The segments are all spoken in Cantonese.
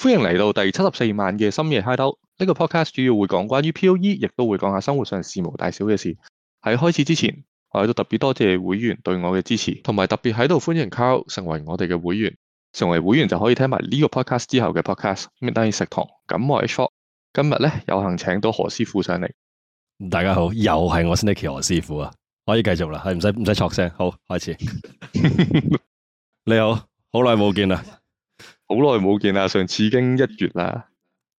歡迎嚟到第七十四晚嘅深夜 Hideout，呢個 podcast 主要會講關於 POE，亦都會講下生活上事無大小嘅事。喺開始之前，我喺度特別多謝會員對我嘅支持，同埋特別喺度歡迎 Carl 成為我哋嘅會員。成為會員就可以聽埋呢個 podcast 之後嘅 podcast。等於食堂。咁我謝 Shock 今日咧有幸請到何師傅上嚟。大家好，又係我 Snaky 何師傅啊！可以繼續啦，係唔使唔使錯聲，好開始。 你好，好耐冇見啦。好耐冇見啦，上次已經一月啦，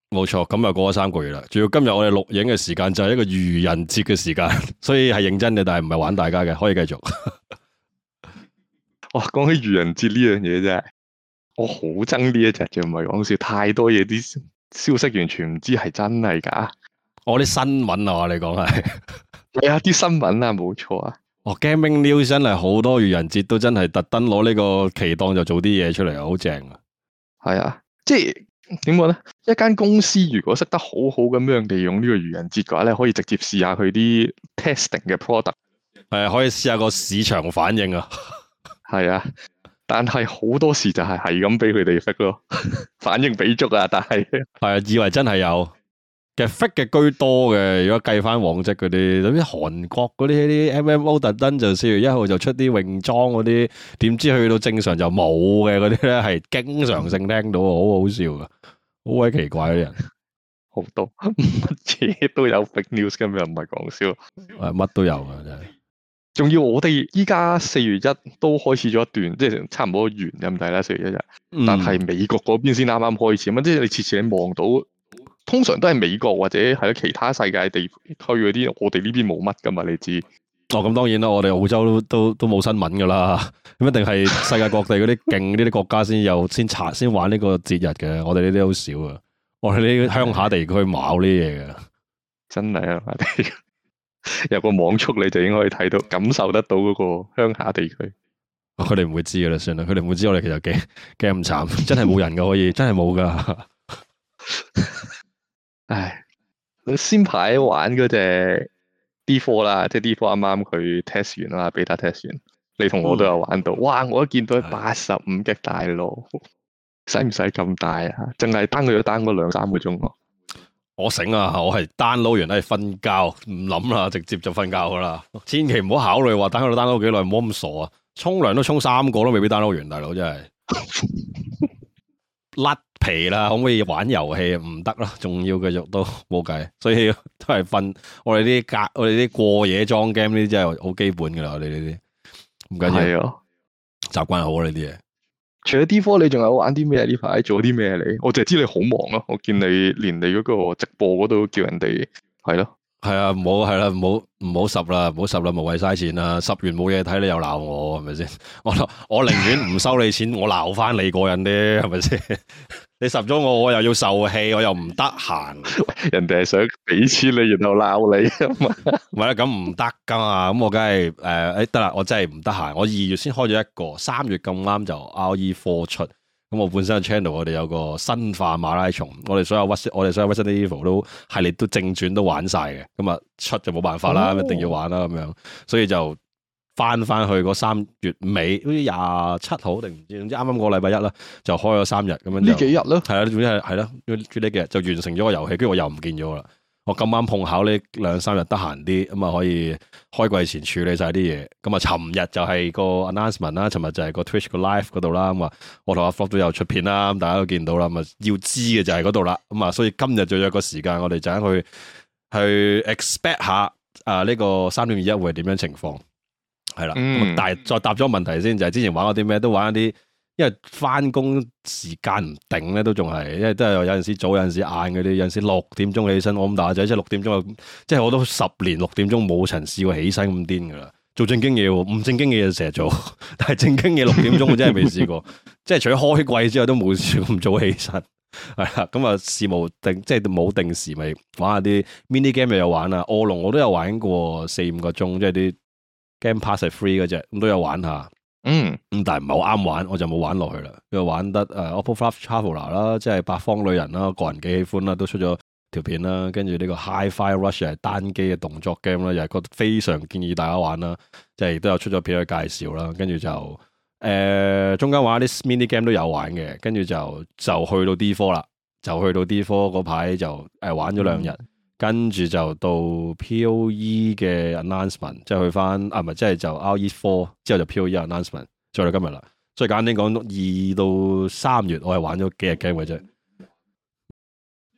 冇錯，咁又過咗三個月啦。仲要今日我哋錄影嘅時間就係一個愚人節嘅時間，所以係認真嘅，但係唔係玩大家嘅，可以繼續。哇、 哦，講起愚人節呢樣嘢啫，我好憎呢一隻，就唔係講笑，太多嘢，啲消息完全唔知係真係假的。我啲、哦、新聞啊，你講係，係啊，啲新聞啊，冇錯啊。哦，Game News 真係好多愚人節都真係特登攞呢個期檔就做啲嘢出嚟，好正啊！係啊，即係點講咧？一間公司如果識得好好咁樣利用個呢個愚人節嘅話咧，可以直接試下佢啲 testing 嘅 product，係啊，可以試下個市場反應啊。係 啊，但係好多時就係係咁俾佢哋識咯， 反應俾足啊！但係係 啊，以為真係有嘅 fake 嘅居多嘅，如果計翻往績嗰啲，等於韓國嗰啲啲 M M O 特登就四月一號就出啲泳裝嗰啲，點知去到正常就冇嘅嗰啲咧，係經常性聽到好好笑噶，好鬼奇怪啲人，好多乜嘢都有 fake news，今日唔係講笑，乜 都有啊，真係。仲要我哋依家四月一都開始咗一段，即係差唔多完咁滯啦。四月一日，但係美國嗰邊先啱啱開始，咁即係你次次望到。通常都係美國或者係其他世界地區嗰啲，我哋呢邊冇乜噶嘛，你知？哦，咁當然啦，我哋澳洲都都冇新聞噶啦，咁 一定係世界各地嗰啲勁呢啲國家有 先有先插先玩呢個節日嘅，我哋呢啲好少啊，我哋啲鄉下地區冇呢嘢噶，真係啊！有個網速你就應該可以睇到感受得到嗰個鄉下地區，佢哋唔會知噶啦，算啦，佢哋唔會知我哋其實幾幾咁慘，真係冇人噶可以， 真係冇噶。 唉，你先排玩嗰隻 D4 啦，即係 D4 啱啱佢 test 完啦俾他 test 完，你同我都有玩到，哇、嗯！我一見到八十五級大佬，使唔使咁大啊？淨係 download 佢都 download 咗兩三個鐘、啊、我醒啊，我係 download 完係瞓覺，唔諗啦，直接就瞓覺啦。千祈唔好考慮話 download 喺度 download 咗幾耐，唔好咁傻啊！沖涼都沖三個都未必 download 完，大佬真係叻。 皮啦，可唔可以玩遊戲唔得咯？仲要繼續都冇計，所以都係瞓。我哋啲隔，我哋啲過夜裝 game 呢啲真係好基本噶啦。我哋呢啲唔緊要，習慣好啦呢啲嘢。除咗 D4，你仲有玩啲咩？呢排做啲咩？你我淨係知你好忙咯，啊。我見你連你嗰個直播嗰度叫人哋係咯，係啊，唔好係啦，唔好十啦，唔好十啦，無謂嘥錢啦，十完冇嘢睇，你又鬧我係咪先？我我寧願唔收你錢，我鬧翻你過癮啲係咪先？ 你拾咗我，我又要受氣，我又唔得閒。人哋係想俾錢你，然後鬧你啊嘛，唔咁唔得噶嘛。咁我梗係誒誒得啦，我真係唔得閒。我二月先開咗一個，三月咁啱就 R.E. Four 出。咁我本身 channel 我哋有個新化馬拉松，我哋所有 vest，我哋所有 vested 衣服都係列都正轉都玩晒嘅。咁啊出就冇辦法啦，哦、一定要玩啦咁樣，所以就。翻翻去嗰三月尾，好似廿七號定唔知，總之啱啱個禮拜一啦，就開咗三日咁樣。呢幾日咯，係啊，總之係係咯，呢幾日就完成咗個遊戲，跟住我又唔見咗啦。我咁啱碰巧呢兩三日得閒啲，咁啊可以開季前處理晒啲嘢。咁啊，尋日就係個 announcement 啦，尋日就係個 Twitch 個 live 嗰度啦。咁啊我同阿福都有出片啦，咁大家都見到啦。咁啊要知嘅就係嗰度啦。咁啊，所以今日最一個時間，我哋就去去 expect 下啊呢、呃這個三點二一會係點樣情況。係啦，但係、嗯、再答咗問題先，就係、是、之前玩嗰啲咩都玩一啲，因為翻工時間唔定咧，都仲係，因為都係有陣時早，有陣時晏嘅啲，有陣時六點鐘起身，我咁大仔即係六點鐘，即、就、係、是就是、我都十年六點鐘冇曾試過起身咁癲噶啦，做正經嘢、喔，唔正經嘢就成日做，但係正經嘢六點鐘我真係未試過， 即係除咗開季之外都冇試過咁早起身，係啦，咁啊事無定即係冇定時咪玩下啲 mini game 又有玩啦，臥龍我都有玩過四五個鐘，即係啲。game pass 係 free 嗰隻，咁都有玩下，嗯，咁但係唔係好啱玩，我就冇玩落去啦。又玩得誒 Octopath Traveler 啦，即係八方旅人啦，個人幾喜歡啦，都出咗條片啦。跟住呢個 Hi-Fi Rush 係單機嘅動作 game 啦，又係覺得非常建議大家玩啦，即係都有出咗片去介紹啦。跟住就誒、呃，中間玩啲 mini game 都有玩嘅，跟住就就去到 D Four 啦，就去到 D Four 嗰排就誒、呃、玩咗兩日。嗯跟住就到 POE 嘅 announcement，即係去翻啊，唔係即係就 R.E. Four 之後就 POE announcement，再到今日啦。再簡單講，二到三月我係玩咗幾日 game 嘅啫。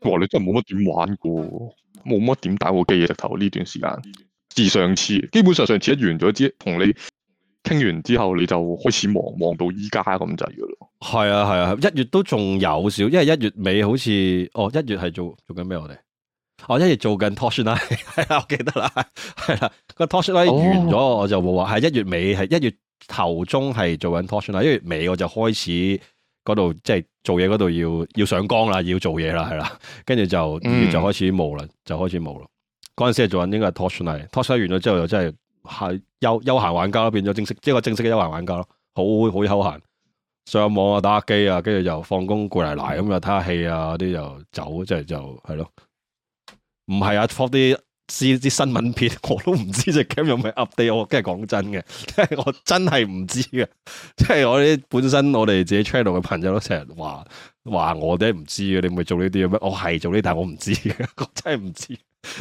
哇！你真係冇乜點玩過，冇乜點打過機嘅頭呢段時間。自上次，基本上上次一完咗之後，同你傾完之後，你就開始忙忙到依家咁滯噶咯。係啊係啊，一月都仲有少，因為一月尾好似哦，一月係做做緊咩我哋？我一、oh, 月做緊 Torchlight 啦，係啦，我記得啦，係 啦，個 Torchlight 啦完咗，oh. 我就冇話係一月尾，係一月頭中係做緊 Torchlight 啦，一月尾我就開始嗰度即係做嘢嗰度要要上崗啦，要做嘢啦，係啦，跟住就二月就開始冇啦，就開始冇咯。嗰陣時係做緊應該係 Torchlight 嚟。Torchlight 完咗之後就真係係休休閒玩家咯，變咗正式即係個正式嘅休閒玩家咯，好好，好休閒，上網啊打下機啊，跟住就放工過嚟啦咁又睇下戲啊啲就走，即係就係、是、咯。就是就是唔係啊，放啲啲新聞片，我都唔知隻 game 有未 update。我梗係講真嘅，即係我真係唔知嘅。即係我啲本身我哋自己 channel 嘅朋友都成日話話我哋唔知嘅，你唔係做呢啲嘢咩？我係做呢啲，但係我唔知嘅，我真係唔知。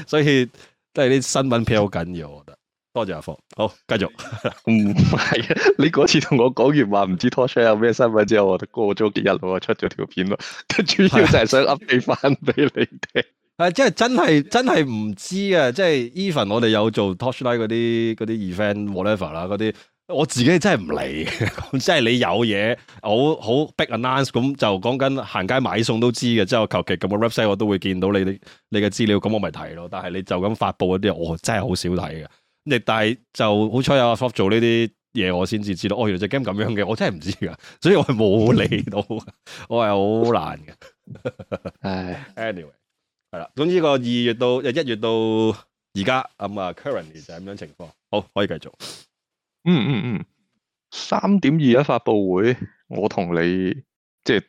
所以都係啲新聞片好緊要，我覺得多謝阿福。好，繼續。唔係啊，你嗰次同我講完話，唔知拖出有咩新聞之後，我過咗幾日我出咗條片咯。主要就係想 update 翻俾你聽。是的 係，即係真係真係唔知啊！即係 even 我哋有做 torchlight 嗰啲嗰啲 event whatever 啦，嗰啲我自己真係唔理。 即係你有嘢好好 big announce 咁就講緊行街買餸都知嘅，即係我求其咁個 website 我都會見到你你嘅資料，咁我咪睇咯。但係你就咁發佈嗰啲，我真係好少睇嘅。你但係就好彩有阿 F 做呢啲嘢，我先至知道哦，原來隻 game 咁樣嘅，我真係唔知嘅，所以我係冇理到， 我係好難嘅。 a n y、anyway, w a y 係啦，總之個二月到一月到而家咁啊，um, currently 就係咁樣情況。好，可以繼續。嗯嗯嗯，三點二一發布會，我同你即係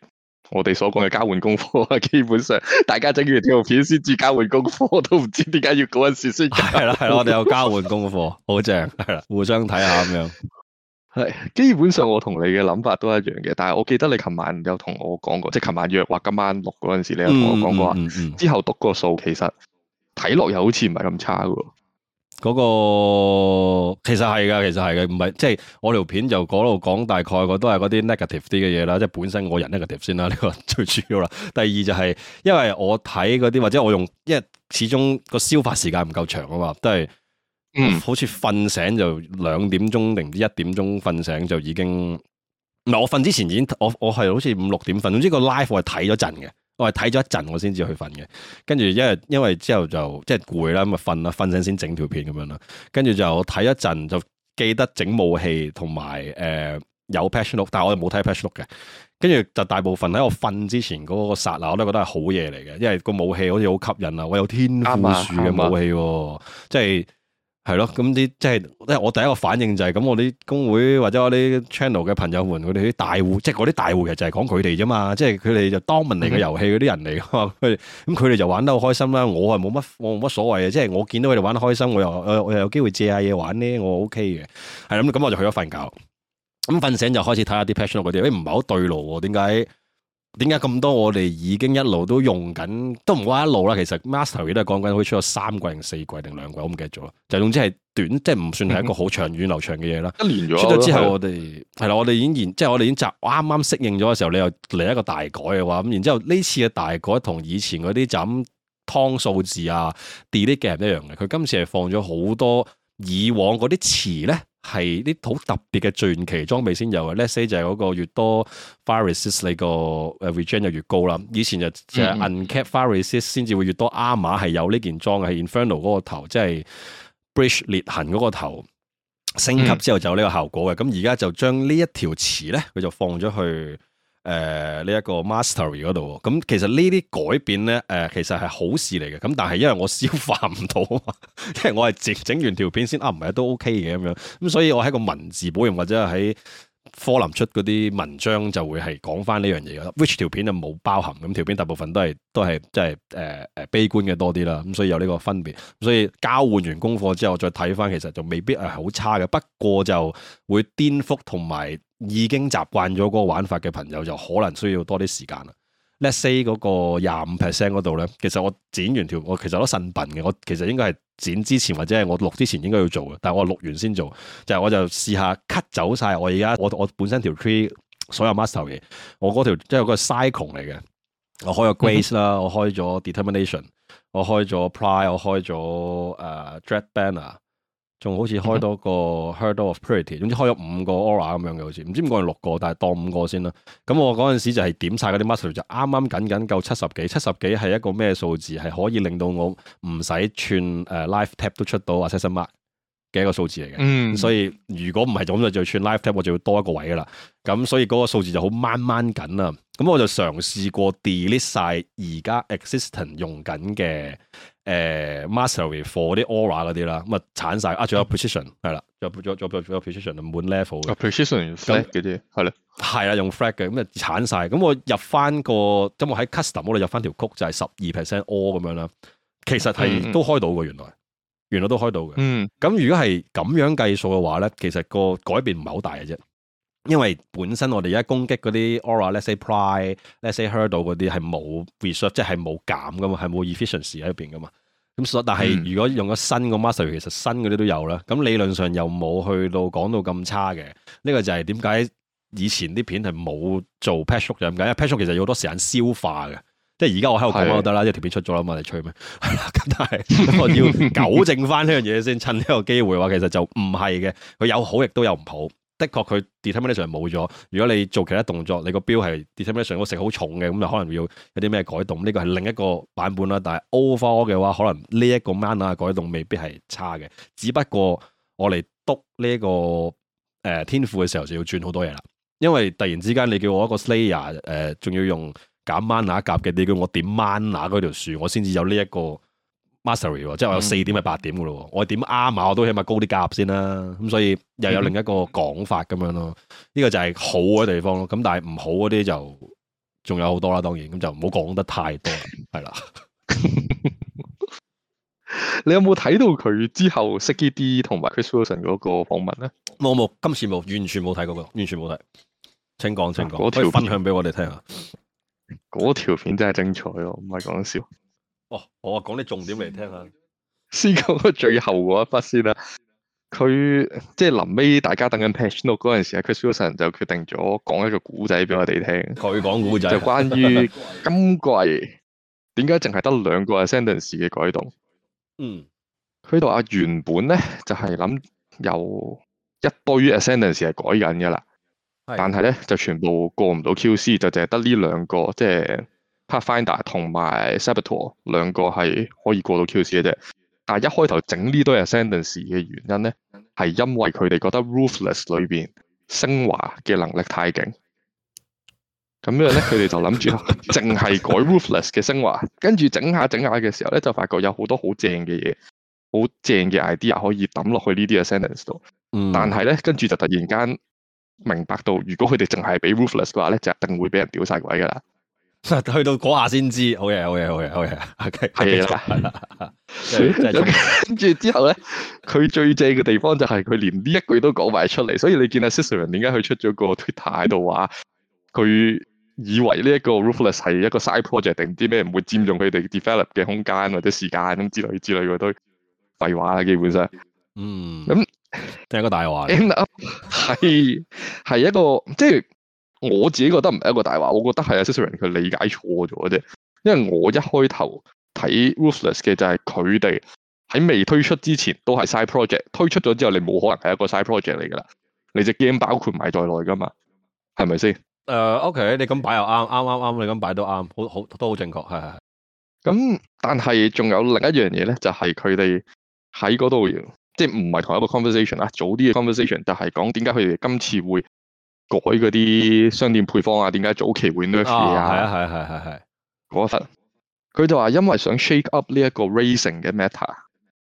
我哋所講嘅交換功課啊，基本上大家整完條片先至交換功課，都唔知點解要嗰陣時先。 係啦係啦，我哋有交換功課，好正， 係啦，互相睇下咁樣。 係，基本上我同你嘅諗法都一樣嘅，但係我記得你琴晚有同我講過，即係琴晚約話今晚錄嗰陣時，你有同我講過，嗯嗯嗯、之後讀個數，其實睇落又好似唔係咁差噶。嗰、嗰個其實係噶，其實係嘅，唔係即係我條片就講到講大概，我都係嗰啲 negative 啲嘅嘢啦，即係本身我人 negative 先啦，呢個最主要啦。第二就係、係、因為我睇嗰啲或者我用，因為始終個消化時間唔夠長啊嘛，都係。嗯，好似瞓醒就兩點鐘，定唔知一點鐘瞓醒就已經，唔係我瞓之前已經，我我係好似五六點瞓，總之個 live 我係睇咗陣嘅，我係睇咗一陣我先至去瞓嘅，跟住因為因為之後就即係攰啦，咁咪瞓啦，瞓醒先整條片咁樣啦，跟住就睇一陣就記得整武器同埋誒有，呃，有 patch note，但係我又冇睇 patch note 嘅，跟住就大部分喺我瞓之前嗰個剎那我都覺得係好嘢嚟嘅，因為個武器好似好吸引啊，我有天樹嘅武器，即係。係咯，咁啲即係，即係我第一個反應就係、是、咁，我啲工會或者我啲 channel 嘅朋友們，佢哋啲大戶，即係嗰啲大戶其實就係講佢哋啫嘛，即係佢哋就當玩嚟嘅遊戲嗰啲人嚟嘅，咁佢哋就玩得好開心啦。我係冇乜，我冇乜所謂嘅，即係我見到佢哋玩得開心，我又，我又有機會借下嘢玩咧，我 OK 嘅。係啦，咁咁我就去咗瞓覺，咁瞓醒就開始睇下啲 patch note 嗰啲，誒唔係好對路喎，點解？點解咁多？我哋已經一路都用緊，都唔話一路啦。其實 Master 亦都係講緊，好似出咗三季定四季定兩季，我唔記得咗。就總之係短， 即係唔算係一個好長遠流長嘅嘢啦。一年咗出咗之後我， 我哋係啦，我哋已經現，即係我哋已經集啱啱適應咗嘅時候，你又嚟一個大改嘅話，咁然之後呢次嘅大改同以前嗰啲就咁湯數字啊 delete 唔係一樣嘅。佢今次係放咗好多以往嗰啲詞咧。係啲好特別嘅傳奇裝備先有嘅，let's say 就係嗰個越多 fire resist 你個誒 regen 就越高啦。以前就就係 uncap fire resist 先至會越多 a armour 係有呢件裝係 infernal、no、嗰個頭，即係 breach 裂痕嗰個頭升級之後就有呢個效果嘅。咁而家就將呢一條詞咧，佢就放咗去。誒，呢一、呃這個 mastery 嗰度，咁其實呢啲改變咧，誒，其實係、呃、好事嚟嘅，咁但係因為我消化唔到啊，即 係我係整整完條片先，啊，唔係都 OK 嘅，咁樣，咁所以我喺個文字保用，或者喺。科林出嗰啲文章就會係講返呢樣嘢嘅，which 條片就冇包含，咁條片大部分都係都係即係誒誒悲觀嘅多啲啦，咁所以有呢個分別，所以交換完功課之後再睇返，其實就未必係好差嘅，不過就會顛覆同埋已經習慣咗嗰個玩法嘅朋友就可能需要多啲時間啦。let say 嗰個廿五 percent 嗰度咧，其實我剪完條，我其實都神病嘅，我其實應該係剪之前或者係我錄之前應該要做嘅，但係我係錄完先做，就係、是、我就試下 cut 走晒我而家我我本身條 tree 所有 master 嘢，我嗰條即係個 Cyclone 嚟嘅，我開咗 Grace 啦， 我開咗 Determination，我開咗 Pride，我開咗誒 Dread Banner。仲好似開多個 Herald of Purity，總之開咗五個 Aura 咁樣嘅，好似唔知點講係六個，但係當五個先啦。咁我嗰陣時就係點晒嗰啲 mastery 就啱啱緊緊夠七十幾，七十幾係一個咩數字，係可以令到我唔使串誒 Lifetap 都出到或者 Assassin's Mark 嘅一個數字嚟嘅。嗯，所以如果唔係咁就就要串 Lifetap，我就要多一個位噶啦。咁所以嗰個數字就好掹掹緊啊。咁我就嘗試過 delete 晒而家 existing 用緊嘅。誒、呃、mastery for 啲 aura 嗰啲啦，咁啊鏟晒啊，仲有 precision 係啦，仲仲仲有 precision 滿 level 嘅，啊 precision 用 flat 啲係咧，係啦用 flat 嘅，咁啊鏟晒，咁我入翻個，咁我喺 custom、er、我哋入翻條曲就係十二 percent or 咁樣啦，其實係都開到嘅，原來、嗯、原來原來都開到嘅，嗯，咁如果係咁樣計數嘅話咧，其實個改變唔係好大嘅啫。因為本身我哋而家攻擊嗰啲 Aura、Let's say Pride、Let's say Herald 嗰啲係冇 research，即係冇減噶嘛，係冇 efficiency 喺入邊噶嘛。咁所但係如果用咗新個 mastery 其實新嗰啲都有啦。咁理論上又冇去到講到咁差嘅。呢、這個就係點解以前啲片係冇做 patch up 就咁解？因為 patch up 其實要好多時間消化嘅。即係而家我喺度講都得啦，因為條的片出咗啦嘛，你吹咩？咁 但係我要糾正翻呢樣嘢先，趁呢個機會話，其實就唔係嘅。佢有好亦都有唔好。的確佢 determination 冇咗。如果你做其他動作，你個標係 determination，我食好重嘅，咁就可能要有啲咩改動。呢個係另一個版本啦。但係 over 嘅話，可能呢一個 mana 改動未必係差嘅。只不過我嚟督呢、這、一個誒、呃、天賦嘅時候，就要轉好多嘢啦。因為突然之間你叫我一個 slayer，誒、呃，仲要用減 mana 夾嘅，你叫我點 mana 嗰條樹，我先至有呢、這、一個。mastery 即係我有四點係八點噶咯，嗯、我點啱啊？我都起碼高啲價先啦、啊。咁所以又有另一個講法咁樣咯。呢、嗯、個就係好嘅地方咯。咁但係唔好嗰啲就仲有好多啦。當然咁就唔好講得太多啦。係啦，你有冇睇到佢之後識呢啲同埋 Chris Wilson 嗰個訪問咧？冇冇，今次冇，完全冇睇過，完全冇睇。請講，請講，可以分享俾我哋聽下。嗰條片，片真係精彩哦，唔係講笑。哦，我講啲重點嚟聽下。先講最後嗰一忽先啦，佢即係臨尾大家等緊 patch note 嗰陣時 Chris Wilson 就決定咗講一個古仔俾我哋聽。佢講古仔就關於今季點解淨係得兩個 ascendance 嘅改動。嗯，佢到阿原本咧就係諗由一堆 ascendance 係改緊噶啦，但係咧就全部過唔到 QC，就淨係得呢兩個即係。Pathfinder 同埋 Saboteur 兩個係可以過到 QC 嘅啫，但係一開頭整呢堆 Ascendancy 嘅原因咧，係因為佢哋覺得 Ruthless 裏邊升華嘅能力太勁，咁樣咧佢哋就諗住淨係改 Ruthless 嘅升華，跟住整下整下嘅時候咧，就發覺有好多好正嘅嘢，好正嘅 idea 可以抌落去呢啲 Ascendancy 度，但係咧跟住就突然間明白到，如果佢哋淨係俾 Ruthless 嘅話咧，就一定會俾人屌晒鬼噶啦。去到嗰下先知，好嘢，好嘢，好嘢，好嘢，係啦的，係啦，跟住 之後咧，佢最正嘅地方就係佢連呢一句都講埋出嚟，所以你見阿 s i s t a n t 點解佢出咗個 Twitter 喺度話，佢以為呢一個 roofless 係一個 side project，定唔知咩唔會佔用佢哋 develop 嘅空間或者時間咁之類之類嘅都廢話啦，基本上，嗯，咁係那一個大話，係係一個即係。 我自己覺得唔係一個大話，我覺得係阿 Sethurian 佢理解錯咗啫。因為我一開頭睇 Ruthless 嘅就係佢哋喺未推出之前都係 side project，推出咗之後你冇可能係一個 side project 嚟㗎啦。你隻 game 包括埋在內㗎嘛？係咪先？誒、uh, OK，你咁擺又啱，啱啱啱，你咁擺都啱，好好都好正確，係係。咁但係仲有另一樣嘢咧，就係佢哋喺嗰度，即係唔係同一個 conversation 啦，早啲嘅 conversation，就係講點解佢哋今次會改嗰啲商店配方啊，點解早期會 nerf 嘅啊？係、哦、啊係係係係，嗰一忽佢就話因為想 shake up 呢一個 racing 嘅 meta。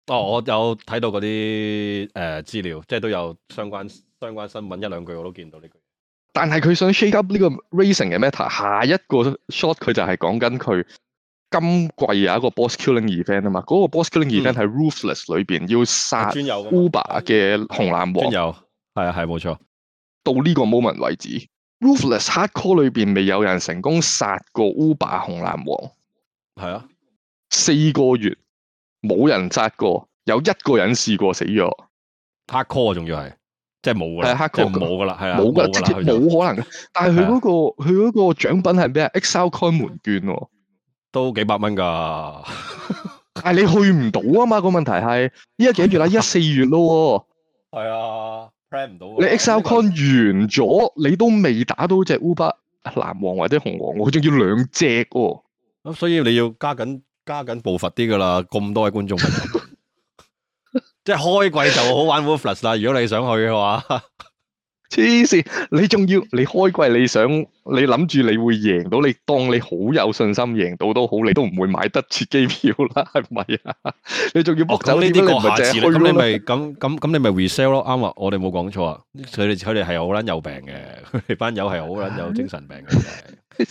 哦，我有睇到嗰啲誒資料，即、就、係、是、都有相關相關新聞一兩句我都見到呢句。但係佢想 shake up 呢個 racing 嘅 meta，下一個 shot 佢就係講緊佢今季有一個 boss killing event 啊嘛。嗰、那個 boss killing event 係 ruthless、嗯裏邊要殺 uber 嘅紅藍黃。有。係啊係，冇錯。到呢個 moment 為止 ruthless hardcore 裏邊未有人成功殺過 Uber 紅藍王，係啊，四個月冇人殺過，有一個人試過死咗，hardcore 仲要係，即係冇㗎，係啊，hardcore 冇㗎啦，係啊，冇㗎，直接冇可能。但係佢嗰個佢嗰個獎品係咩？Excel 開門券喎，都幾百蚊㗎，但係你去唔到啊嘛。個問題係依家幾月啦？依家四月咯喎，係啊。plan 唔到，你 XLCON 完咗，你都未打到隻 Uber 藍王或者紅王，佢仲要兩隻喎，咁所以你要加緊加緊步伐啲噶啦，咁多位觀眾朋友， 即係開季就好玩 Wolfers 啦， 如果你想去嘅話。 黐線！你仲要你開季你想你諗住你，你會贏到，你當你好有信心贏到都好，你都唔會買得切機票啦，係咪啊？你仲要搏走呢啲嘅？咁、哦、你咪咁咁咁，你咪 resell 咯，啱啊！我哋冇講錯啊！佢哋佢哋係好撚有病嘅，佢哋班友係好撚有精神病嘅。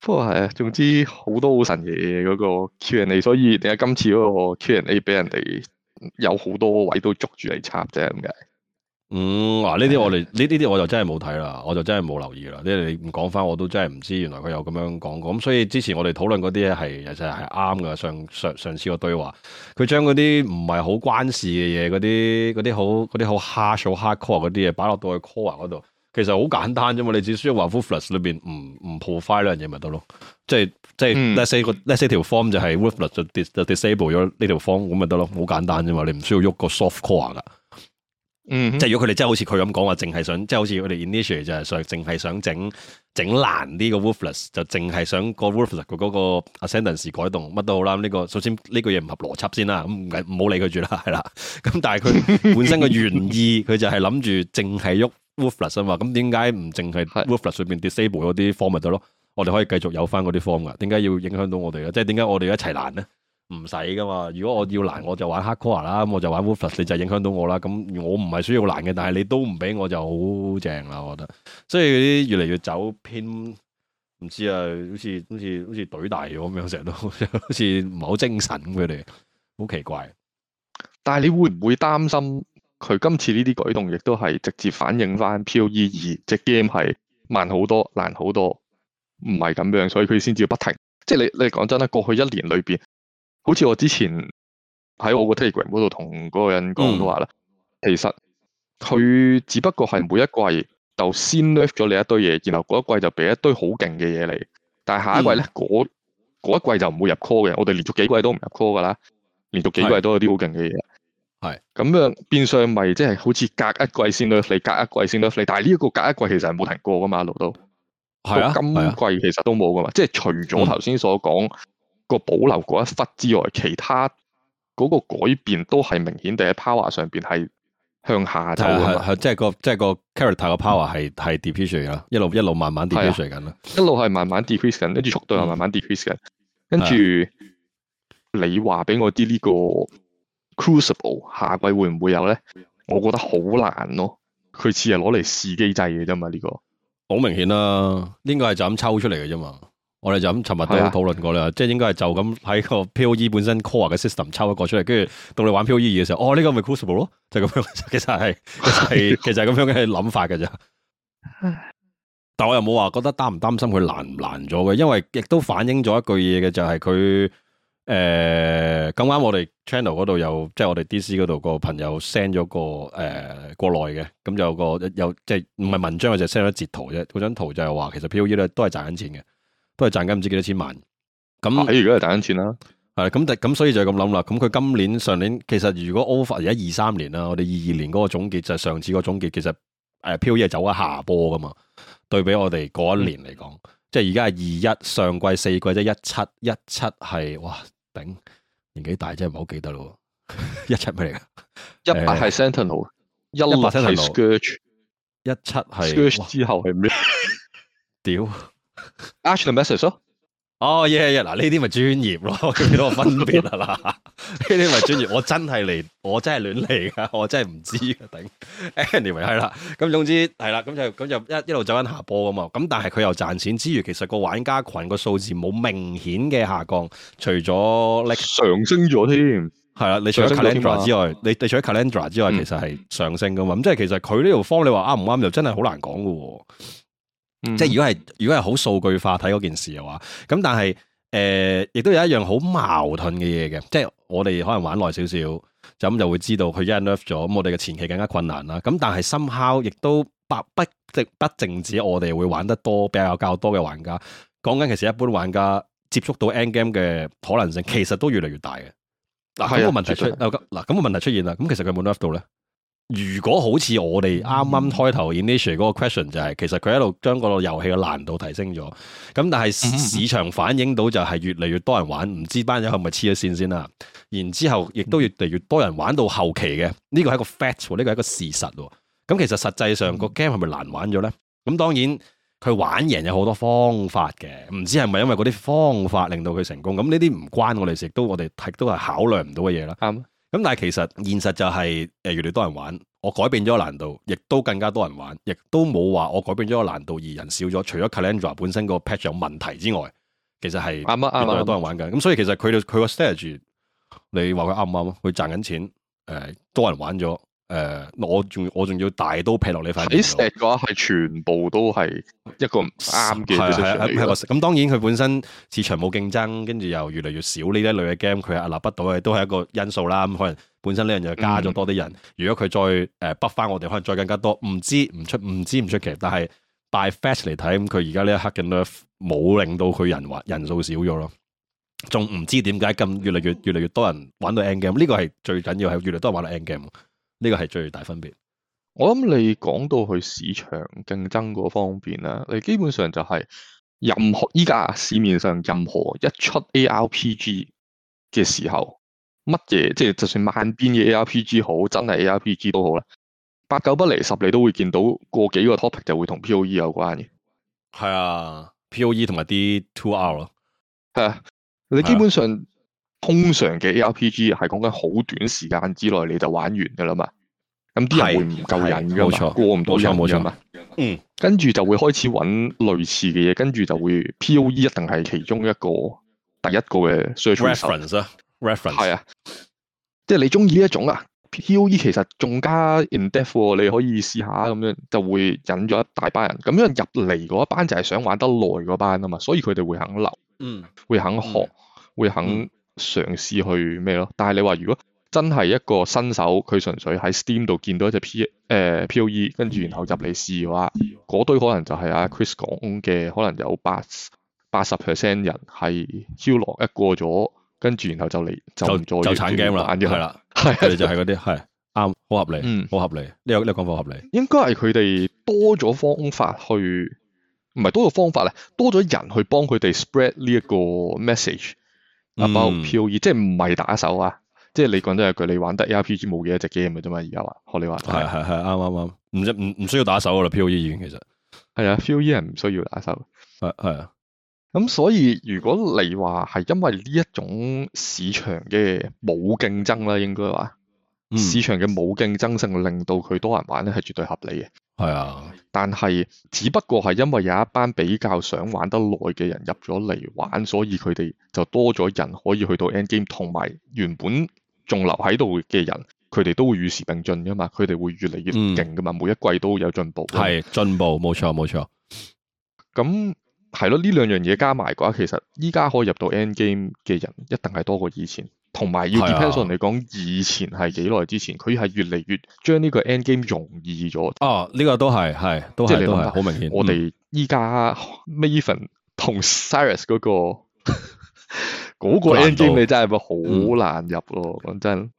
不過係啊，總之好多好神奇嘅嗰個 Q&A，所以你解今次嗰個 Q&A 俾人哋有好多位都捉住嚟插啫？咁解？嗯，嗱呢啲我哋呢呢啲我就真係冇睇啦，我就真係冇留意啦。你你唔講翻我都真係唔知原來佢有咁樣講過。咁、嗯、所以之前我哋討論嗰啲咧係其實係啱㗎。上上上次個對話，佢將嗰啲唔係好關事嘅嘢，嗰啲啲好嗰啲好 hardcore 嗰啲嘢擺落到去 core 嗰度，其實好簡單啫嘛。你只需要話 ruthless 裏邊唔唔 profile 呢樣嘢咪得咯。即係即係、嗯、let say 個 e form 就係 ruthless 就 disable 咗呢條 form 咁咪得咯。好簡單啫嘛。你唔需要喐個 soft core 㗎。嗯，即係如果佢哋真係好似佢咁講話，淨係想，即係好似佢哋 initially 就係想，淨係想整整難呢個 Ruthless，就淨係想個 Ruthless 嘅嗰個 ascendancy 改動，乜都好啦。呢、這個首先呢句嘢唔合邏輯先啦，咁唔好理佢住啦，係啦。咁但係佢本身嘅原意，佢 就係諗住淨係喐 Ruthless 啊嘛。咁點解唔淨係 Ruthless 上邊 disable 嗰啲 form 咪得咯？我哋可以繼續有翻嗰啲 form 噶。點解要影響到我哋嘅？即係點解我哋要一齊難咧？唔使噶嘛。如果我要難，我就玩 hardcore 啦。我就玩 wolfers，你就影響到我啦。咁我唔係需要難嘅，但係你都唔俾我就好正啦。我覺得所以啲越嚟越走偏，唔知啊，好似好似好似隊大咗咁樣，成日都好似唔係好精神。佢哋好奇怪。但係你會唔會擔心佢今次呢啲舉動亦都係直接反映翻 POE 二隻 game 係慢好多、難好多，唔係咁樣，所以佢先至不停。即係你你講真啦，過去一年裏邊。好似我之前喺我個 Telegram 嗰度同嗰個人講都話啦、嗯，其實佢只不過係每一季就先 nerf 咗你一堆嘢，然後嗰一季就俾一堆好勁嘅嘢嚟。但係下一季咧嗰、嗯、一季就唔會入 call 嘅，我哋連續幾季都唔入 call 噶啦，連續幾季都有啲好勁嘅嘢。係咁樣變相咪即係好似隔一季先 nerf 你，隔一季先 nerf 你，但係呢一個隔一季其實係冇停過噶嘛，盧都係啊，啊今季其實都冇噶嘛剛剛、嗯，即係除咗頭先所講。個保留嗰一忽之外，其他嗰個改變都係明顯地喺 power 上邊係向下走、啊啊啊、即係個即係個 character 個 power 係係 decrease 噶，一路一路慢慢 decrease 緊啦、啊。一路係慢慢 decrease 緊，跟住速度係慢慢 decrease 緊。跟住、嗯啊、你話俾我啲呢個 crucible 下季會唔會有咧？我覺得好難咯、哦。佢似係攞嚟試機制嘅啫嘛。呢、呢個好明顯啦、啊，應該係就咁抽出嚟嘅啫嘛。.我哋就咁，尋日都討論過啦，的即係應該係就咁喺個 p o e 本身 core 嘅 system 抽一個出嚟，跟住到你玩 p o e 二嘅時候，哦，呢、這個咪 crucible 咯，就咁樣，其實係係其實咁樣嘅諗法嘅啫。 但我又冇話覺得擔唔擔心佢難唔難咗嘅，因為亦都反映咗一句嘢嘅，就係佢誒咁啱我哋 channel 嗰度有，即、就、係、是、我哋 DC 嗰度個朋友 send 咗個誒、呃、國內嘅，咁就有個有即係唔係文章，就是、send 咗截圖啫。嗰張圖就係話其實 p o e 咧都係賺緊錢嘅。都係賺緊唔知幾多千萬，咁、啊、如果係賺緊錢啦，係咁，咁所以就咁諗啦。咁佢今年上年，其實如果 over 而家二三年啦，我哋二二年嗰個總結就是、上次,個總,、就是、上次個總結，其實誒，POE 走咗下波噶嘛。對比我哋嗰一年嚟講，即係而家係二一上季四季即啫，一七一七係哇頂年紀大真係唔好記得咯。一七咩嚟噶？一八係 Sentinel，一六係 Scourge 一七係之後係咩？屌嘩！ Arch 嘅 message 咯，哦 yeah 嗱，呢啲咪專業咯，咁幾多分別啊嗱，呢啲咪專業，我真係嚟，我真係亂嚟噶，我真係唔知嘅頂 anyway 係啦，咁、anyway, 總之係啦，咁就咁就一一路走緊下坡啊嘛，咁但係佢又賺錢之餘，其實個玩家群個數字冇明顯嘅下降，除咗力上升咗添，係啦，你除咗 Kalandra 之外，你，你除咗 Kalandra 之外，嗯、其實係上升噶嘛，咁即係其實佢呢條方你話啱唔啱又真係好難講噶。嗯、即係如果係如果係好數據化睇嗰件事嘅話，咁但係誒、呃，亦都有一樣好矛盾嘅嘢嘅，即係我哋可能玩耐少少，咁就，就會知道佢一 nerf 咗，咁我哋嘅前期更加困難啦。咁但係深烤亦都百不不不淨止我哋會玩得多，比較較多嘅玩家講緊，其實一般玩家接觸到 endgame 嘅可能性，其實都越嚟越大嘅。嗱，咁個問題出嗱咁，嗱、呃那個問題出現啦。咁、那個、其實佢冇 nerf 到咧。如果好似我哋啱啱開頭 initial 嗰個 question 就係、是，其實佢一路將個遊戲嘅難度提升咗，咁但係市場反映到就係越嚟越多人玩，唔知班友係咪黐咗線先啦？然之後亦都越嚟越多人玩到後期嘅，呢、這個係一個 fact，呢個係一個事實。咁其實實際上、這個 game 係咪難玩咗咧？咁當然佢玩贏有好多方法嘅，唔知係咪因為嗰啲方法令到佢成功？咁呢啲唔關我哋事，都我哋睇都係考量唔到嘅嘢啦。啱。咁但係其實現實就係誒，越嚟越多人玩，我改變咗個難度，亦都更加多人玩，亦都冇話我改變咗個難度而人少咗。除咗 Kalandra 本身個 patch 有問題之外，其實係啱啱多人玩緊。咁、嗯嗯嗯、所以其實佢哋佢個 strategy 你話佢啱唔啱啊？佢賺緊錢，誒，多人玩咗。誒，uh, 我仲我仲要大刀劈落你塊石。喺石嘅話係全部都係一個唔啱嘅。咁 當然佢本身市場冇競爭，跟住又越嚟越少呢一類嘅 game，佢係立不到嘅，都係一個因素啦。咁可能本身呢樣嘢加咗多啲人，嗯、如果佢再誒逼翻我哋，可能再更加多，唔知唔出唔知唔出奇。但係 by fact 嚟睇，咁佢而家呢一刻咁 n 冇令到佢人話人數少咗咯，仲唔知點解咁越嚟越越嚟越多人玩到 end game。呢個係最緊要係越嚟都係玩到 end game。呢個係最大分別。我諗你講到去市場競爭嗰方面啦，你基本上就係任何依家市面上任何一出 A R P G 嘅時候，乜嘢即係就算萬變嘅 A R P G 好，真係 A R P G 都好咧，八九不離十，你都會見到過幾個 topic 就會同 P O E 有關嘅。係啊，P O E 同埋啲 D2R 咯。係啊，你基本上。通常嘅 ARPG 係講緊好短時間之內你就玩完噶啦嘛，咁啲人會唔夠癮噶嘛，過唔到癮噶嘛，錯的嗯，跟住就會開始揾類似嘅嘢，跟住就會 P O E 一定係其中一個第一個嘅 search reference 啦，reference 係啊，即係、uh, 就是、你中意呢一種啊，P O E 其實仲加 in depth，你可以試下咁樣，就會引咗一大班人，咁因為入嚟嗰一班就係想玩得耐嗰班啊嘛，所以佢哋會肯留，嗯，會肯學，會肯、嗯。會肯嘗試去咩咯？但係你話如果真係一個新手，佢純粹喺 Steam 度見到一隻 P 誒、呃、Poe，跟住然後入嚟試嘅話，嗰、嗯、堆可能就係阿、啊、Chris 講嘅，可能有八八十 percent 人係超落一過咗，跟住然後就嚟就再就鏟 game 啦，係啦，係就係嗰啲係啱，好合理，嗯，好合理，你有你講法合理？這個這個，合理應該係佢哋多咗方法去，唔係多咗方法咧，多咗人去幫佢哋 spread 呢一個 message。阿包 P.O.E，即係唔係打手啊？即係你講真一句，你玩得 A.R.P.G. 冇幾多隻 game 咪啫嘛？而家話學你話，係係係啱啱啱，唔唔唔需要打手噶啦，P.O.E 已經其實係啊，P.O.E 係唔需要打手，係係啊。咁所以如果你話係因為呢一種市場嘅冇競爭啦、啊，應該話、嗯、市場嘅冇競爭性令到佢多人玩咧，係絕對合理嘅。係啊，但係只不過係因為有一班比較想玩得耐嘅人入咗嚟玩，所以佢哋就多咗人可以去到 Endgame，同埋原本仲留喺度嘅人，佢哋都會與時並進噶嘛，佢哋會越嚟越勁噶嘛，嗯、每一季都有進步，步，係進步，冇錯冇錯。咁係咯，呢兩樣嘢加埋嘅話，其實依家，可以入到 Endgame 嘅人，一定係多過以前。同埋要 depends on 你講，以前係幾耐之前，佢係越嚟越將呢個 end game 容易咗。啊、哦，呢、這個都係係，都係都係好明顯。我哋依家 Maven 同 Sirus 嗰個嗰個 end game，你真係咪好難入咯？嗯、講真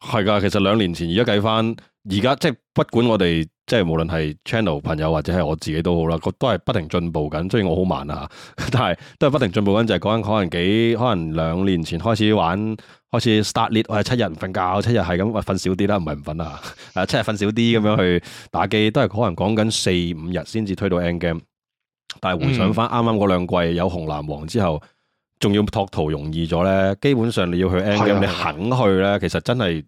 係㗎。其實兩年前，而家計翻。而家即係不管我哋即係無論係 channel 朋友或者係我自己都好啦，都係不停進步緊。雖然我好慢啊，但係都係不停進步緊。就係講緊可能幾可能兩年前開始玩，開始 start 裂，我、哎、係七日唔瞓覺，七日係咁，或瞓少啲啦，唔係唔瞓啦，誒七日瞓少啲咁樣去打機，都係可能講緊四五日先至推到 end game。但係回想翻啱啱嗰兩季、嗯、有紅藍黃之後，仲要拓圖容易咗咧。基本上你要去 end game，你肯去咧，其實真係。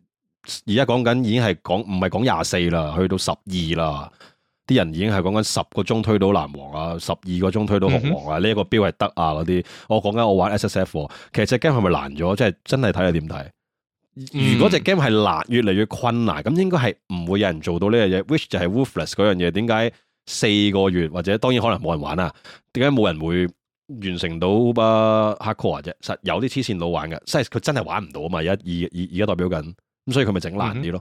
而家講緊已經係講唔係講廿四啦，去到十二啦，啲人已經係講緊十個鐘推到藍王啊，十二個鐘推到紅王啊，呢、嗯、哼個標係得啊嗰啲。我講緊我玩 SSF，其實隻 game 係咪難咗？即係真係睇你點睇。如果隻 game 係難，越嚟越困難，咁應該係唔會有人做到呢樣嘢。Which 就係 woofless 嗰樣嘢。點解四個月或者當然可能冇人玩啊？點解冇人會完成到 black core 啫？實有啲黐線佬玩嘅，即係佢真係玩唔到啊嘛。而家而而而家代表緊。咁所以佢咪整難啲咯？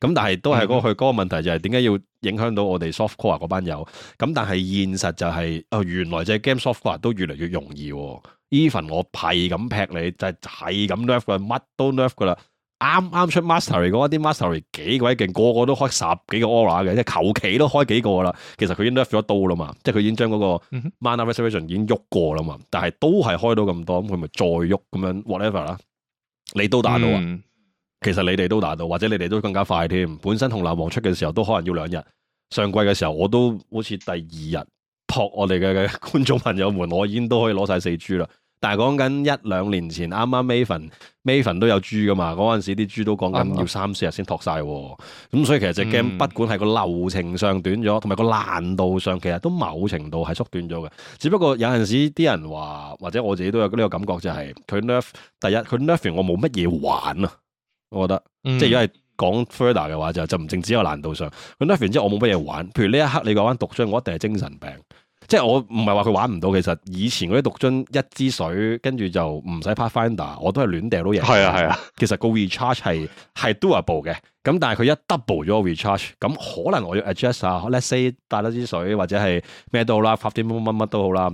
咁、嗯、哼但係都係嗰個嗰個問題就係點解要影響到我哋 soft core 嗰班友？咁但係現實就係、是、哦，原來隻 game softcore 都越嚟越容易。even 我屁咁劈你就係咁 nerf 乜都 nerf 噶啦。啱啱出 mastery 嗰啲 mastery 幾鬼勁，個個都開十幾個 aura 嘅，即係求其都開幾個噶啦。其實佢已經 nerf 咗刀啦嘛，即係佢已經將嗰個 mana reservation 已經喐過啦嘛。但係都係開到咁多，咁佢咪再喐咁樣 whatever 啦？你都打到啊？嗯其實你哋都打到，或者你哋都更加快添。本身紅藍王出嘅時候都可能要兩日。上季嘅時候我都好似第二日托我哋嘅、嘅觀眾朋友們，我已經都可以攞晒四 G 啦。但係講緊一兩年前，啱啱 Maven Maven 都有豬噶嘛？嗰陣時啲豬都講緊要三四日先托晒。咁、嗯、所以其實隻 game 不管係個流程上短咗，同埋個難度上其實都某程度係縮短咗嘅。只不過有陣時啲人話，或者我自己都有呢個感覺就係、是、佢 nerf，第一佢 nerf，我冇乜嘢玩啊。我覺得，嗯、即係如果係講 further 嘅話就就唔淨止有難度上，咁突然之我冇乜嘢玩，譬如呢一刻你講緊毒樽，我一定係精神病，即係我唔係話佢玩唔到，其實以前嗰啲毒樽一支水跟住就唔使拍 finder，我都係亂掟到嘢，係啊係啊，啊其實個 recharge 係係 doable 嘅，咁但係佢一 double 咗個 recharge，咁可能我要 adjust 下，let’s say 帶多支水或者係咩都好啦，發啲乜乜乜都好啦。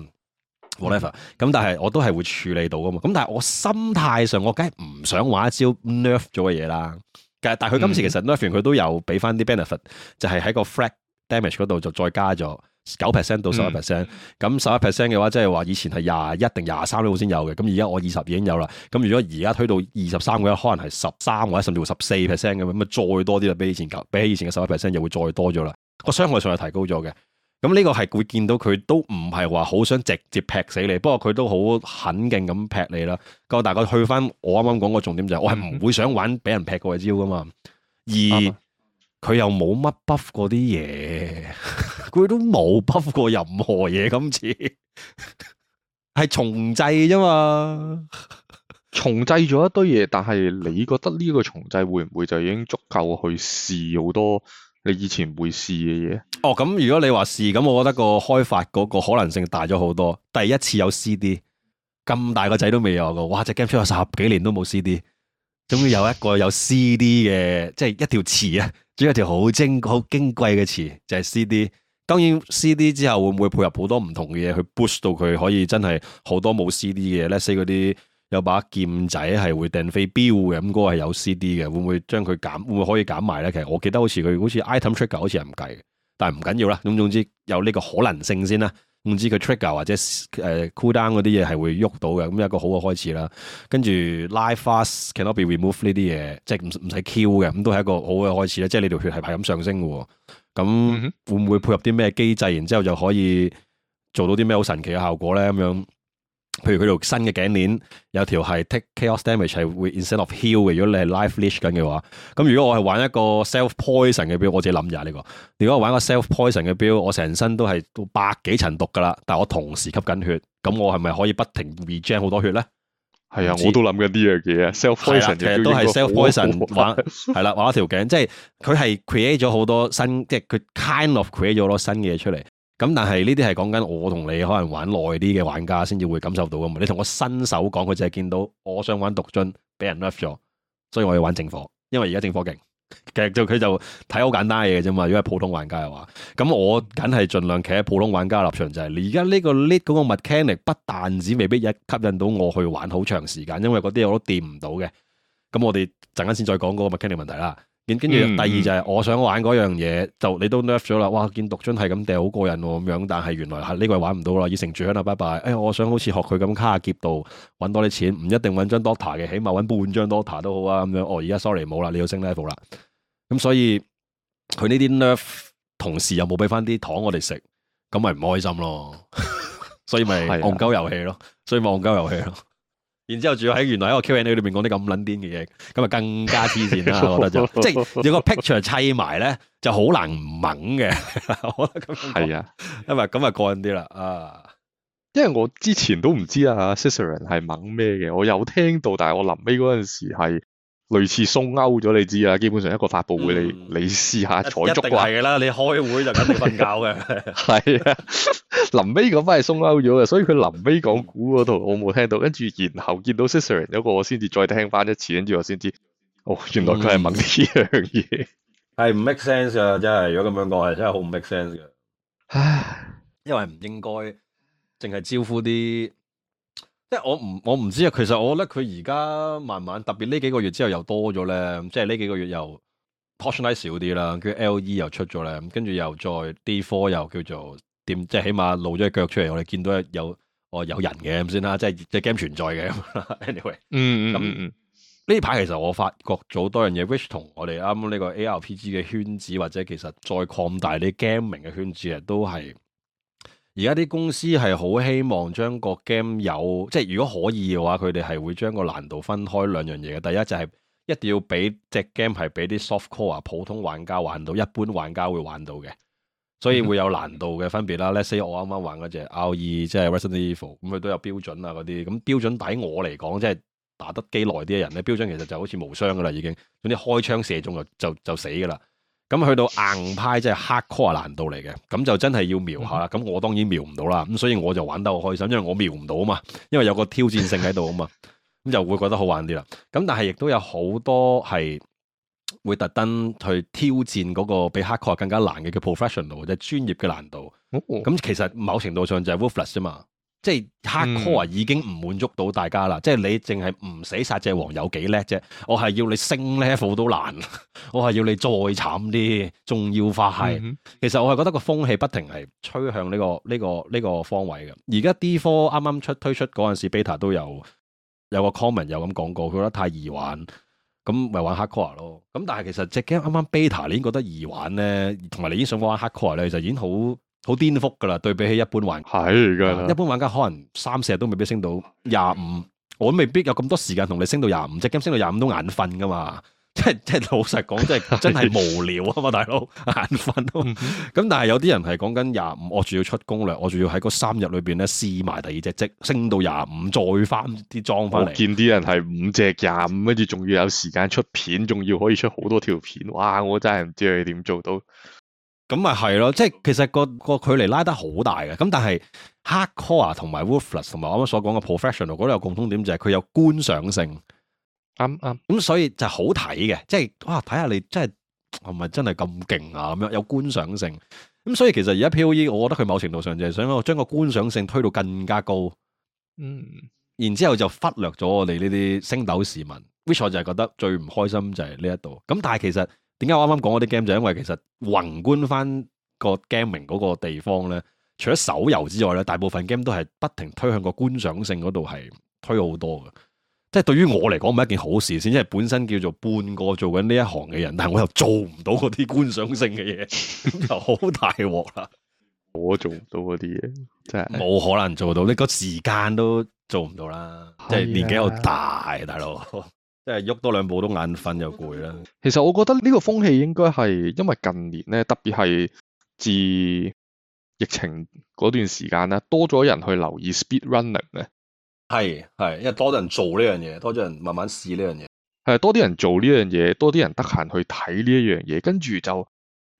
whatever 咁，但係我都係會處理到噶嘛。咁但係我心態上，我梗係唔想玩一招 nerf 咗嘅嘢啦。但係佢今次其實 nerf 完佢都有俾翻啲 benefit，嗯，就係喺個 flat damage 嗰度就再加咗九 percent 到十一 percent。咁十一 percent 嘅話，即係話以前係廿一定廿三都好，先有嘅。咁而家我二十已經有啦。咁如果而家推到二十三嘅話，可能係十三或者甚至乎十四 percent 咁，咁咪再多啲啦。比以前比起以前嘅十一 percent 又會再多咗啦。個傷害上係提高咗嘅。咁呢個係會見到佢都唔係話好想直接劈死你，不過佢都好肯勁咁劈你啦。個大概去翻我啱啱講個重點就係，我係唔會想玩俾人劈過嘅招噶嘛。嗯、而佢又冇乜 buff 過啲嘢，佢都冇 buff 過任何嘢。今次係重製啫嘛，重製咗一堆嘢，但係你覺得呢個重製會唔會就已經足夠去試好多？你以前會試嘅嘢？哦，咁如果你話試，咁我覺得個開發嗰個可能性大咗好多。第一次有 CD 咁大個仔都未有過，哇！隻 game 出咗十幾年都冇 CD，終於有一個有 CD 嘅， 即係一條詞啊，仲有一條好精好矜貴嘅詞就係、是、CD。當然 CD 之後會唔會配合好多唔同嘅嘢去 boost 到佢可以真係好多冇 CD 嘅，let's say 嗰啲。 有把劍仔係會掟飛鏢嘅，咁嗰個係有 CD 嘅，會唔會將佢減？會唔會可以減埋咧？其實我記得好似佢好似 item trigger 好似係唔計嘅，但係唔緊要啦。咁總之有呢個可能性先啦。唔知佢 trigger 或者誒 cooldown 嗰啲嘢係會喐到嘅，咁一個好嘅開始啦。跟住 live fast cannot be removed 呢啲嘢，即係唔唔使 kill 嘅，咁都係一個好嘅開始咧。即係你條血係係咁上升嘅。咁會唔會配合啲咩機制，然之後就可以做到啲咩好神奇嘅效果咧？咁樣？譬如佢條新嘅頸鏈有條係 take chaos damage 係會 instead of heal 嘅，如果你係 life leech 緊嘅話，咁如果我係玩一個 self poison 嘅表，我自己諗吓呢個。如果我玩個 self poison 嘅表，我成身都係到百幾層毒噶啦，但係我同時吸緊血，咁我係咪可以不停 regen 好多血咧？係啊，我都諗緊呢樣嘢。self poison 其實都係 self poison 玩係啦，玩， 玩一條頸，即係佢係 create 咗好多新，即係佢 kind of create 咗好多新嘅嘢出嚟。咁但係呢啲係講緊我同你可能玩耐啲嘅玩家先至會感受到噶嘛？你同我新手講，佢就係見到我想玩毒樽俾人 left 咗，所以我要玩正火，因為而家正火勁。其實就佢就睇好簡單嘢嘅啫嘛。如果係普通玩家嘅話，咁我梗係盡量企喺普通玩家立場就係、是，而家呢個 lead 嗰個 mechanic 不但止未必吸引到我去玩好長時間，因為嗰啲我都掂唔到嘅。咁我哋陣間先再講嗰個 mechanic 問題啦。跟住第二就係我想玩嗰樣嘢，嗯、就你都 nerf 咗啦，哇！見毒樽係咁掟，好過癮喎咁樣，但係原來係呢個係玩唔到啦，已成住響啦拜拜，哎，我想好似學佢咁卡下劫度，揾多啲錢，唔一定揾張 doctor 嘅，起碼揾半張 doctor 都好啊咁樣。哦，而家 sorry 冇啦，你要升 level 啦。咁所以佢呢啲 nerf 同時又冇俾翻啲糖我哋食，咁咪唔開心咯 就的、嗯。所以咪戇鳩遊戲咯，所以戇鳩遊戲咯。然之後仲要喺原來喺個 Q&A 裏邊講啲咁撚癲嘅嘢，咁啊更加黐線啦！ 我覺得就即係如果 picture 砌埋咧，就好難唔掹嘅。 我覺得係啊，因為咁啊過癮啲啦啊，因為我之前都唔知啊，Sisteran 係掹咩嘅，我有聽到，但係我臨尾嗰陣時係。類似鬆勾咗，你知啦。基本上一個發布會你，嗯、你你試下踩足啩。一定係噶啦，你開會就咁樣瞓覺嘅。係啊， 臨尾講翻係鬆勾咗嘅，所以佢臨尾講股嗰度我冇聽到。跟住然後見到 Sister 有一個，我先至再聽翻一次，跟住我先知。哦，原來佢係問呢樣嘢，係唔 make sense 啊！真係如果咁樣講，係真係好唔 make sense 嘅。唉，因為唔應該淨係招呼啲。即係我唔我唔知啊，其實我覺得佢而家慢慢，特別呢幾個月之後又多咗咧，即係呢幾個月又 portion 少啲啦，跟住 L E 又出咗咧，跟住又再 D four 又叫做點，即係起碼露咗隻腳出嚟，我哋見到有哦有人嘅咁先啦，即係即係 game 存在嘅咁。 anyway，嗯嗯，嗯嗯，咁呢排其實我發覺咗好多樣嘢 which 同我哋啱啱呢個 A R P G 嘅圈子或者其實再擴大啲 game 名嘅圈子啊，都係。而家啲公司係好希望將個 game 有，即係如果可以嘅話，佢哋係會將個難度分開兩樣嘢嘅。第一就係、是、一定要俾隻 game 係俾啲 soft core 啊，普通玩家玩到，一般玩家會玩到嘅，所以會有難度嘅分別啦。 Let’s say 我啱啱玩嗰隻 R2，即係 Resident Evil，咁佢都有標準啊。嗰啲。咁標準對我嚟講，即係打得機耐啲嘅人咧，標準其實就好似無傷噶啦，已經總之開槍射中就就就死噶啦。咁去到硬派即係 hardcore 難度嚟嘅，咁就真係要瞄下啦。咁我當然瞄唔到啦，咁所以我就玩得好開心，因為我瞄唔到啊嘛。因為有個挑戰性喺度啊嘛，咁 就會覺得好玩啲啦。咁但係亦都有好多係會特登去挑戰嗰個比 hardcore 更加難嘅嘅 professional 或者專業嘅難度。咁、哦哦、其實某程度上就係 wolfless 嘛。即係黑 c o r e 已經唔滿足到大家啦！嗯、即係你淨係唔死殺隻王有幾叻啫？我係要你升 level 到難， 我係要你再慘啲，仲要快。嗯、哼其實我係覺得個風氣不停係吹向呢、這個呢、這個呢、這個方位嘅。而家 D 科啱啱出推出嗰陣時，beta 都有有個 comment 有咁講過，佢覺得太易玩，咁咪玩黑 c o r e 咯。咁但係其實只驚啱啱 beta 已經覺得易玩咧，同埋你已經想玩黑 c o r e 咧，就已經好。好顛覆噶啦，對比起一般玩家噶的、嗯、一般玩家可能三四日都未必升到廿五，我未必有咁多時間同你升到廿五，即咁升到廿五都眼瞓噶嘛，即係即係老實講，即係真係無聊啊嘛，的大佬眼瞓都咁。 但係有啲人係講緊廿五，我仲要出攻略，我仲要喺嗰三日裏邊咧試埋第二隻積升到廿五，再翻啲裝翻嚟。我見啲人係五隻廿五，跟住仲要有時間出片，仲要可以出好多條片，哇！我真係唔知佢點做到。咁咪係咯，即係其實個個距離拉得好大嘅。咁但係 hardcore 同埋 wolfless 同埋我啱啱所講嘅 professional，嗰度有共通點就係佢有觀賞性，啱啱、嗯。咁、嗯嗯、所以就係好睇嘅，即係哇，睇下你真係係咪真係咁勁啊咁樣有觀賞性。咁、嗯、所以其實而家 POE，我覺得佢某程度上就係想我將個觀賞性推到更加高。嗯，然之後就忽略咗我哋呢啲星斗市民，which 我就係覺得最唔開心就係呢一度。咁、嗯、但係其實。點解我啱啱講嗰啲 game 就因為其實宏觀翻個 gaming 嗰個地方咧，除咗手遊之外咧，大部分 game 都係不停推向個觀賞性嗰度係推好多嘅。即係對於我嚟講唔係一件好事先，因為本身叫做半個做緊呢一行嘅人，但係我又做唔到嗰啲觀賞性嘅嘢， 就好大鑊啦。我做唔到嗰啲嘢，真係冇可能做到。你個時間都做唔到啦，即係年紀又大，大佬。即係喐多兩步都眼瞓又攰啦。其實我覺得呢個風氣應該係因為近年咧，特別係自疫情嗰段時間咧，多咗人去留意 speed running 咧。係係，因為多啲人做呢樣嘢，多咗人慢慢試呢樣嘢。係多啲人做呢樣嘢，多啲人得閒去睇呢一樣嘢，跟住就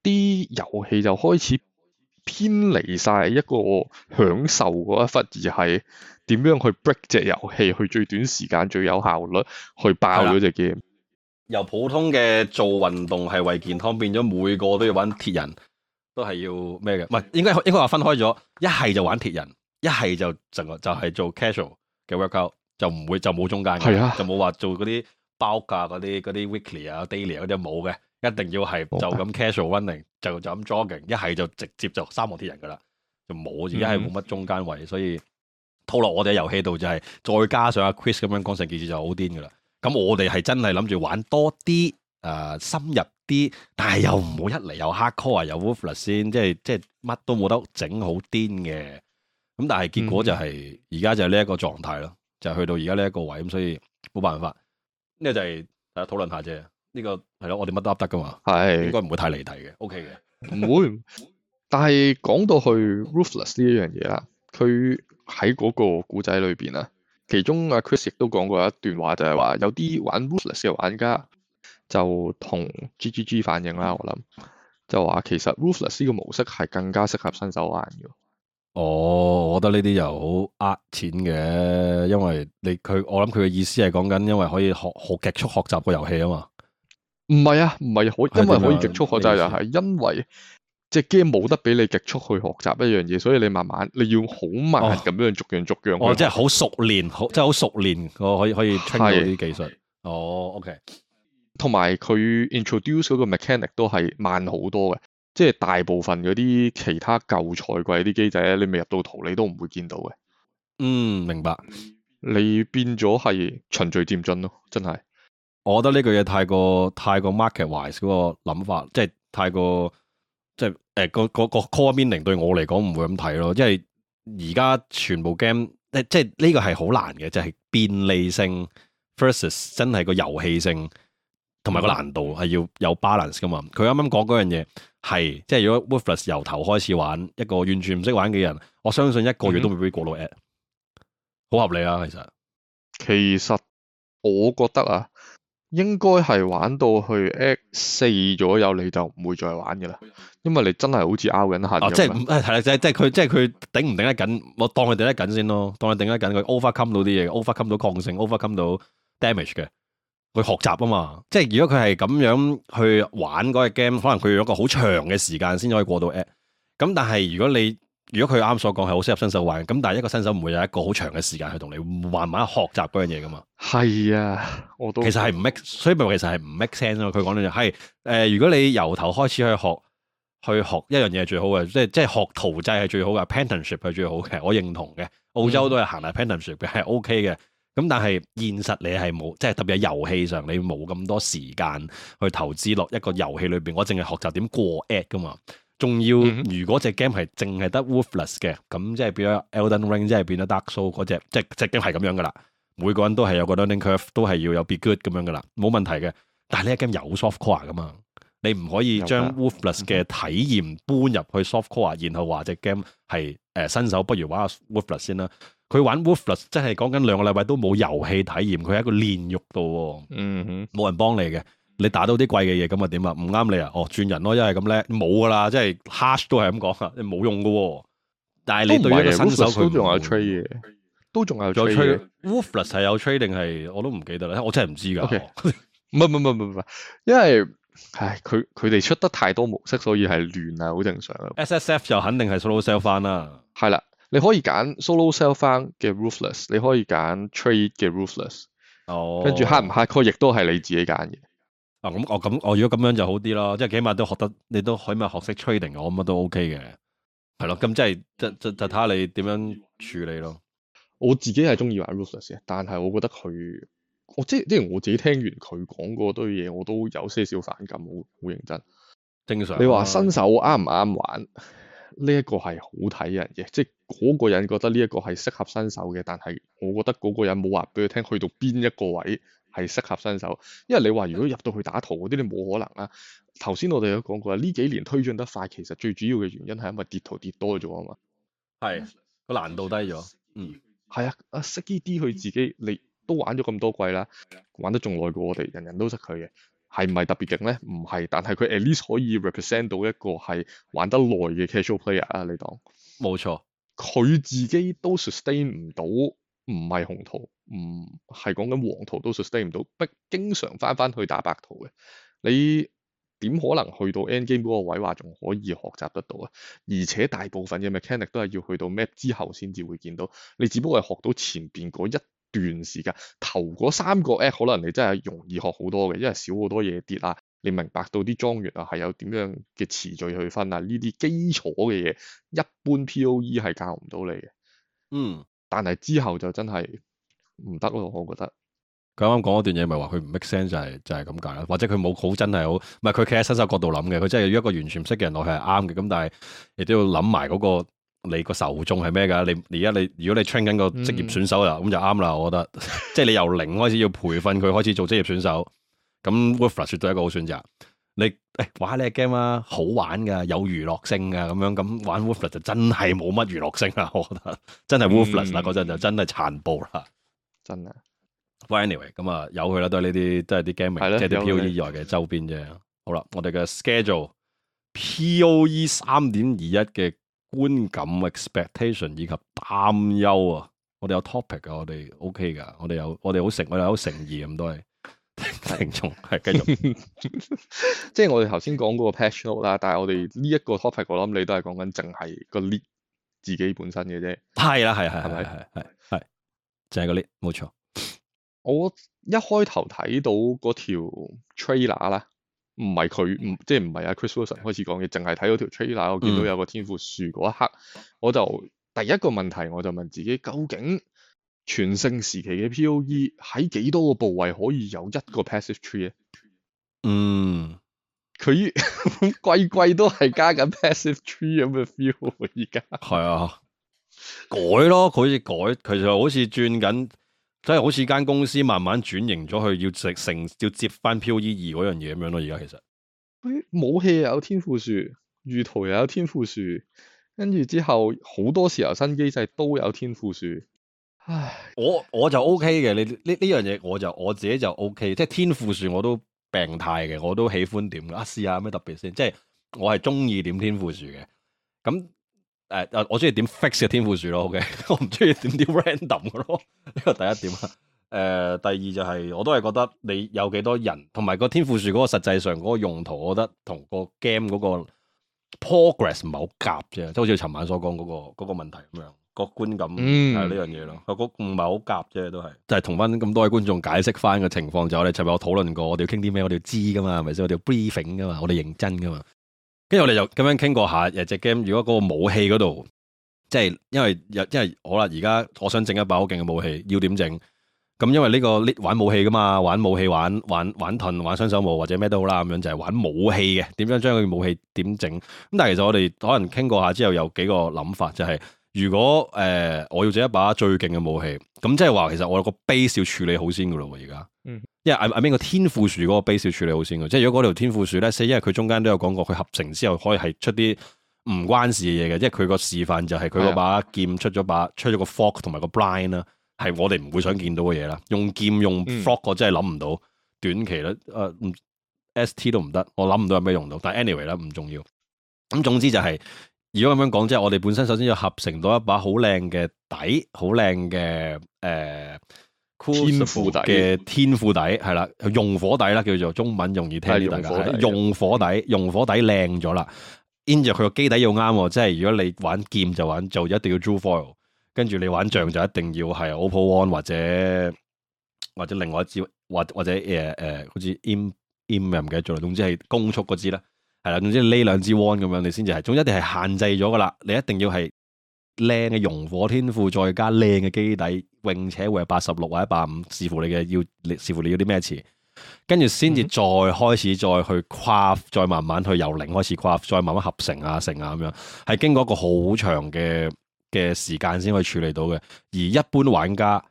啲遊戲就開始。偏離晒一個享受嗰一忽，而係點樣去 break 隻遊戲，去最短時間、最有效率去爆咗隻 game？由普通嘅做運動係為健康，變咗每個都要玩鐵人，都係要咩嘅？唔係應該應該話分開咗，一係就玩鐵人，一係就成個就係、是、做 casual 嘅 workout，就唔會就冇中間嘅，的就冇話做嗰啲包價啲嗰啲 weekly 啊 daily 嗰啲冇嘅。一定要係就咁 casual running，嗯，好吧就就咁 jogging，一係就直接就三項鐵人噶啦，就冇而家係冇乜中間位，所以套落我哋喺遊戲度就係、是、再加上阿 Chris 咁樣講成件事就好癲噶啦。咁我哋係真係諗住玩多啲，誒、呃、深入啲，但係又唔好一嚟有 hardcore 又 wolfer 先，即係即係乜都冇得整好癲嘅。咁但係結果就係而家就係呢一個狀態咯，就去到而家呢一個位咁，所以冇辦法。呢個就係、是、大家討論下啫。呢、這個係咯，我哋乜都噏得噶嘛，是應該唔會太離題嘅，OK 嘅，唔 會。但係講到去 ruthless 呢一樣嘢啦，佢喺嗰個故仔裏邊啊，其中阿 Chris 亦都講過一段話就，就係話有啲玩 ruthless 嘅玩家就同 GGG 反應啦，我諗就話其實 ruthless 呢個模式係更加適合新手玩嘅。哦，我覺得呢啲又好呃錢嘅，因為你佢我諗佢嘅意思係講緊因為可以學好極速學習個遊戲啊嘛。唔係啊，唔係啊，可因為可以極速學習，又係，因為隻 game 冇得俾你極速去學習一樣嘢，所以你慢慢你要好慢咁樣逐樣逐樣哦。哦，即係好熟練，好即係好熟練，我可以可以聽到啲技術。哦、是、oh、OK。同埋佢 introduce 嗰個 mechanic 都係慢好多嘅，即係大部分嗰啲其他舊賽季啲機制，你未入到圖，你都唔會見到嘅。嗯，明白。你變咗係循序漸進咯，真係。我覺得呢句嘢太過太過 market wise 嗰個諗法，即係太過即係誒、呃嗰個、嗰個 core meaning 對我嚟講唔會咁睇咯，因為而家全部 game 即係呢個係好難嘅，就係、係、便利性 versus 真係個遊戲性同埋個難度係要有 balance 噶嘛。佢啱啱講嗰樣嘢係即係如果 Wolfless 由頭開始玩一個完全唔識玩嘅人，我相信一個月都未必過到 at，好、嗯、合理啊其實。其實我覺得啊。應該係玩到去 X 四左右，你就唔會再玩嘅啦。因為你真係好似 out 緊下，即係唔係，即係即係佢即係佢頂唔頂得緊，我當佢頂得緊先咯。當佢頂得緊，佢 overcome 到啲嘢，overcome 到抗性，overcome 到 damage 嘅。佢學習啊嘛，即係如果佢係咁樣去玩嗰個 game，可能佢要一個好長嘅時間先可以過到 X。咁但係如果你如果佢啱所講係好適合新手玩，咁但係一個新手唔會有一個好長嘅時間去同你慢慢學習嗰樣嘢噶嘛。係啊，我都其實係唔 make，所以咪其實係唔 make sense 咯。佢講呢就係、是，誒、hey，呃，如果你由頭開始去學，去學一樣嘢係最好嘅，即係即係學圖徒制係最好嘅 apprenticeship 係最好嘅，我認同嘅。澳洲都係行嚟 apprenticeship 嘅係 OK 嘅。咁但係現實你係冇，即係特別喺遊戲上你冇咁多時間去投資落一個遊戲裏邊。我淨係學習點過 act 噶嘛，仲要、嗯、哼如果隻 game 係淨係得 w o r t l e s s 嘅，咁即係變咗 Elden Ring，即係變咗 Dark Soul 嗰隻，即係即係已經係咁樣噶啦。每個人都係有個 learning curve，都係要有 be good 咁樣嘅啦，冇問題嘅。但係呢 game 有 soft core 嘅嘛，你唔可以將 wolfless 嘅體驗搬入去 soft core，然後話隻 game 係誒新手不如玩下 wolfless 先啦。佢玩 wolfless 即係講緊兩個禮拜都冇遊戲體驗，佢係一個煉獄度、哦，嗯哼，冇人幫你嘅。你打到啲貴嘅嘢咁啊點啊？唔啱你啊！哦轉人咯，因為咁叻冇噶啦，即係 hash 都係咁講，你冇用嘅、哦。但係你對於一個新手，都仲係吹嘢。都仲有再 trade，Ruthless 係有 trade 定係我都唔記得啦，我真係唔知噶。唔唔唔唔唔，因為係佢佢哋出得太多模式，所以係亂啊，好正常啊。SSF 又肯定係 solo self 翻啦，係啦，你可以揀 solo self 翻嘅 Ruthless 你可以揀 trade 嘅 Ruthless 哦，跟住黑唔黑 call 亦都係你自己揀嘅。啊，咁我咁我如果咁樣就好啲咯，即係起碼都學得，你都起碼學識 trading，我乜都 OK 嘅，係咯。咁即係就就就睇下你點樣處理咯。我自己係鍾意玩 Ruthless 嘅，但係我覺得佢，我即係即係我自己聽完佢講嗰堆嘢，我都有些少反感。好，好認真，正常啊。你話新手啱唔啱玩？呢、這、一個係好睇人嘅，即係嗰個人覺得呢一個係適合新手嘅，但係我覺得嗰個人冇話俾佢聽，去到邊一個位係適合新手。因為你話如果入到去打圖嗰啲，你冇、嗯、可能啦。頭先我哋都講過啊，呢幾年推進得快，其實最主要嘅原因係因為跌圖跌多咗啊嘛。係個是、嗯、難度低咗，嗯。係啊，阿識呢啲佢自己你都玩咗咁多季啦，玩得仲耐過我哋，人人都識佢嘅，係唔係特別勁咧？唔係，但係佢 at least 可以 represent 到一個係玩得耐嘅 casual player 啊，你當錯？冇錯，佢自己都 sustain 唔到，唔係紅圖，唔係講緊黃圖都 sustain 唔到，不經常翻返去打白圖嘅，你。點可能去到 end game 嗰個位話仲可以學習得到啊？而且大部分嘅 mechanic 都係要去到 map 之後先至會見到。你只不過係學到前邊嗰一段時間，頭嗰三個 act 可能你真係容易學好多嘅，因為少好多嘢跌啊。你明白到啲莊園啊係有點樣嘅詞綴去分啊？呢啲基礎嘅嘢一般 P.O.E 係教唔到你嘅。嗯，但係之後就真係唔得咯，我覺得。佢啱啱講一段嘢，咪話佢唔 make sense 就係、是、就係咁解啦。或者佢冇好真係好，唔係佢企喺新手角度諗嘅，佢真係一個完全唔識嘅人落去係啱嘅。咁但係亦都要諗埋嗰個你個受眾係咩㗎？你而家你，你，你如果你 train 緊個職業選手啊，咁、嗯、就啱啦。我覺得 即係你由零開始要培訓佢開始做職業選手，咁 Ruthless 絕對係一個好選擇。你玩呢個 game 啊，好玩㗎，有娛樂性㗎，咁樣咁玩 Ruthless 就真係冇乜娛樂性啦。我覺得真係 Ruthless 啦、嗯，嗰陣就真係殘暴啦，真係！Anyway，咁、so、啊，有佢啦，都係呢啲，都係啲 game 名，即係啲 POE 以外嘅周邊啫。好啦，我哋嘅 schedule POE 三點二一嘅觀感 expectation 以及擔憂啊，我哋有 topic 啊，我哋 OK 噶，我哋有，我哋好誠，我哋好誠意咁都係聽眾係繼續。即係我哋頭先講嗰個 patch note 啦，但係我哋呢一個 topic 我諗你都係講緊淨係個 league 自己本身嘅啫。係啦，係啊，係，係的，係，係，係，淨係個 league 冇錯。我一開頭睇到嗰條 trailer 啦，唔係佢，唔即係唔係阿 Chris Wilson 開始講嘅，淨係睇到條 trailer，我見到有個天賦樹嗰一刻，嗯，我就第一個問題我就問自己，究竟全盛時期嘅 POE 喺幾多個部位可以有一個 passive tree 咧？嗯，佢季季都係加緊 passive tree 咁嘅 feel 而家，係啊，改咯，好似改，佢就好似轉緊。即係好似間公司慢慢轉型咗，去要直成要接翻 POE2 嗰樣嘢咁樣咯。而家其實，武器又有天賦樹，地圖又有天賦樹，跟住之後好多時候新機制都有天賦樹。唉，我我就 O K 嘅，你呢呢樣嘢我就我自己就 OK，即係天賦樹我都病態嘅，我都喜歡點啊？試下咩特別先？即係我係中意點天賦樹嘅咁。誒誒、uh,，我中意點 fix 嘅天賦樹咯，OK， 我唔中意點啲 random 嘅咯，呢 個第一點啊。誒、uh,，第二就係、是，我都係覺得你有幾多人，同埋個天賦樹嗰個實際上嗰個用途，我覺得同個 game 嗰個 progress 唔係好夾啫，即係好似尋晚所講嗰、那個嗰、那個問題咁樣，個觀感係呢、嗯、樣嘢咯。我唔係好夾啫，都係，就係同翻咁多位觀眾解釋翻個情況就係、是，我哋尋日我討論過，我哋要傾啲咩，我哋要知噶嘛，係咪先？我哋要 briefing 噶嘛，我哋認真噶嘛。跟住我哋就咁樣傾過下，日隻 game 如果嗰個武器嗰度，即係因為又因為好啦，而家我想整一把好勁嘅武器，要點整？咁因為呢個呢玩武器噶嘛，玩武器玩玩玩盾，玩雙手武器或者咩都好啦，咁樣就係玩武器嘅，點樣將佢件武器點整？咁但係其實我哋可能傾過下之後，有幾個諗法就係。如果誒、呃、我要整一把最勁嘅武器，咁即係話其實我有個 base 要處理好先嘅咯，而家，mm hmm. 因為阿阿邊個天賦樹嗰個 base 要處理好先嘅，即係如果嗰條天賦樹咧，因為佢中間都有講過，佢合成之後可以出係出啲唔關事嘅嘢嘅，因為佢個示範就係佢嗰把劍出咗把的出咗個 fork 同埋個 blind 啦，係我哋唔會想見到嘅嘢啦。用劍用 fork 我真係諗唔到，mm hmm. 短期咧誒、呃、ST 都唔得，我諗唔到有咩用到，但係 anyway 咧唔重要。咁總之就係、是。如果咁樣講，即係我哋本身首先要合成到一把好靚嘅底，好靚嘅誒天賦底嘅天賦底，係啦，用火底啦，叫做中文容易聽啲大家。用火底，用火底靚咗啦。In 住佢個基底要啱，即係如果你玩劍就玩，做一定要 draw foil。跟住你玩象就一定要係 OPPO One 或者或者另外一支，或或者誒誒、呃呃，好似 i m in 唔記得咗啦。總之係攻速嗰支啦。係啦，總之呢兩支 one 咁樣你先至係，總之一定係限制咗噶啦，你一定要係靚嘅熔火天賦，再加靚嘅基底，並且會係八十六或者八十五，視乎你嘅要，視乎你要啲咩詞，跟住先至再開始再去跨，再慢慢去由零開始跨，再慢慢合成啊，成啊咁樣，係經過一個好長嘅嘅時間先可以處理到嘅，而一般玩家。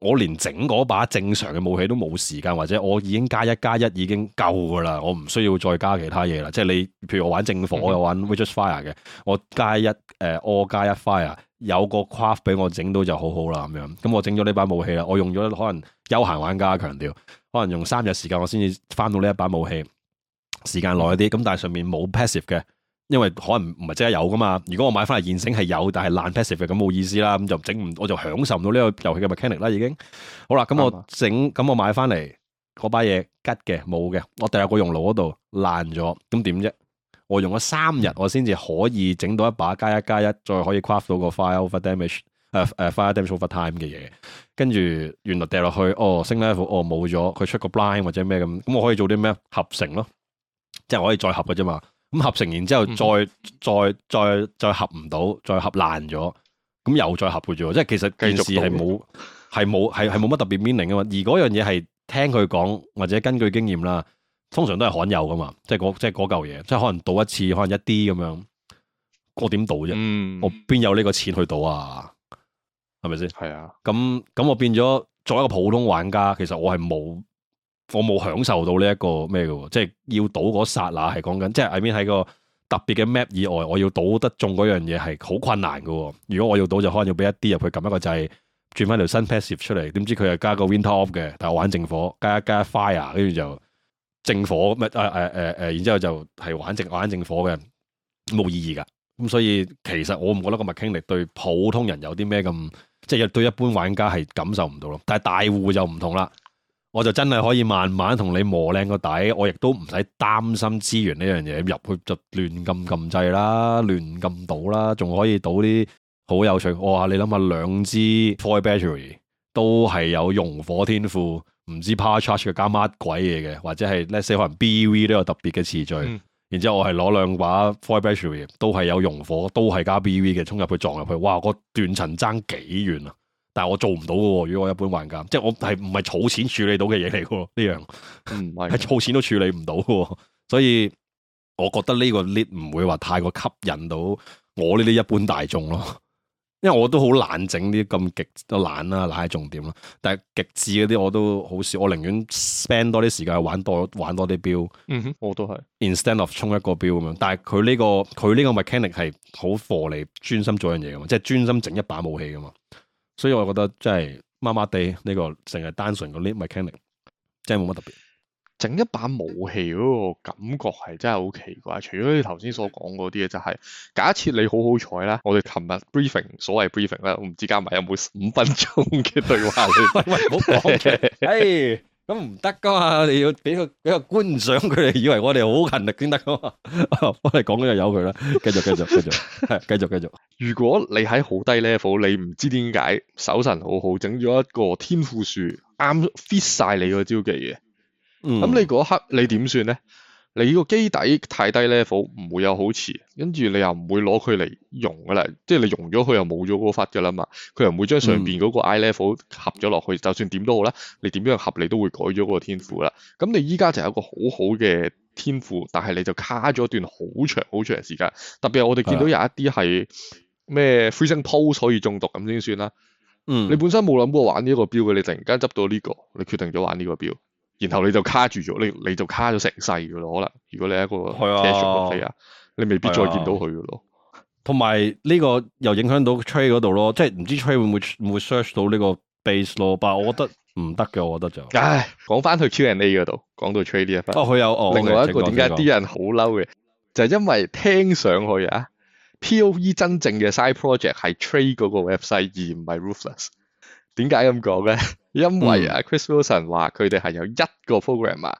我連整嗰把正常嘅武器都冇時間，或者我已經加一加一已經夠噶啦，我唔需要再加其他嘢啦。即係你，譬如我玩正火，我又玩 Witch's Fire 嘅，我加一誒、呃，我加一 Fire 有個 Craft 俾我整到就好好啦咁樣。咁我整咗呢把武器啦，我用咗可能休閒玩家強調，可能用三日時間我先至返到呢一把武器，時間耐一啲，咁但係上面冇 Passive 嘅。因為可能唔係即刻有噶嘛，如果我買翻嚟現成係有，但係爛 passive 嘅，咁冇意思啦，咁就整唔我就享受唔到呢個遊戲嘅 mechanic 啦已經。好啦，咁我整，咁我買翻嚟嗰把嘢吉嘅冇嘅，我掉入個熔爐嗰度爛咗，咁點啫？我用咗三日，我先至可以整到一把加一加一，再可以 craft 到個 fire over damage，誒誒 fire damage over time 嘅嘢。跟住原來掉落去，哦升 level，哦冇咗，佢出個 blind 或者咩咁，咁我可以做啲咩？合成咯，即係我可以再合嘅啫嘛。咁合成完之後再、嗯哼再，再再再再合唔到，再合爛咗，咁又再合嘅啫。即係其實件事係冇，係冇，係係冇乜特別 meaning 啊嘛。而嗰樣嘢係聽佢講或者根據經驗啦，通常都係罕有噶嘛。即係嗰即係嗰嚿嘢，即係可能賭一次，可能一啲咁樣。我點賭啫？嗯、我邊有呢個錢去賭啊？係咪先？係啊。咁咁我變咗作為一個普通玩家，其實我係冇。我冇享受到呢一個咩嘅，即係要賭嗰剎那係講緊，即係 I mean, 喺個特別嘅 map 以外，我要賭得中嗰樣嘢係好困難嘅。如果我要賭，就可能要俾一啲入去撳一個掣，轉翻條新 passive 出嚟。點知佢又加個 winter off 嘅，但係我玩正火，加一加 fire，跟住就正火咁啊，誒誒誒，然之後就係玩正玩正火嘅，冇意義㗎。咁所以其實我唔覺得個 mechanic 對普通人有啲咩咁，即係對一般玩家係感受唔到咯。但係大戶就唔同啦。我就真係可以慢慢同你磨靚個底，我亦都唔使擔心資源呢樣嘢入去就亂撳撳掣啦，亂撳倒啦，仲可以倒啲好有趣。我話你諗下，兩支 Void Battery 都係有熔火天賦，唔知 power charge 嘅加乜鬼嘢嘅，或者係呢些可能 BV 都有特別嘅次序。嗯、然之後我係攞兩把 Void Battery 都係有熔火，都係加 BV 嘅，衝入去撞入去，哇！個斷層爭幾遠啊！但係我做唔到嘅，如果我一般玩家，即係我係唔係儲錢處理到嘅嘢嚟嘅呢樣，係儲、嗯、 錢都處理唔到嘅，所以我覺得呢個 lead 唔會話太過吸引到我呢啲一般大眾咯，因為我都好懶整啲咁極致嘅懶啦，懶係重點啦。但係極致嗰啲我都好少，我寧願 spend 多啲時間玩多玩多啲標、嗯。我都係。Instead of 衝一個標咁樣，但係佢呢個佢呢個 mechanics 係好貨嚟，專心做樣嘢嘅嘛，即係專心整一把武器嘅嘛。所以我覺得真係麻麻地呢個，淨係單純個 limit mechanic，真係冇乜特別。整一把武器嗰個感覺係真係好奇怪。除咗你頭先所講嗰啲嘢，就係、是、假設你好好彩啦。我哋琴日 briefing，所謂 briefing 啦，我唔知加埋有冇五分鐘嘅對話 喂。喂喂，唔好講嘅， 欸咁唔得噶嘛，你要俾個俾個觀賞佢哋，以為我哋好勤力先得噶嘛。我哋講緊就由佢啦，繼續繼續繼續，繼續繼續。續續 如果你喺好低 level，你唔知點解手神好好，整咗一個天賦樹啱 fit 晒你個招技嘅，咁、嗯、你嗰刻你點算咧？你個基底太低 level，唔會有好詞，跟住你又唔會攞佢嚟融噶啦，即係你融咗佢又冇咗嗰忽噶啦嘛，佢又唔會將上邊嗰個 I level 合咗落去，嗯、就算點都好啦，你點樣合你都會改咗嗰個天賦啦。咁你依家就有一個好好嘅天賦，但係你就卡咗段好長好長時間。特別係我哋見到有一啲係咩 freezing pulse 可以中毒咁先算啦。嗯，你本身冇諗過玩呢一個標嘅，你突然間執到呢、呢個，你決定咗玩呢個標。然後你就卡住咗，你你就卡咗成世噶咯，可能如果你一個係啊，你未必再見到佢噶咯。同埋呢個又影響到 trade 嗰度咯，即係唔知 trade 會唔會會 search 到呢個 base 咯，但我覺得唔得嘅，我覺得就，唉，講翻去 Q & A 嗰度，講到 trade 呢、哦，哦，佢有另外一個點解啲人好嬲嘅，就係、是、因為聽上去啊，P O E 真正嘅 side project 係 trade 嗰個 website 而唔係 Ruthless，點解咁講咧？因為啊，Chris Wilson 話佢哋係有一個 programmer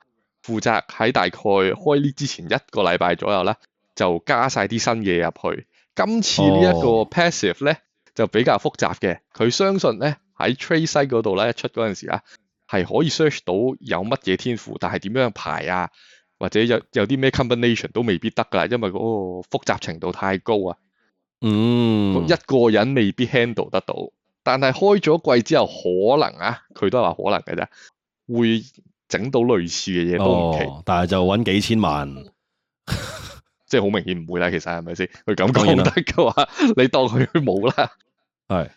負責喺大概開呢之前一個禮拜左右咧，就加晒啲新嘢入去。今次呢一個 passive 咧就比較複雜嘅。佢相信咧，喺 trade site 嗰度咧，一出嗰陣時啊，係可以 search 到有乜嘢天賦，但係點樣排啊，或者有有啲咩 combination 都未必得噶啦，因為嗰個複雜程度太高啊。嗯，一個人未必 handle 得到。但係開咗季之後可能啊，佢都係話可能嘅啫，會整到類似嘅嘢都唔奇。哦，但係就搵幾千萬， 即係好明顯唔會啦。其實係咪先？佢咁講得嘅話，當你當佢冇啦。係是，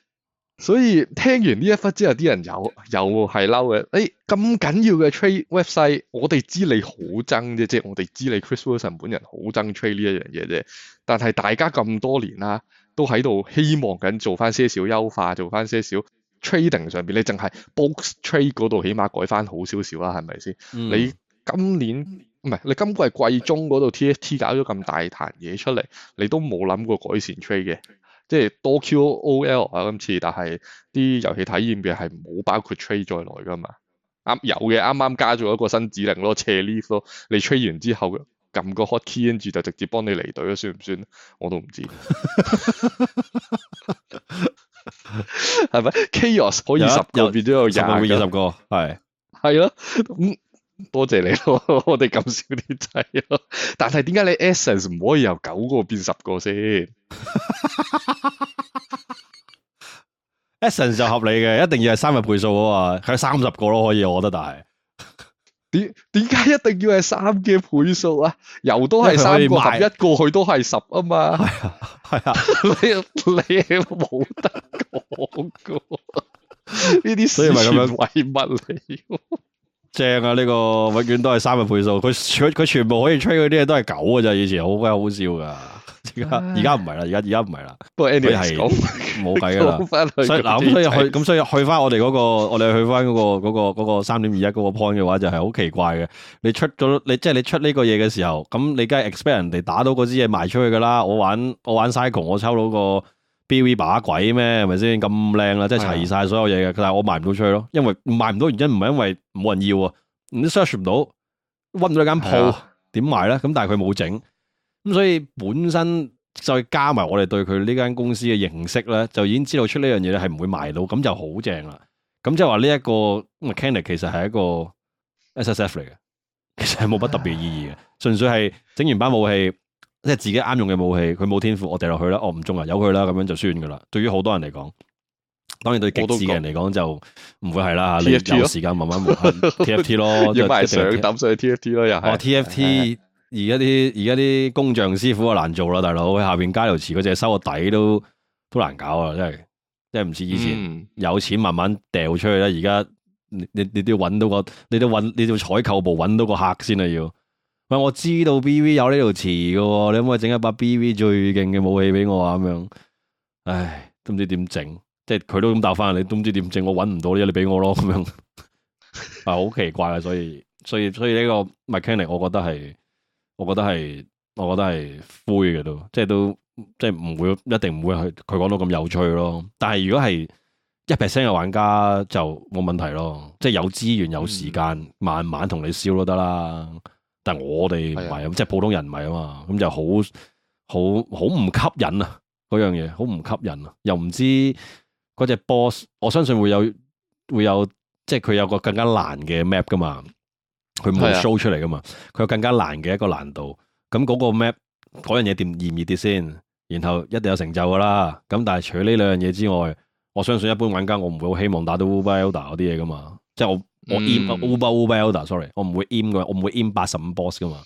所以聽完呢一忽之後，啲人又又係嬲嘅。誒、欸，咁緊要嘅 trade website，我哋知你好憎啫，即係我哋知你 Chris Wilson 本人好憎 trade 呢一樣嘢啫。但係大家咁多年啦，啊。都喺度希望緊做翻些少優化，做翻些少 trading 上邊，你淨係 box trade 嗰度起碼改翻好少少啦，係咪先？嗯、你今年唔係，你今季季中嗰度 TFT 搞咗咁大壇嘢出嚟，你都冇諗過改善 trade 嘅，即係多 QoL 啊，今次，但係啲遊戲體驗嘅係冇包括 trade 在內噶嘛？啱有嘅，啱啱加咗一個新指令咯 cheat leave 咯，你 trade 完之後。撳個 hot key 跟住就直接幫你離隊算唔算？我都唔知。係咪 ？Chaos 可以十入邊都有廿，廿二十個，係係咯。咁、嗯、多謝你咯，我哋咁少啲仔咯。 但係點解你 essence 唔可以由九個變十個先 ？essence 就合理嘅，一定要係三個倍數啊嘛。係三十個咯，可以，我覺得但係。點點解一定要係三嘅倍數啊？又都係三個一個去都係十啊嘛，係啊，係啊， 你你冇得講噶，呢 啲所以咪咁樣為乜你！正啊，呢、這個永遠都係三嘅倍數。佢全佢全部可以吹嗰啲嘢都係九嘅咋，以前好鬼好笑噶。而家而家唔係啦，而家而家唔係啦。不過 anyway 係冇計噶啦。所以嗱，咁 所以去咁所以去翻我哋嗰個， 我哋去翻嗰個嗰個嗰個三點二一嗰個 point 嘅話，就係好奇怪嘅。你出咗你即係你出呢個嘢嘅時候，咁你梗係 expect 人哋打到嗰支嘢賣出去噶啦。我玩我玩 cycle，我抽到個 BV 把鬼咩，係咪先咁靚啦？即係齊晒所有嘢嘅， 但係我賣唔到出去咯。因為賣唔到，原因唔係因為冇人要啊，你知 search 唔到，搵唔到間鋪，點賣咧？咁但係佢冇整。咁所以本身再加埋我哋對佢呢間公司嘅認識咧，就已經知道出呢樣嘢咧係唔會賣到，咁就好正啦。咁即係話呢一個 Mechanic 其實係一個 SSF 嚟嘅，其實係冇乜特別意義嘅，純、啊、粹係整完班武器，即、就、係、是、自己啱用嘅武器。佢冇天賦，我掟落去啦，我唔中啊，由佢啦，咁樣就算噶啦。對於好多人嚟講，當然對極致嘅人嚟講也就唔會係啦。TFT 你留時間慢慢磨 ，TFT 咯，影埋相抌上去 TFT 咯，又係 TFT。 而家啲而家啲工匠師傅啊，難做啦，大佬喺下邊街度持嗰隻收個底都都難搞啊！真係真係唔似以前、嗯、有錢慢慢掉出去啦。而家你你都要揾到個，你都揾你做採購部揾到個客先啊！要喂，我知道 B V 有呢度錢噶，你可唔可以整一把 B V 最勁嘅武器俾我啊？咁樣，唉都唔知點整，即係佢都咁答翻你，都唔知點整，我揾唔到呢，你俾我咯咁樣，係好奇怪啊！所以所以所以呢個 Mechanic，我覺得係。我覺得係，我覺得係灰嘅都，即係都即係唔會一定唔會去佢講到咁有趣咯。但係如果係一 percent 嘅玩家就冇問題咯，即係有資源有時間、嗯、慢慢同你燒都得啦。但係我哋唔係，是的 即係普通人唔係啊嘛，咁就好好好唔吸引啊嗰樣嘢，好唔吸引啊，又唔知嗰隻 boss 我相信會有會有，即係佢有個更加難嘅 map 㗎嘛。佢冇 show 出嚟噶嘛？佢有更加難嘅一個難度，咁嗰個 map 嗰樣嘢掂易唔易啲先？然後一定有成就噶啦。咁但係除咗呢兩樣嘢之外，我相信一般玩家我唔會好希望打到 Uber Elder 嗰啲嘢噶嘛。即係我我 aim u、嗯、Uber, Uber Elder，sorry，我唔會 aim 個，我唔會 aim 八十五 boss 噶嘛。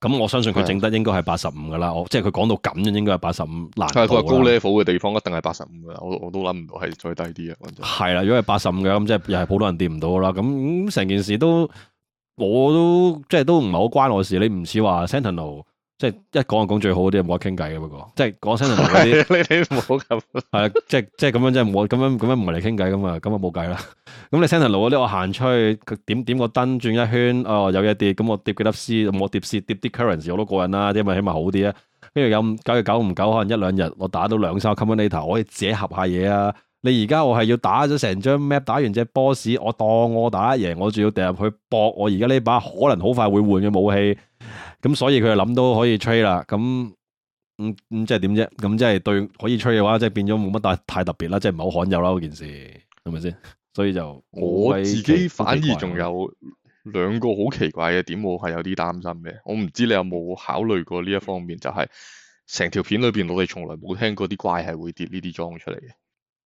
咁我相信佢整得應該係八十五噶啦。的我即係佢講到咁就應該係八十五難度。佢係高 level 嘅地方一定係八十五啦。我我都諗唔到係再低啲啊。係啦，如果係八十五噶咁，即係又係好多人掂唔到啦。咁咁成件事都。我都即係都唔係好關我事，你唔似話 Sentinel，即係一講就講最好啲唔好傾偈嘅不過，即係講 Sentinel 嗰啲，你你唔好咁係啊，即係即係咁樣即係冇咁樣咁樣唔係嚟傾偈咁啊，咁啊冇計啦。咁 你 Sentinel 嗰啲我行出去佢點點個燈轉一圈，哦有嘢跌，咁我跌幾粒絲，我跌絲跌啲 currency 我都過癮啦，因為起碼好啲啊。跟住有九月九唔九可能一兩日我打到兩三個 Recombinator 呢頭我可以自己合下嘢啊。你而家我係要打咗成張 map，打完隻 boss，我當我打贏，我仲要掉入去搏。我而家呢把可能好快會換嘅武器，咁所以佢就諗都可以吹 r y 啦。咁咁即係點啫？咁即係對可以吹嘅話，即係變咗冇乜大太特別啦，即係唔好罕有啦。件事係咪先？所以就我自己反而仲有兩個好奇怪嘅點，我係有啲擔心嘅。我唔知你有冇考慮過呢一方面，就係成條片裏邊，我哋從來冇聽過啲怪係會跌呢啲裝出嚟嘅。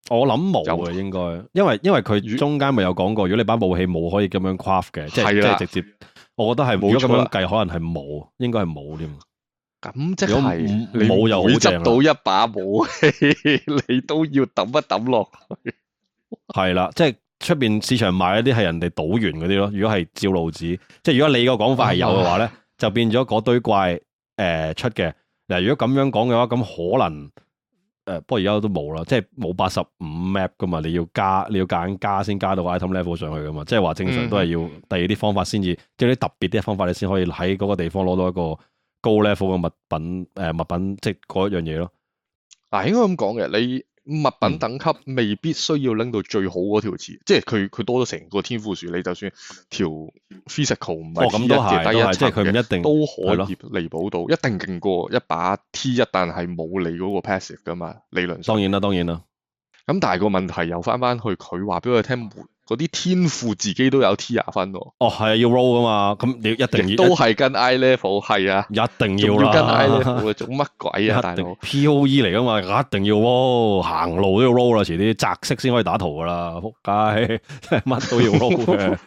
我諗冇嘅，應該因為因為佢中間咪有講過，如果你把武器冇可以咁樣 craft 嘅，的即係即係直接，我覺得係如果咁樣計，可能係冇，應該係冇添。咁即係冇又執到一把武器，你都要抌一抌落去。係啦， 即係出邊市場賣一啲係人哋賭完嗰啲咯。如果係照路子，即係如果你個講法係有嘅話咧， 就變咗嗰堆怪誒、呃、出嘅嗱、呃。如果咁樣講嘅話，咁可能。誒，不過而家都冇啦，即係冇八十五 map 噶嘛，你要加，你要夾硬加先加到 item level 上去噶嘛，即係話正常都係要第二啲方法先至，嗯、即係啲特別啲嘅方法你先可以喺嗰個地方攞到一個高 level 嘅物品，誒、呃，物品即係嗰一樣嘢咯。嗱、啊，應該咁講嘅，你。物品等級未必需要拎到最好嗰條詞，即係佢佢多咗成個天賦樹，你就算條 physical 唔係 T 一、哦，但係即係佢唔一定都可以彌補到，的一定勁過一把 T 一，但係冇你嗰個 passive 噶嘛，理論上當然啦，當然啦。咁但係個問題又翻翻去，佢話俾我聽沒。嗰啲天賦自己都有 T e a 廿分喎。哦，係啊，要 roll 噶嘛？咁你一定要都係跟 I level，係啊，一定要啦。要跟 I level 做乜鬼啊 定我？POE 嚟噶嘛，一定要 roll。行路都要 roll 啦，遲啲擇式先可以打圖噶啦。仆街，乜都要 roll 嘅。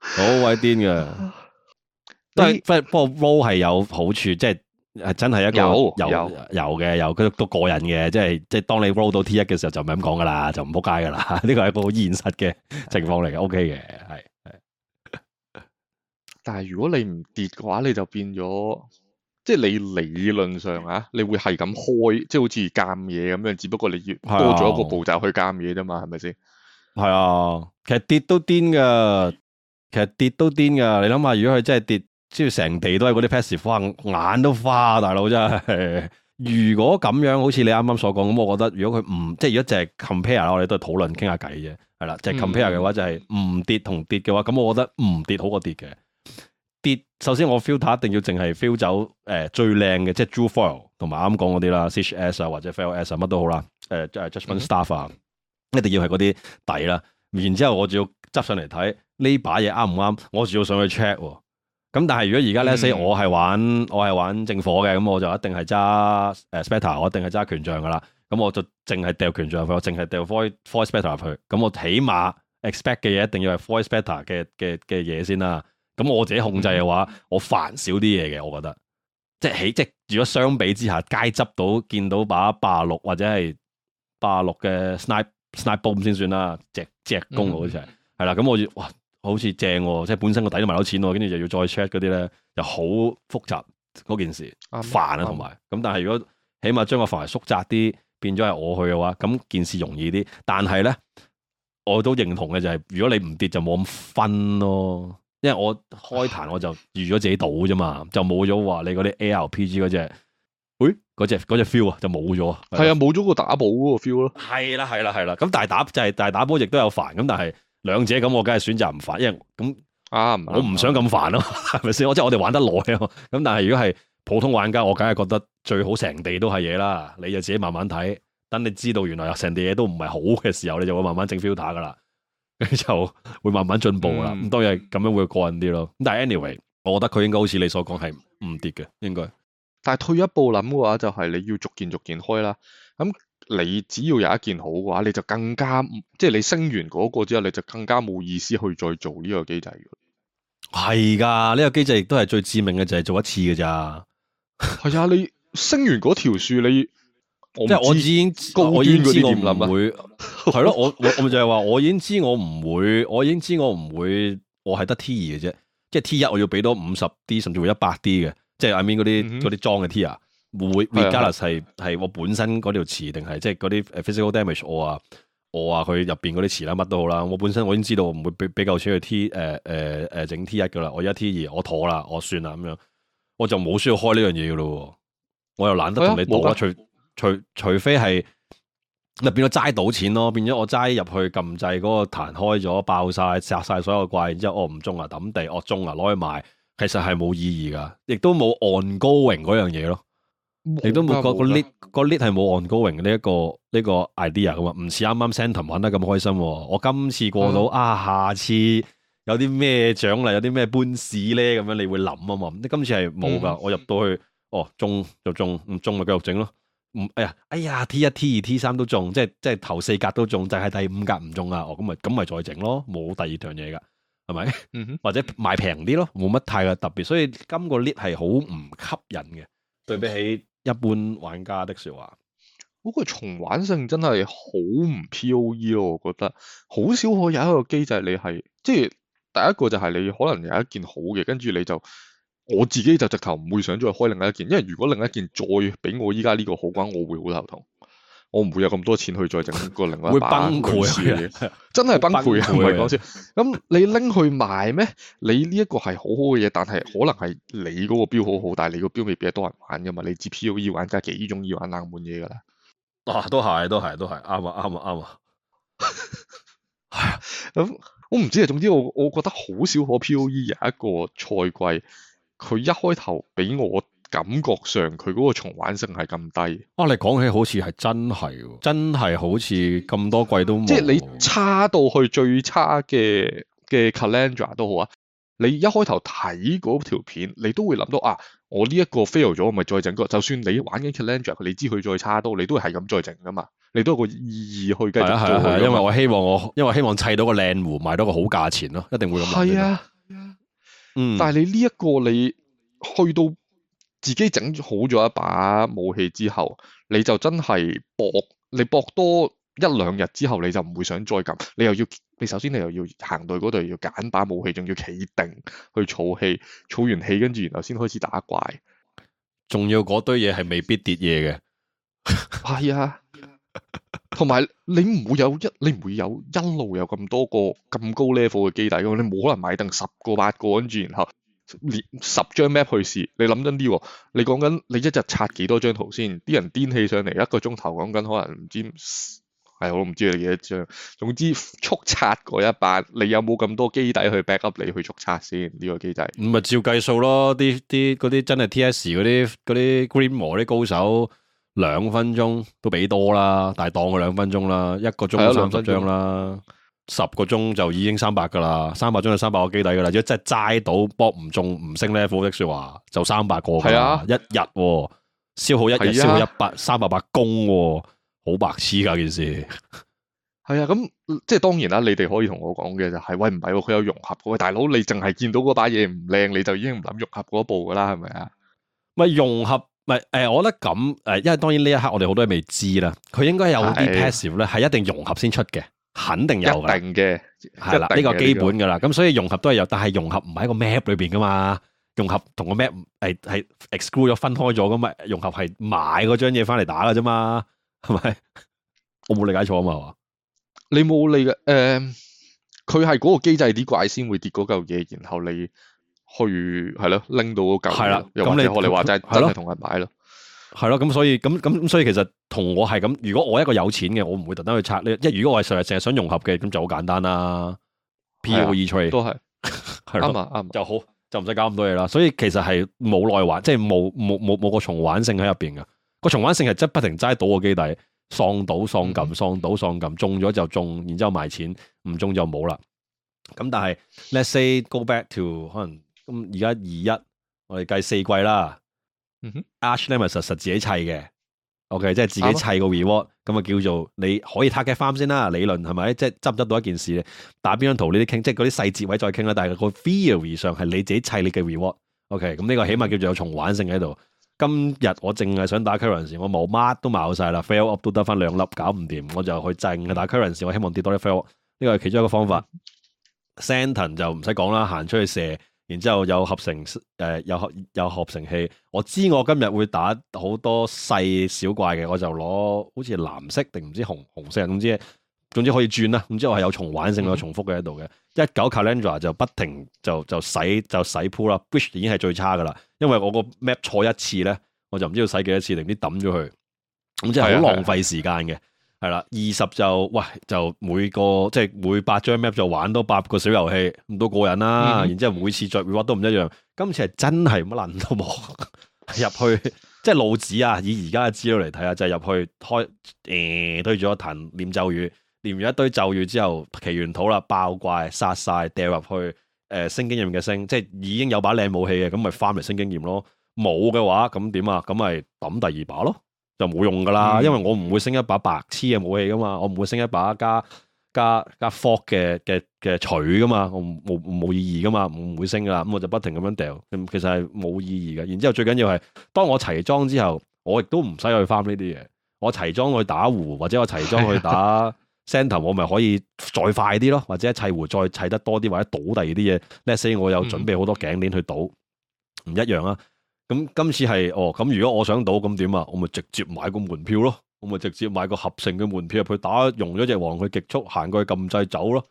好鬼癲嘅，都係不過 roll 係有好處，即係。係真係一個有好有有嘅，有佢都個人嘅，即係即係當你 roll 到 T 一嘅時候就唔係咁講噶啦，就唔仆街噶啦，呢、這個係一個好現實嘅情況嚟嘅的，OK 嘅，係係。但係如果你唔跌嘅話，你就變咗，即係你理論上啊，你會係咁開，即係好似監嘢咁樣，只不過你越多咗一個步驟去監嘢啫嘛，係咪先？係啊，其實跌都癲噶，的其實跌都癲噶，你諗下如果佢真係跌。要成地都係嗰啲 passive fund，眼都花，大佬真係。如果咁樣，好似你啱啱所講咁，我覺得如果佢唔即係如果淨係 compare 我哋都係討論傾下偈啫。係啦，淨係 compare 嘅話就係唔跌同跌嘅話，咁、就是、我覺得唔跌好過跌嘅。跌首先我 filter 一定要淨係 filter 走誒、呃、最靚嘅，即係 draw foil 同埋啱講嗰啲啦，Csh 啊或者 FoS i 乜都好啦。即、呃、誒 judgment staff 啊，一定要係嗰啲底啦。然之後我仲要執上嚟睇呢把嘢啱唔啱，我仲要上去 check 喎、啊。咁但係如果而家咧，say 我係玩我係玩正火嘅，咁、嗯、我就一定係揸誒 spatter，我一定係揸權杖噶啦。咁我就淨係掉權杖入去，我淨係掉 four four spatter 入去。咁我起碼 expect 嘅嘢一定要係 four spatter 嘅嘅嘅嘢先啦。咁我自己控制嘅話，我煩少啲嘢嘅，我覺得我。即係起即係如果相比之下，街執到見到把八六或者係八六嘅 snipe snipe bomb 先算啦，只只攻好似係係啦。咁我要哇！好似正、啊，即係本身個底都埋到錢，跟住就要再 check 嗰啲咧，就好複雜嗰件事，煩啊，同埋咁。但係如果起碼將個範圍縮窄啲，變咗係我去嘅話，咁件事容易啲。但係咧，我都認同嘅就係，如果你唔跌就冇咁分咯，因為我開壇我就預咗自己賭啫嘛，就冇咗話你嗰啲 ARPG 嗰隻，誒，嗰隻隻 feel 啊，就冇咗。係啊，冇咗個打寶嗰個 feel 咯。係啦，係啦，係啦。咁但係打就係、是、但係打波亦都有煩，咁但係。兩者咁，我梗係選擇唔煩，因為咁，我唔想咁煩咯，係咪先？我即係我哋玩得耐咯。咁但係如果係普通玩家，我梗係覺得最好成地都係嘢啦。你就自己慢慢睇，等你知道原來成地嘢都唔係好嘅時候，你就會慢慢整 filter 噶啦，就會慢慢進步、嗯、啦。咁當然係咁樣會過癮啲咯。咁但係 anyway，我覺得佢應該好似你所講係唔跌嘅，應該。但係退一步諗嘅話，就係你要逐件逐件開啦。咁。你只要有一件好嘅話，你就更加即係你升完嗰個之後，你就更加冇意思去再做呢個機制。係噶，呢、呢個機制亦都係最致命嘅，就係、是、做一次嘅咋。係 啊，你升完嗰條樹，你即係我已已經，我已經知我唔會係咯。我我我就係話，我已經知我唔會， 會，我已經知我唔會，我係得 T 二嘅啫。即係 T 一，我要俾多五十 D 甚至乎一百 D 嘅，即係 I mean 嗰啲嗰啲裝嘅 T 啊。Mm hmm. 會會加落係係我本身嗰條詞，定係即係嗰啲 physical damage 我啊我啊佢入邊嗰啲詞啦，乜都好啦。我本身我已經知道我唔會比比夠錢去 T 誒誒誒整 T 一噶啦，我一 T 二我妥啦，我算啦咁樣，我就冇需要開呢樣嘢噶咯。我又懶得同你賭啊、哎，除除除非係咪變咗齋賭錢咯，變咗我齋入去撳掣嗰個彈開咗爆晒、殺晒所有怪，然之後我唔中啊抌地，我中啊攞去賣，其實係冇意義噶，亦都冇按高榮嗰樣嘢咯。你都冇覺個 l i t d 個 lead 係冇按高榮呢一個呢個 idea 噶嘛？唔似啱啱 s e n t u m 玩得咁開心。我今次過到啊，啊，下次有啲咩獎勵，有啲咩搬 o n u s 咧？咁樣你會諗啊嘛？你今次係冇噶，嗯、我入到去哦中就中，唔中咪繼續整咯。唔哎呀哎呀，T 一 T 二 T 三都中，即係即係頭四格都中，就係第五格唔中啊。哦咁咪咁咪再整咯，冇第二樣嘢噶係咪？是是嗯、哼或者買平啲咯，冇乜太嘅特別。所以今個 l i t d 係好唔吸引嘅， 對比起。一般玩家的說話，嗰個重玩性真係好唔 P.O.E 咯，我覺得好少可以有一個機制你，你係即係第一個就係你可能有一件好嘅，跟住你就我自己就直頭唔會想再開另一件，因為如果另一件再畀我依家呢個好嘅話，我會好頭痛。我唔會有咁多錢去再整個另外一把類似嘅，子的真係崩潰啊！唔係講笑。咁 你拎去賣咩？你呢一個係好好嘅嘢，但係可能係你嗰個標好好，但係你個標未必俾多人玩噶嘛？你接 P O E 玩真係幾鍾意玩冷門嘢噶啦。啊，都係，都係，都係，啱啊，啱啊，啱啊。咁、 嗯、我唔知啊，總之我我覺得好少可 P O E 有一個賽季，佢一開頭俾我。感覺上佢嗰個重玩性係咁低，哇、啊！你講起好似係真係，真係好似咁多季都冇。即係你差到去最差嘅嘅、嗯、Calandra 都好啊！你一開頭睇嗰條片，你都會諗到啊！我呢一個 fail 咗，我咪再整個。就算你玩緊 Calandra，你知佢再差都，你都係咁再整噶嘛？你都有個意義去繼續做、啊啊、因為我希望我因為我希望砌到個靚湖，賣到個好價錢咯，一定會咁。係啊，嗯。但係你呢一個你去到。自己整好咗一把武器之後，你就真係搏，你搏多一兩日之後你就唔會想再撳。你又要你首先你又要行到嗰度要揀把武器，仲要企定去儲氣，儲完氣跟住然後先開始打怪，仲要嗰堆嘢係未必跌嘢嘅，係 啊，同埋你唔會有一你唔會有一路有咁多個咁高 level 嘅基底嘅，你冇可能買定十個八個跟住然後。連十張 map 去試，你諗真啲？你講緊你一日刷幾多張圖先？啲人癲起上嚟，一個鐘頭講緊可能唔知，係我都唔知你幾多張。總之速刷嗰一百，你有冇咁多基底去 back up 你去速刷先？呢、這個基底唔係照計數咯，啲啲啲真係 ts 嗰啲嗰啲 Grimro 魔啲高手，兩分鐘都俾多啦，但係當佢兩分鐘啦，一個鐘三十張啦。十個鐘就已經三百噶啦，三百鐘就三百個基底噶啦。如果真係齋到博唔中唔升 level 嘅說話就三百個。係啊，一日、哦、消耗一日消耗一百三百八公，好白痴噶件事。係啊，咁、啊、即係當然啦。你哋可以同我講嘅就係喂，唔係佢有融合嘅。大佬你淨係見到嗰把嘢唔靚，你就已經唔諗融合嗰一步噶啦，係咪啊？係融合，唔係誒，我咧咁誒，因為當然呢一刻我哋好多嘢未知啦。佢應該有啲 passive 咧，係一定融合先出嘅。肯定有嘅，係啦，呢個基本噶啦。咁是所以融合都係有，但係融合唔係喺個 map 裏邊噶嘛。融合同個 map 係係 exclude 分開咗噶嘛。融合係買嗰張嘢翻嚟打噶啫嘛，係咪？我冇理解錯啊嘛？你冇理嘅誒，佢係嗰個機制啲怪先會跌嗰嚿嘢，然後你去係咯拎到嗰嚿。係啦的，咁你我你話齋真係同佢買咯。係咯，咁、嗯、所以咁咁所以其實同我係咁。如果我一個有錢嘅，我唔會特登去拆呢。即係如果我係成日成日想融合嘅，咁就好簡單啦。POE 二出嚟都係啱啊啱就好就唔使搞咁多嘢啦。所以其實係冇內玩，即係冇冇冇冇個重玩性喺入邊嘅。個重玩性係即係不停齋賭個基底，喪賭喪撳、嗯、喪賭喪撳，中咗就中，然之後，後賣錢，唔中就冇啦。咁但係 let's say go back to 可能咁而家二一，我哋計四季啦。嗯哼，Archnemesis 實實自己砌嘅，OK，即係自己砌個 reward，咁啊、嗯、叫做你可以 target 返先啦，理論係咪？即係執唔執到一件事咧？打邊張圖呢啲傾，即係嗰啲細節位再傾啦。但係個 feel 上係你自己砌你嘅 reward，OK，、okay, 咁呢個起碼叫做有重玩性喺度。今日我淨係想打 currency，我冇乜都冇晒啦，fail up 都得翻兩粒，搞唔掂我就去淨去打 currency，我希望跌多啲 fail。呢個係其中一個方法。 Santin 就唔使講啦，行出去射。然之後有合成，誒有有合成器。我知我今日會打好多細小，小怪嘅，我就攞好似藍色定唔知紅紅色，總之總之可以轉啦。總之我係有重玩性，有重複嘅喺度嘅。一九、嗯、calendar 就不停就就，就洗就洗鋪啦。which 已經係最差噶啦，因為我個 map 錯一次咧，我就唔知道要洗幾多次，定唔知抌咗去，咁、嗯、即係好浪費時間嘅。嗯係啦，二十就喂，就每個即係、就是、每八張 map 就玩多八個小遊戲咁都過癮啦。嗯、然之後每次再玩都唔一樣。今次係真係乜捻都冇 入去，即係腦子啊！以而家嘅資料嚟睇啊，就是、入去開誒對、呃、住個壇念咒語，念完一堆咒語之後，祈完土啦，爆怪殺晒掉入去誒、呃，升經驗嘅升，即係已經有把靚武器嘅咁，咪翻嚟升經驗咯。冇嘅話咁點啊？咁咪抌第二把咯。就冇用噶啦，因為我唔會升一把白痴嘅武器噶嘛，我唔會升一把加加加 fort 嘅嘅嘅錘噶嘛，我冇冇意義噶嘛，唔會升噶啦，咁我就不停咁樣掉，其實係冇意義嘅。然之後最緊要係當我齊裝之後，我亦都唔使去翻呢啲嘢，我齊裝去打壺或者我齊裝去打 center， 我咪可以再快啲咯，或者砌壺再砌得多啲，或者倒第二啲嘢，let's say 我有準備好多頸鏈去倒，唔一樣啊。咁今次係哦，咁如果我想賭，咁點啊？我咪直接買個門票咯，我咪直接買個合成嘅門票入去打，用咗隻王佢極速行過去，撳掣走咯。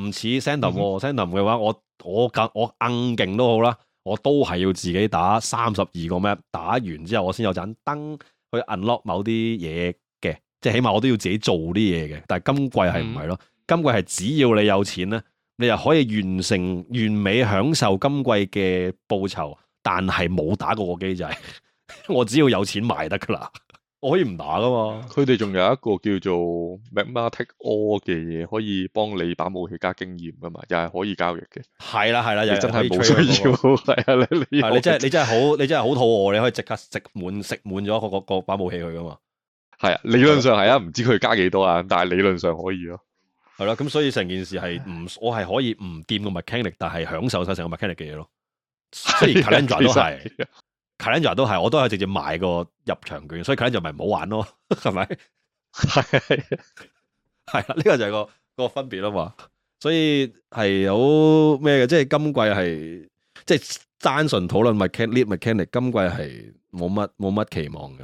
唔似 Sanctum，Sanctum 嘅話，我我我硬勁都好啦，我都係要自己打三十二個 map，打完之後我先有盞燈去 unlock 某啲嘢嘅，即係起碼我都要自己做啲嘢嘅。但係今季係唔係咯？嗯、今季係只要你有錢咧，你又可以完成完美享受今季嘅報酬。但係冇打過個機仔， 我只要有錢買得噶啦， 我可以唔打噶嘛。佢哋仲有一個叫做 Magmatic All 嘅嘢，可以幫你打武器加經驗噶嘛，又係可以交易嘅。係啦，係啦，又、啊啊、真係冇需要。係 啊，你真 你真係你真係好，你真係好肚餓，你可以即刻食滿食滿咗個個把武器去噶嘛。係啊，理論上係啊，唔知佢加幾多啊，但係理論上可以咯。係啦，咁所以成件事係唔我係可以唔掂個 Mechanic，但係享受晒成個 Mechanic 嘅嘢咯。所以 c a l 都係 c a l 都係，我都係直接買個入場券，所以 c a l 咪唔好玩咯，係咪？係係係啦，呢個就係個個分別啊嘛。所以係好咩嘅，即係今季係即係單純討論 mechanic，league mechanic，今季係冇乜冇乜期望嘅，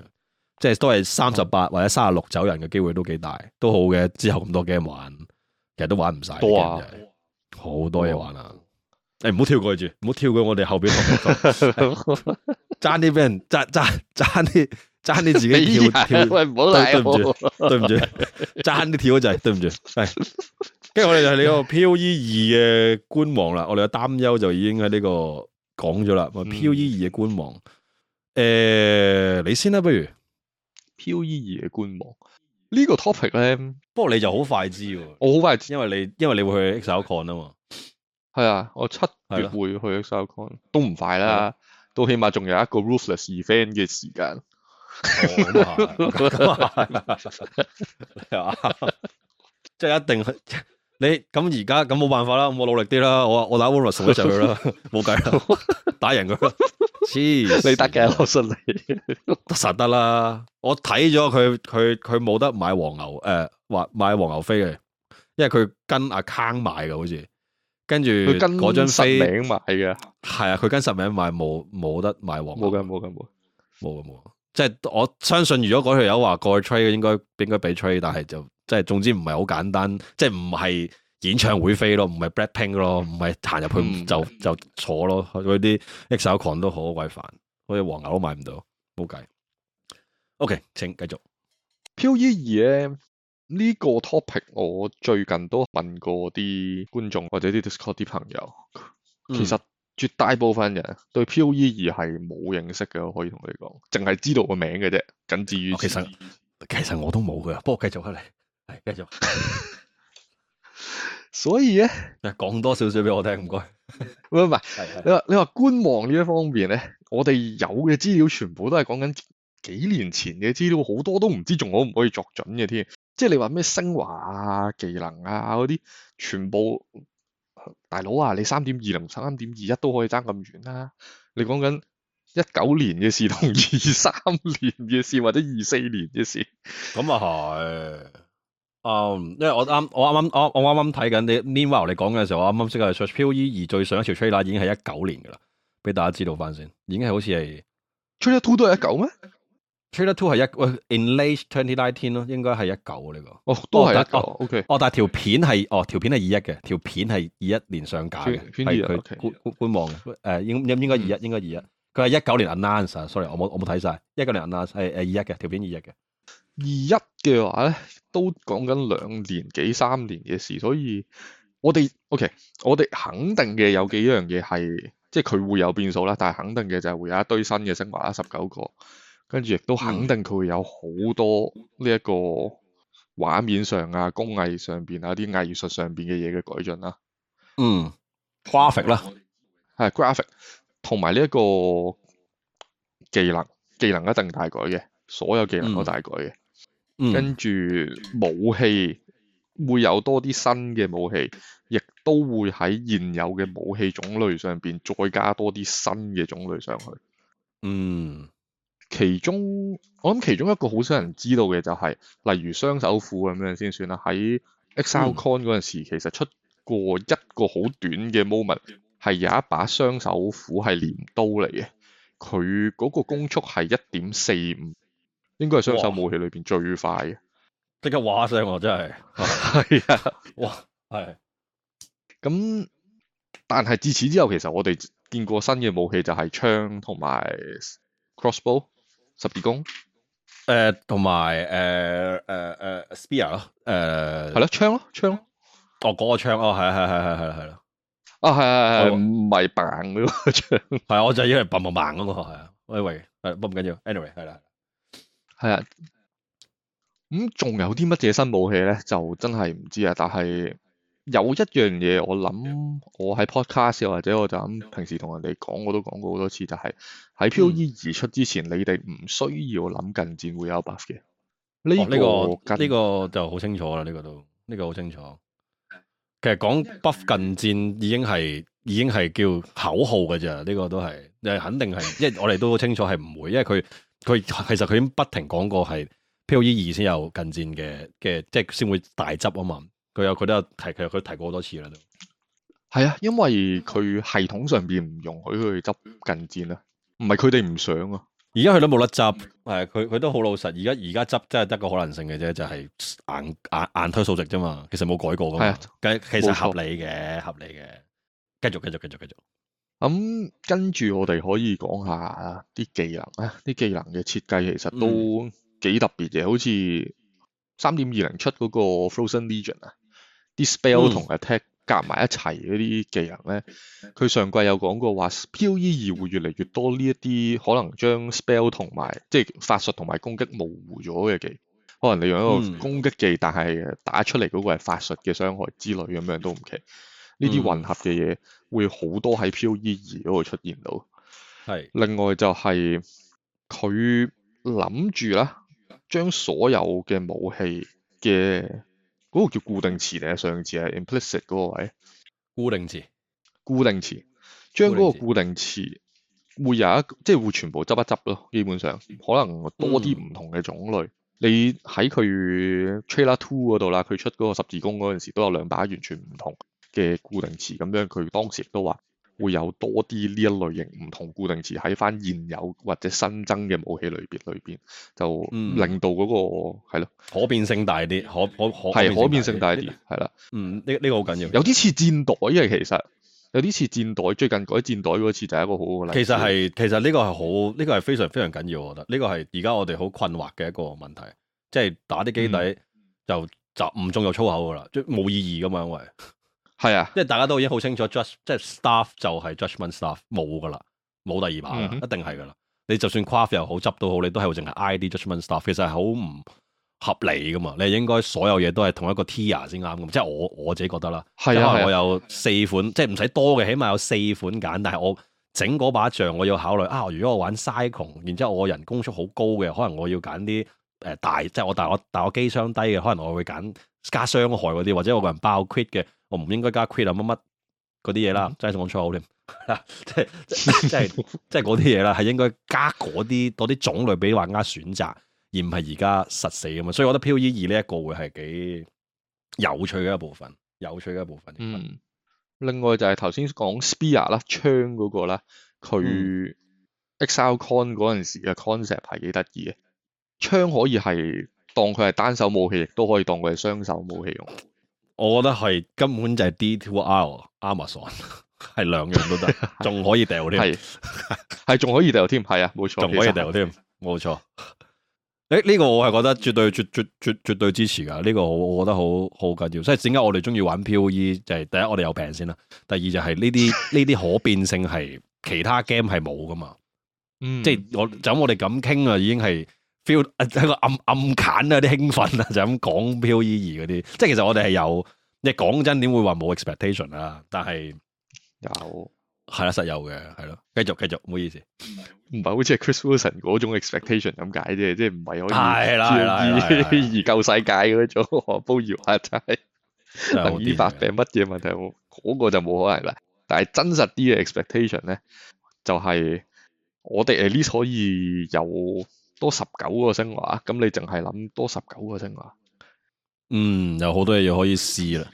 即係都係三十八或者三十六走人嘅機會都幾大，都好嘅。之後咁多 game 玩，其實都玩唔晒，多啊，好多嘢玩啊。誒，唔好、哎、跳過住，唔好跳過去我哋後邊，爭啲俾人爭爭爭啲，爭啲自己跳、 啊、跳，喂，對唔住，對唔住，爭啲 跳就係對唔住，係。跟住我哋就係呢個 POE 2嘅觀望啦，我哋嘅擔憂就已經喺呢個講咗啦。POE 2嘅觀望，誒、呃，你先啦，不如 POE 2嘅觀望呢個 topic 咧，不過你就好快就知，我好快知，因為你因為你會去 X account 啊嘛。係啊，我七月會去 show con，都唔快啦，都起碼仲有一個 ruthless event 嘅時間，咁啊，即係、啊 就是、一定係你咁而家咁冇辦法啦，咁我努力啲啦，我我打 ruthless s 贏咗去啦，冇計啦，打贏佢啦，黐，你得嘅，我信你，實得啦，我睇咗佢，佢佢冇得買黃牛誒，或、呃、買黃牛飛嘅，因為佢跟阿坑買嘅好似。跟住佢跟嗰張飛名買嘅，係啊，佢跟實名買，冇冇得買黃牛。冇噶，冇噶，冇，冇噶，即係我相信，如果嗰條友話過去吹嘅，應該應該俾 t 但係就即係總之唔係好簡單，即係唔係演唱會飛咯，唔係 black pain 咯，唔係行入去就就坐咯，嗰啲 e x h o n 都好鬼煩，好似黃牛都買唔到，冇計。OK，請繼續。飄逸兒咧。呢個 topic 我最近都問過啲觀眾或者啲 Discord 啲朋友，其實絕大部分人對 POE 2係冇認識嘅，我可以同你講，淨係知道個名嘅啫。咁至於其實其實我都冇嘅，不過繼續啊嚟，係繼續。續 所以咧，講 多少少俾我聽，唔該。唔 係，你話你話觀望呢一方面咧，我哋有嘅資料全部都係講緊幾年前嘅資料，好多都唔知仲可唔可以作準嘅添。即係你話咩升華啊技能啊嗰啲，全部大佬啊你三點二零三點二一都可以爭咁遠啦。你講緊一九年嘅事同二三年嘅事或者二四年嘅事，咁啊係啱。Um, 因為我啱我啱啱我我啱啱睇緊你 meanwhile 你講嘅時候我啱啱識啊、就是、search POE 2最上一條 trailer 已經係一九年噶啦，俾大家知道翻先，已經係好似係出咗 two 都係一九咩？Trailer Two 係一 In late twenty nineteen 咯，應該係一九呢個。哦，都係一九。O K。哦，但係條片係，哦條片係二一嘅，條片係二一年上架嘅，係佢觀觀望嘅。誒應應應該二一，應該二一。佢係一九年 announce，sorry，我冇我冇睇晒，一九年 announce 係誒二一嘅，條片二一嘅。二一嘅話咧，都講緊兩年幾三年嘅事，所以我哋 O K，我哋肯定嘅有幾樣嘢係，即係佢會有變數啦，但係肯定嘅就係會有一堆新嘅升華啦，十九個。跟住，亦都肯定佢會有好多呢一、嗯、個畫面上啊、工藝上邊啊、啲藝術上邊嘅嘢嘅改進啦、啊。嗯，graphic 啦，係 graphic，同埋呢一個技能，技能一定大改嘅，所有技能都大改嘅。嗯嗯、跟住武器會有多啲新嘅武器，亦都會喺現有嘅武器種類上邊再加多啲新嘅種類上去。嗯。其中，我諗其中一個好少人知道嘅就係、是，例如雙手斧咁樣先算啦。喺 ExileCon 嗰陣時，其實出過一個好短嘅 moment，係有一把雙手斧係鐮刀嚟嘅，佢嗰個攻速係一點四五，應該係雙手武器裏邊最快嘅。即刻話聲我真係，係啊，哇，係。咁 是，但係至此之後，其實我哋見過新嘅武器就係槍同埋 crossbow。十二弓，誒、呃，同埋誒誒誒，spear 咯，誒、呃，係、呃、咯，槍咯，槍、呃、咯、啊啊哦那個，哦，嗰個槍，哦，係係係係係啦係啦，啊係係係，唔係棒嘅槍，係，我就以為棒棒棒嗰個，係啊，喂喂，係，不過唔緊要，anyway 係啦，係啊，咁仲有啲乜嘢新武器咧？就真係唔知啊，但係。有一樣嘢我諗，我喺 podcast 或者我就咁，平時同人哋講，我都講過好多次，就係、是、喺 Poe 二出之前，嗯、你哋唔需要諗近戰會有 buff 嘅。呢、這個呢、哦這個這個就好清楚啦，呢、這個都呢、這個好清楚。其實講 buff 近戰已經係已經係叫口號嘅啫，呢、這個都係誒、就是、肯定係， 因為我哋都好清楚係唔會，因為佢佢其實佢已經不停講過係 Poe 二先有近戰嘅嘅，即係先會大執啊嘛。佢又佢都有提，其實佢提過好多次啦，都係啊，因為佢系統上邊唔容許佢執近戰啊。唔係佢哋唔想啊。而家佢都冇得執，係佢佢都好老實。而家而家執真係得個可能性嘅啫，就係、是、硬硬硬，硬推數值啫嘛。其實冇改過噶，係啊，其實合理嘅，冇錯，合理嘅，繼續繼續繼續繼續。咁跟住我哋可以講下啲技能啊，啲技能嘅設計其實都幾特別嘅，嗯、好似三點二零出嗰個 Frozen Legion 啊。啲 spell 同埋 attack 夾埋一齊嗰啲技能咧，佢上季有講過話，P.O.E 二會越嚟越多呢一啲可能將 spell 同埋即係法術同埋攻擊模糊咗嘅技，可能你用一個攻擊技，但係打出嚟嗰個係法術嘅傷害之類咁樣都唔奇。呢啲混合嘅嘢會好多喺 P.O.E 二嗰度出現到。係是，另外就係佢諗住啦，將所有嘅武器嘅。嗰個叫固定詞定上次係 implicit 嗰個位？固定詞，固定詞，將嗰個固定詞會有一即係會全部執一執咯，基本上可能多啲唔同嘅種類。嗯、你喺佢 trailer two 嗰度啦，佢出嗰個十字弓嗰陣時都有兩把完全唔同嘅固定詞，咁樣佢當時亦都話。會有多啲呢一類型唔同固定詞喺翻現有或者新增嘅武器類別裏邊，就令到嗰、那個係咯、嗯、的可變性大啲，可可可係可變性大啲，係啦。嗯，呢、這、呢個好緊、這個、要，有啲似戰袋啊，其實有啲似戰袋。最近改戰袋嗰次就係一個好嘅例子啦。其實係，其實呢個係好，呢個係非常非常緊要。我覺得呢、這個係而家我哋好困惑嘅一個問題，即係打啲機底、嗯、就雜唔中又粗口噶啦，即冇意義噶嘛，因為。係啊，即係大家都已經好清楚 judge 即係 staff 就係、是、judgment staff 冇噶啦，冇第二把一定係噶啦。嗯、哼你就算 craft 又好，執都好，你都係淨係 ID judgment staff 其實好唔合理噶嘛，你應該所有嘢都係同一個 tier 先啱咁。即係我我自己覺得啦，因為、啊、我有四款，即係唔使多嘅，起碼有四款揀。但係我整嗰把杖我要考慮啊。如果我玩 Cyclone，然之後我人工速好高嘅，可能我要揀啲誒大，即、就、係、是、我,大我,大,我,大,我大我但係我機傷低嘅，可能我會揀加傷害嗰啲，或者我個人爆 quit 嘅。我唔應該加 Queen 乜乜嗰啲嘢啦，真係講粗口添，即係即係即係嗰啲嘢啦，係應該加嗰啲啲種類俾玩家選擇，而唔係而家實死咁啊。所以我覺得 POE 2呢一個會係幾有趣嘅一部分，有趣嘅一部分。嗯，另外就係頭先講 Spear 啦，槍嗰個咧，佢 ExileCon 嗰陣時嘅 concept 係幾得意嘅，槍可以係當佢係單手武器，亦都可以當佢係雙手武器用。我覺得係根本就係 D2R Amazon 係兩樣都得，仲可以掉添，係仲 可以掉添，係啊，冇錯，仲可以掉添，冇錯。誒，呢、欸這個我係覺得絕對、絕、絕、絕、絕對支持噶。呢、這個我我覺得好好緊要。所以點解我哋中意玩 POE，就係第一我哋有平先啦，第二就係呢啲呢啲可變性係其他 game 係冇噶嘛。嗯，即係我就我哋咁傾啊，已經係。feel 喺個暗暗坎啊，有啲興奮啊， 就咁講 POE2 嗰啲，即係其實我哋係有，你講真點會話冇 expectation 啊？但係有，係啦，實有嘅，係咯，繼續繼續，唔好意思，唔係好似 Chris Wilson 嗰種 expectation 咁解啫，即係唔係可以而而的以救世界嗰種，煲搖下梯，能醫百病乜嘢問題，嗰、那個就冇可能啦。的但係真實啲嘅 expectation 咧，就係、是、我哋 at least 可以有。多十九個升華，咁你淨係諗多十九個升華。嗯，有好多嘢要可以試啦。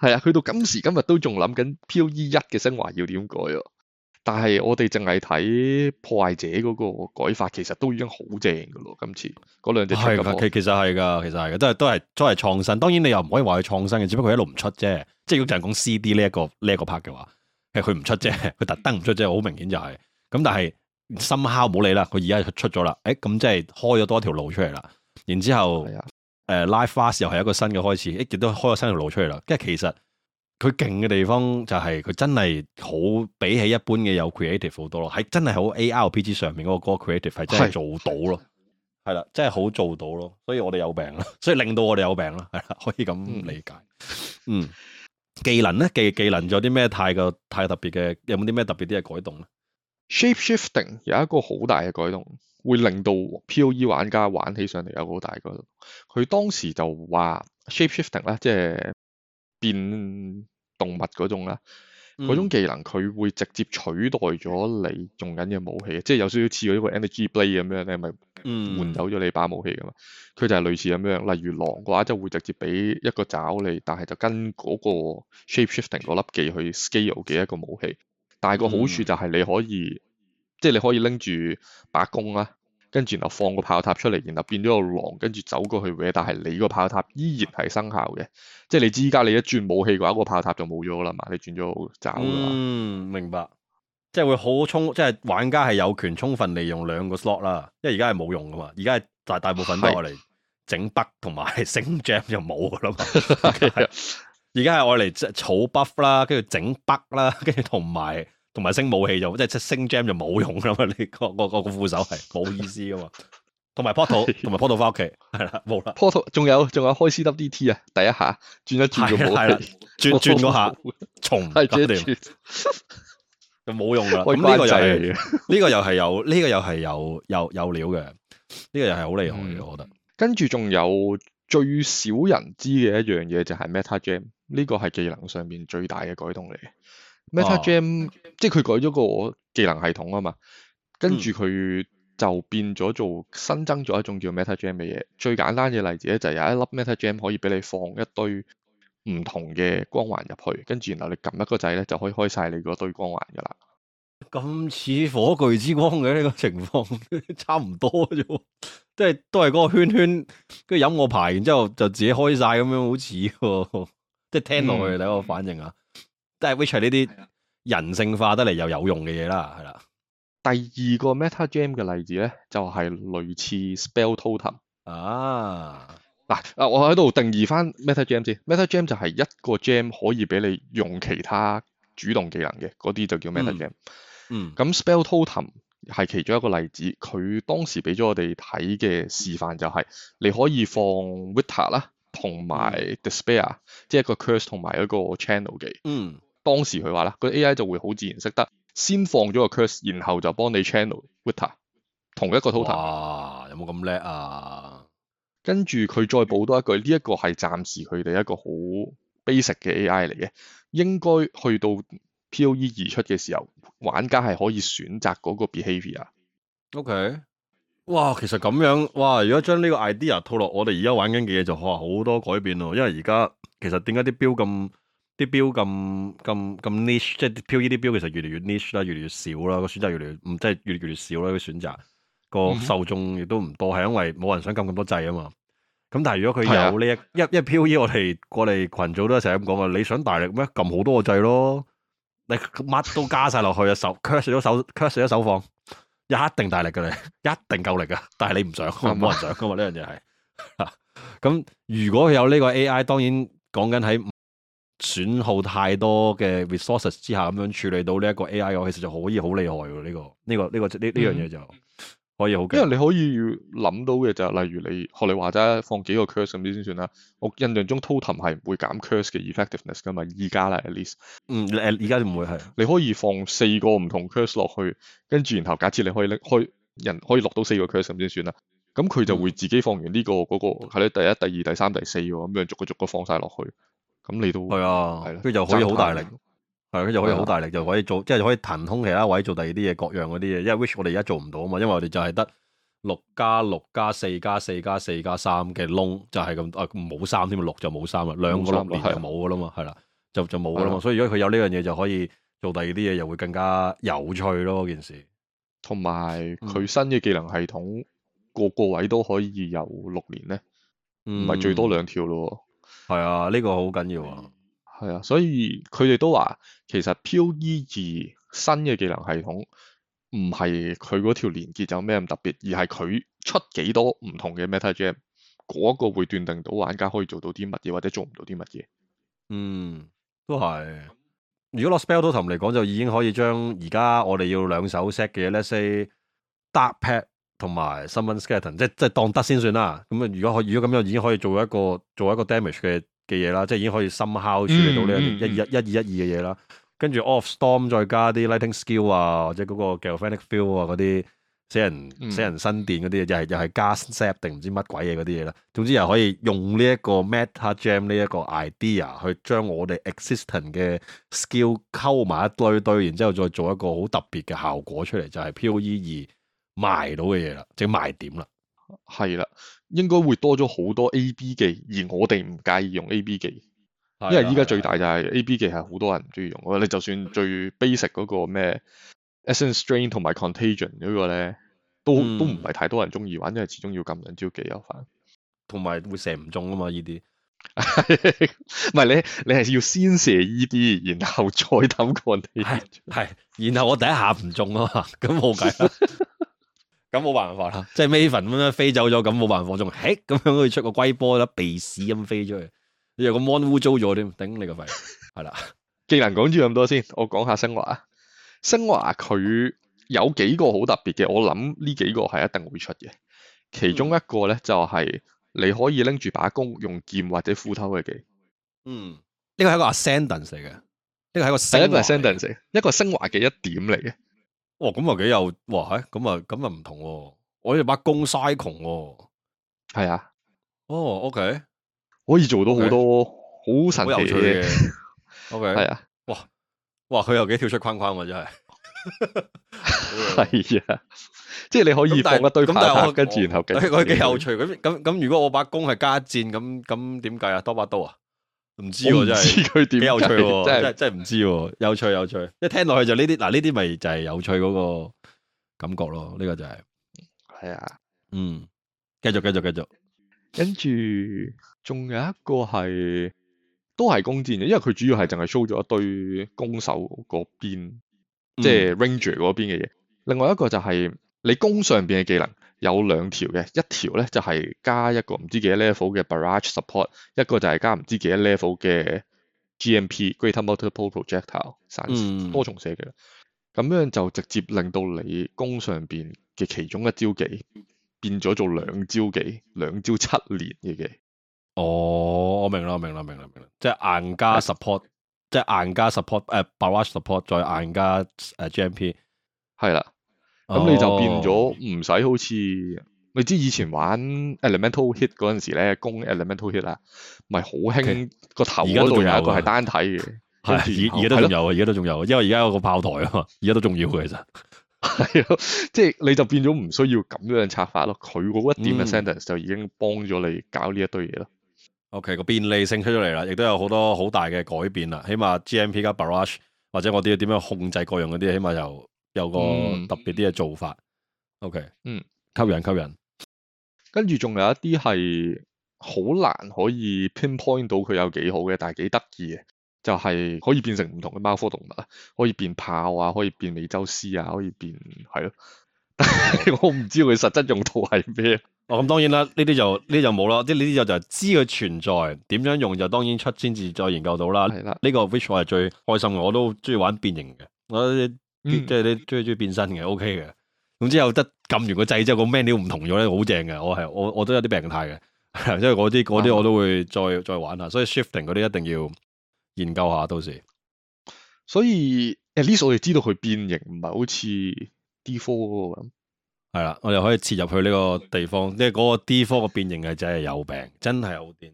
係啊，去到今時今日都仲諗緊 POE 一嘅升華要點改啊。但係我哋淨係睇破壞者嗰個改法，其實都已經好正噶咯。今次嗰兩隻係啊，其其實係噶，其實係噶，都係都係都係創新。當然你又唔可以話佢創新嘅，只不過一路唔出啫。即係如果淨係講 C.D. 呢、這、一個呢、這個 part 嘅話，係佢唔出啫，佢特登唔出啫。好明顯就係、是、咁，但係。深烤冇理啦，佢而家出咗啦，誒，咁即係開咗多條路出嚟啦，然之後誒的、uh,，Live Fast 又係一個新嘅開始，一亦都開咗新條路出嚟啦。即係其實佢勁嘅地方就係、是、佢真係好比起一般嘅有 creative 好多咯，喺真係好 ARPG 上面嗰個 creative 係真係做到咯，係啦的，真係好做到咯。所以我哋有病啦，所以令到我哋有病啦，係啦，可以咁理解。嗯，嗯，技能咧，技技能仲有啲咩太個太特別嘅，有冇啲咩特別啲嘅改動咧？Shape-shifting 有一個好大嘅改動，會令到 P.O.E 玩家玩起上嚟有好大改動。佢當時就話 shape-shifting 啦，Shap ifting, 即係變動物嗰種啦，嗰種技能佢會直接取代咗你用緊嘅武器，嗯、即係有少少似嗰個 energy blade 咁樣咧，咪換走咗你把武器噶嘛。佢、嗯、就係類似咁樣，例如狼嘅話就會直接俾一個爪你，但係就跟嗰個 shape-shifting 嗰粒技去 scale 嘅一個武器。大個好處就係你可以，嗯、即係你可以拎住把弓啦，跟住然後放個炮塔出嚟，然後變咗個狼，跟住走過去，但係你個炮塔依然係生效嘅。即係你知依家你一轉武器嘅話，個炮塔就冇咗啦嘛，你轉咗爪。嗯，明白。即係會好充，即係玩家係有權充分利用兩個 slot 啦。因為而家係冇用噶嘛，而家係大大，大部分都係我嚟整 Buff 同埋升 Gem 就冇噶啦嘛。而家係我嚟即係草 Buff 啦，跟住整 Buff 啦，跟住同埋。同埋升武器就即係即升 gem 就冇用噶嘛，你個個個副手係冇意思噶嘛。同埋 portal 同埋 portal 翻屋企係啦，冇啦。portal 仲有仲有開 CWDT 啊，第一下轉咗轉就冇用，轉轉嗰下重隔條又冇用啦。咁呢個又呢 個又係有呢、這個又係有、這個、有有，有料嘅，呢、這個又係好厲害嘅，嗯、我覺得。跟住仲有最少人知嘅一樣嘢就係 meta gem 呢個係技能上邊最大嘅改動嚟。Meta Gem，啊、即係佢改咗個技能系統啊嘛，跟住佢就變咗做新增咗一種叫 Meta Gem 嘅嘢。最簡單嘅例子咧就係有一粒 Meta Gem 可以俾你放一堆唔同嘅光環入去，跟住然後你撳一個掣咧就可以開晒你嗰堆光環噶啦。咁似火炬之光嘅呢、這個情況 差唔多啫，即 係都係嗰個圈圈，跟住飲我牌，然之後就自己開晒咁樣，好似即係聽落去睇我反應啊！嗯即係 which 呢啲人性化得嚟又有用嘅嘢啦，係啦。第二個 Meta Gem 嘅例子咧，就係、是、類似 Spell Totem、um、啊。嗱、啊，我喺度定義翻 Meta Gem 先。Meta Gem 就係一個 Gem 可以俾你用其他主動技能嘅，嗰啲就叫 Meta Gem 嗯。嗯。咁 Spell Totem、um、係其中一個例子。佢當時俾咗我哋睇嘅示範就係，你可以放 Wither 啦，同埋 Despair、嗯、即係一個 Curse 同埋一個 Channel 嘅。嗯。當時佢話啦，個 AI 就會好自然識得先放咗個 curse，然後就幫你 channel Twitter 同一個 total。有冇咁叻啊？跟住佢再補多一句，呢、這個、一個係暫時佢哋一個好 basic 嘅 AI 嚟嘅，應該去到 Poe 二出嘅時候，玩家係可以選擇嗰個 behaviour。OK，哇，其實咁樣哇，如果將呢個 idea 套落我哋而家玩緊嘅嘢，就哇好多改變咯。因為而家其實點解啲標咁？啲表咁咁咁 niche，即係飄衣啲表其實越嚟越 niche 啦，越嚟越少啦，個選擇越嚟越唔即係越嚟越少啦，個選擇個受眾亦都唔多，係因為冇人想撳咁多掣啊嘛。咁但係如果佢有呢一的一一飄衣，我哋過嚟群組都成日咁講話，你想大力咩？撳好多個掣咯，你乜都加晒落去啊，手 cut 咗手 cut 咗手放，一定大力噶，你，一定夠力噶，但係你唔想，冇 人想噶嘛呢樣嘢係。咁 如果佢有呢個 A I，當然講緊喺。損耗太多嘅 resources 之下，咁樣處理到呢一個 AI 嘅，其實就可以好厲害。呢、這個呢、這個呢、這個呢呢樣嘢就可以好。因為你可以諗到嘅就係、是，例如你學你話齋放幾個 curse 咁先算啦。我印象中 totem 係唔會減 curse 嘅 effectiveness 噶嘛。而家啦，at least。嗯，誒，而家就唔會係。你可以放四個唔同 curse 落去，跟住然後假設你可以拎開人可以落到四個 curse 咁先算啦。咁佢就會自己放完呢、這個嗰、那個係咧、那個，第一、第二、第三、第四個咁樣逐個逐個放晒落去。咁你都係啊，跟住、啊、就可以好大力，係跟住可以好大力，就可以做即係、啊、可以騰空其他位做第二啲嘢，各樣嗰啲嘢。因為 which 我哋而家做唔到啊嘛，因為我哋就係得六加六加四加四加四加三嘅窿就係、是、咁啊冇三添六就冇三啦，兩個六年就冇噶啦嘛，係啦、啊啊、就就冇噶啦嘛。啊、所以如果佢有呢樣嘢，就可以做第二啲嘢，又會更加有趣咯。件事同埋佢新嘅技能系統，個個位都可以有六年咧，唔係最多兩條咯。嗯係啊，呢、這個好緊要啊。係啊，所以佢哋都話，其實 Poe 二、e、新嘅技能系統唔係佢嗰條連結有咩咁特別，而係佢出幾多唔同嘅 meta gem，嗰個會斷定到玩家可以做到啲乜嘢或者做唔到啲乜嘢。嗯，都係。如果攞 Spell Totem 嚟講，就已經可以將而家我哋要兩手 set 嘅 Let’s say 搭配。同埋 Summon Skeleton 即係即係當得先算啦。咁啊，如果可如果咁樣已經可以做一個做一個 damage 嘅嘅嘢啦，即係已經可以 somehow 處理到呢一啲一一一二一二嘅嘢啦。跟住 off storm 再加啲 lighting skill 啊，或者嗰個 galvanic field 啊嗰啲死人死人新電嗰啲嘢，嗯、又係又係加 set 定唔知乜鬼嘢嗰啲嘢啦。總之又可以用呢一個 meta gem 呢一個 idea 去將我哋 existent 嘅 skill 溝埋一堆堆，然之後再做一個好特別嘅效果出嚟，就係、是、Poe 二。賣到嘅嘢啦，即係賣點啦，係啦，應該會多咗好多 A B 記，而我哋唔介意用 A B 記，的因為依家最大就係 A B 記，係好多人唔中意用，我你的就算最 basic 嗰個咩 Essence Drain 同埋 Contagion 呢個咧，都、嗯、都唔係太多人中意玩，因為始終要撳兩招記又煩，同埋會射唔中啊嘛呢啲，唔係 你你係要先射呢啲，然後再投 Contagion，係，然後我第一下唔中啊嘛，咁冇計。咁冇辦法啦，即係 Maven 咁樣飛走咗，咁冇辦法，仲嘿咁樣去出個龜波啦，鼻屎咁飛出去，又個你又 Mon 咁污糟咗添，頂你個肺！係啦，技 能講住咁多先，我講下升華啊。升華佢有幾個好特別嘅，我諗呢幾個係一定會出嘅。其中一個咧就係你可以拎住把弓，用劍或者斧頭去技。嗯，呢個係一個 Ascendance 嚟嘅，呢個係一個華、一個 Ascendance 一個升華嘅一點嚟嘅。哦，咁又幾有哇，咁啊咁啊唔同，我呢把弓嘥窮，係啊，哦、oh，OK，可以做到好多好神奇嘅 ，OK，係啊，哇哇，佢又幾跳出框框喎、啊，真係，係 Okay. 啊，即係你可以我對咁， 但係我跟住然後，佢幾我有趣，咁咁咁，如果我把弓係加箭，咁咁點計啊？多把刀啊？唔知、啊，真係佢點？有趣喎是，真係真係唔知、啊， 有趣有趣。一聽落去就呢啲，嗱呢啲咪就係有趣嗰個感覺咯。呢、這個就係、是，係啊，嗯，繼續繼續繼續。跟住仲有一個係，都係弓箭嘅，因為佢主要係淨係 show 咗一堆弓手嗰邊，嗯、即係 ranger 嗰邊嘅嘢。另外一個就係你弓上邊嘅技能。有兩條嘅，一條咧就係、是、加一個唔知幾多 level 嘅 barrage support，一個就係加唔知幾多 level 嘅 GMP（Greater Multiple Projectile） 散多重射嘅，咁、嗯、樣就直接令到你弓上邊嘅其中一招技變咗做兩招技、兩招七年嘅嘅。哦，我明啦，明啦，明啦，明啦，即係硬加 support，的即係硬加 support，誒、呃、barrage support 再硬加誒 GMP，係啦。呃咁、哦、你就變咗唔使好似你知以前玩 Elemental Hit 嗰陣時咧，攻 Elemental Hit 啦，咪好輕個頭度有一個係單體嘅，係而家都仲有，啊，而家都仲有，啊，因為而家有個炮台啊嘛，而家都仲要嘅其實，係啊，即係你就變咗唔需要咁樣策法咯，佢嗰一點嘅 sentence 就已經幫咗你搞呢一堆嘢咯。OK，個便利性出咗嚟啦，亦都有好多好大嘅改變啦。起碼 GMP 加 Barrage 或者我啲點樣控制各樣嗰啲，起碼有。有個特別啲嘅做法。嗯，OK，嗯，吸引吸引，跟住仲有一啲係好難可以 pinpoint 到佢有幾好嘅，但係幾得意嘅，就係、是、可以變成唔同嘅貓科動物啊，可以變豹啊，可以變美洲獅啊，可以變係咯，但係我唔知佢實質用途係咩。 哦，咁當然啦，呢啲就呢就冇啦，即係呢啲就就知佢存在，點樣用就當然出先至再研究到啦。係啦的，呢個 which 我係最開心嘅，我都中意玩變形嘅，我。嗯、即係你最中意變身嘅，OK 嘅。總之有得撳完個掣之後， 個 menu 唔同咗咧，好正嘅。我係我我都有啲病態嘅，因為嗰啲啲我都會再、嗯、再玩下。所以 shifting 嗰啲一定要研究下到時。所以 at least 我哋知道佢變形唔係好似 D4 個咁。係啦，我哋可以切入去呢個地方，即係嗰個 D4 嘅變形係真係有病，真係有癲，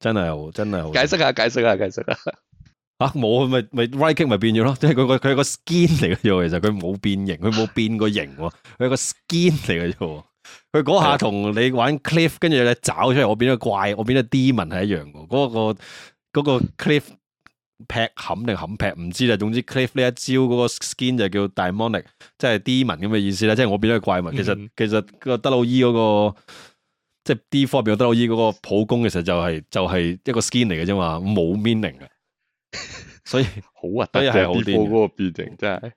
真係真係。解釋下，解釋下，解釋下。啊，冇咪咪 r i kick 咪變咗咯，即係佢個佢個 skin 嚟嘅啫，其實佢冇變形，佢冇變個型，佢個 skin 嚟嘅啫。佢嗰下同你玩 cliff，跟住咧找出嚟，我變咗個怪，我變咗 demon 係一樣嘅。嗰、那個、那個 cliff 劈冚定冚劈，唔知啦。總之 cliff 呢一招嗰個 skin 就叫 demonic，即係 demon 咁嘅意思啦。即、就、係、是、我變咗個怪物。其實其實個德魯伊嗰個即係 d four 變咗德魯伊嗰個普攻、就是，其實就係就係一個 skin 嚟嘅啫嘛，冇 meaning 嘅。 所以好核突啊！即係好，科個變型真係，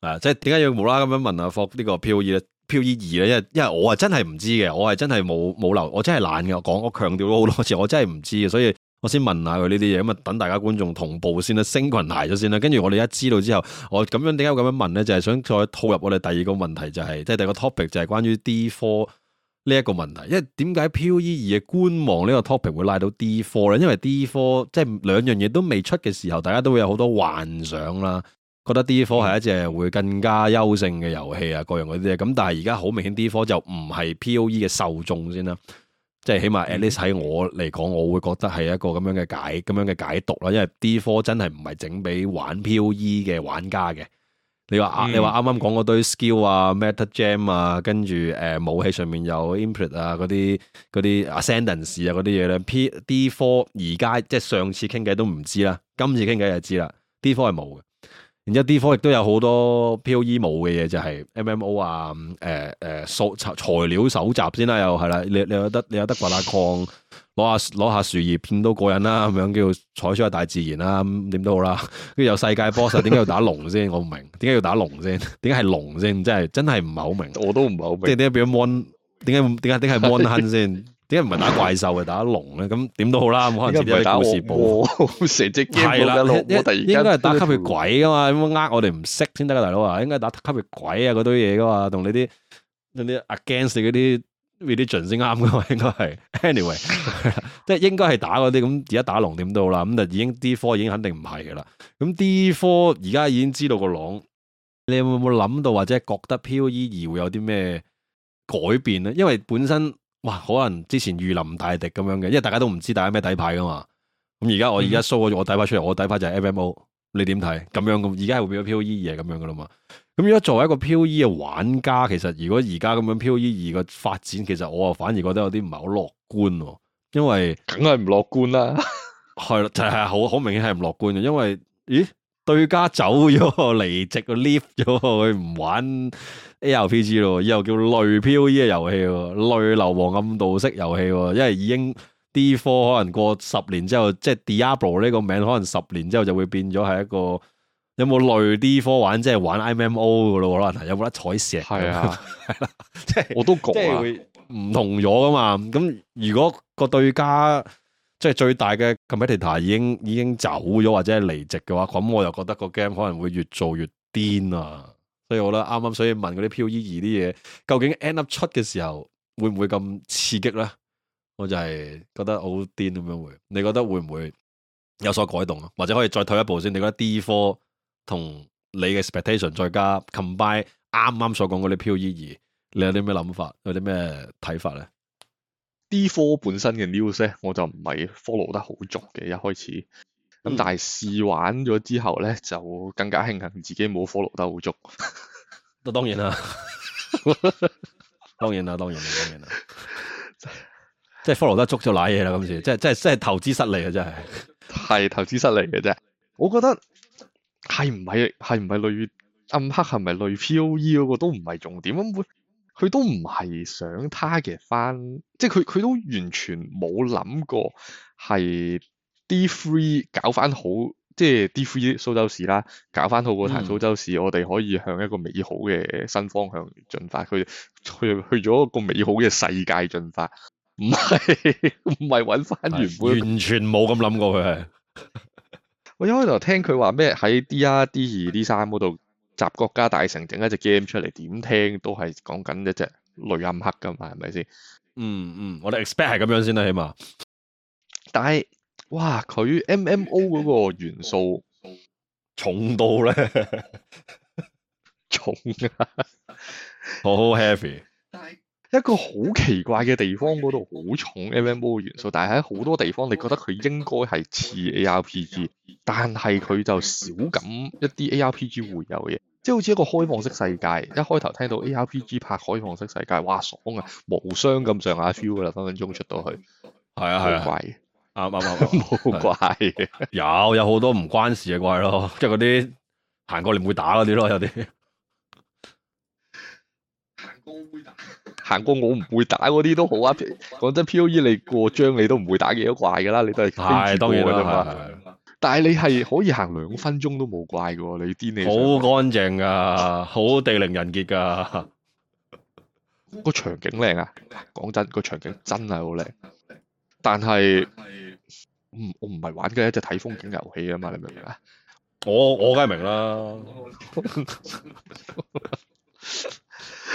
啊即係點解要無啦咁樣問阿霍呢個飄逸，咧、飄逸二咧？因為因為我啊真係唔知嘅，我係真係冇冇留，我真係懶嘅。我講我強調咗好多次，我真係唔知嘅。所以我先問下佢呢啲嘢，咁啊等大家觀眾同步先啦，升群嚟咗先啦。跟住我哋一知道之後，我咁樣點解會咁樣問咧？就係、是、想再套入我哋第二個問題、就是，就係即係第二個 topic 就係關於 D4。呢一個問題，因為點解 POE 二嘅觀望呢個 topic 會拉到 D4 咧？因為 D4 即係兩樣嘢都未出嘅時候，大家都會有好多幻想啦，覺得 D4 係一隻會更加優勝嘅遊戲啊，各樣嗰啲嘢。咁但係而家好明顯，D4 就唔係 POE 嘅受眾先啦。即係起碼 at least 喺我嚟講，我會覺得係一個咁樣嘅解，咁樣嘅解讀啦。因為 D4 真係唔係整俾玩 POE 嘅玩家嘅。你話你話啱啱講嗰堆 skill 啊，meta gem 啊，跟住誒、呃、武器上面有 imprint 啊，嗰啲啲 ascendance 啊，嗰啲嘢咧，D four 而家即係上次傾偈都唔知啦，今次傾偈就知啦，D four 係冇嘅。然之後 D four 亦都有好多 PoE 冇嘅嘢，就係、是、M M O 啊，誒、呃、誒，搜、呃、材材料搜集先啦，又係啦，你你有得你有得掘下礦。攞下攞下樹葉片都過癮啦，咁樣叫採取下大自然啦，咁點都好啦。跟住有世界 boss 點解要打龍先？我唔明，點解要打龍先？點解係龍先？真係真係唔係好明。我都唔係好明。即係點解變 mon？點解點解點解係 mon 坑先？點解唔係打怪獸嘅，打龍咧？咁點都好啦，咁可能直接打武士步。蛇隻驚。係啦，一一應都係打吸血鬼噶嘛？咁樣呃我哋唔識先得噶，大佬啊，應該打吸血鬼啊嗰堆嘢噶嘛，同你啲啲 against 啲。r e l 先啱嘛，應該係。anyway，即 係應該係打嗰啲咁，而家打龍點都好啦。咁就已經啲科已經肯定唔係嘅啦。咁啲科而家已經知道個龍，你有冇冇諗到或者覺得 P O E 二會有啲咩改變咧？因為本身哇，可能之前遇臨大敵咁樣嘅，因為大家都唔知大家咩底牌噶嘛。咁而家我而家 show 咗我底牌出嚟，我底牌就係 F M O 你。你點睇？咁、e、樣咁，而家係會變咗 P O E 二係咁樣嘅啦嘛。咁如果作為一個漂移嘅玩家，其實如果而家咁樣漂移二嘅發展，其實我啊反而覺得有啲唔係好樂觀，因為梗係唔樂觀啦，係啦就係好好明顯係唔樂觀嘅，因為咦對家走咗，離席個 leave 咗，佢唔玩 A R P G 咯，以後叫類漂移嘅遊戲，類流亡黯道式遊戲，因為已經 D four 可能過十年之後，即係 Diablo 呢個名可能十年之後就會變咗係一個。有冇類 D4 玩即係玩 MMO 噶咯？有冇得彩石係是啊， 啊？係啦是，即係我都覺、啊、即係會唔同咗噶嘛。咁如果個對家即係最大嘅 competitor 已經已經走咗或者離席嘅話，咁我又覺得個 game 可能會越做越癲啊。所以我覺得啱啱所以問嗰啲 POE2 啲嘢，究竟 end up 出嘅時候會唔會咁刺激咧？我就係覺得好癲咁樣會。你覺得會唔會有所改動咯？嗯、或者可以再退一步先？你覺得 D4？同你嘅 expectation 再加 combine，啱啱所講嗰啲飄移，你有啲咩諗法？有啲咩睇法咧？D4 本身嘅 news 咧，我就唔係 follow 得好足嘅，一開始咁，但係試玩咗之後咧，就更加慶幸自己冇 follow 得好足。咁當然啦，當然啦，當然啦，當然啦，即係 follow 得足就瀨嘢啦，今、嗯、次即係即係即係投資失利啊！真係係投資失利嘅啫，我覺得。係唔係啊？係唔係類似暗黑是是、e 那個？係咪類似 P.O.E 嗰個，都唔係重點解會？佢都唔係想 target 翻，即係佢佢都完全冇諗過係 D3 搞翻好，即、就、係、是、D3 蘇州市啦，搞翻好個層蘇州市，嗯、我哋可以向一個美好嘅新方向進發。佢佢去咗一個美好嘅世界進發，唔係唔係揾翻原本。完全冇咁諗過佢係。我一開頭聽佢話咩喺 D r D 二、D 三嗰度集國家大成整一隻 game 出嚟，點聽都係講緊一隻雷暗黑噶嘛？係咪先？嗯嗯，我哋 expect 係咁樣先啦，起碼。但係哇，佢 M M O 嗰個元素重到咧， 重啊，好 h a p p y 但係一個好奇怪嘅地方，嗰度好重 M、MM、M O 元素，但係喺好多地方，你覺得佢應該係似 A R P G。但係佢就少咁一啲 A R P G 會有嘅，即、就、係、是、好似一個開放式世界。一開頭聽到 A R P G 拍開放式世界，哇爽啊，無雙咁上下 feel 噶啦，分分鐘出到去。係啊係啊，怪啱啱啱，冇、啊啊啊啊、怪、啊、有有好多唔關事嘅怪咯，即係嗰啲行過你唔會打嗰啲咯，有啲行 過會打，行過我唔會打嗰啲都好啊。講真 P O E 你過章你都唔會打嘢怪噶啦，你都係堅持過但係你係可以行兩分鐘都冇怪嘅喎，你啲你，好乾淨噶、啊，好地靈人傑噶、啊，個 場景靚啊！講真，個場景真係好靚。但係，唔我唔係玩嘅一隻睇風景遊戲啊嘛，你明唔明啊？我 我梗係明啦，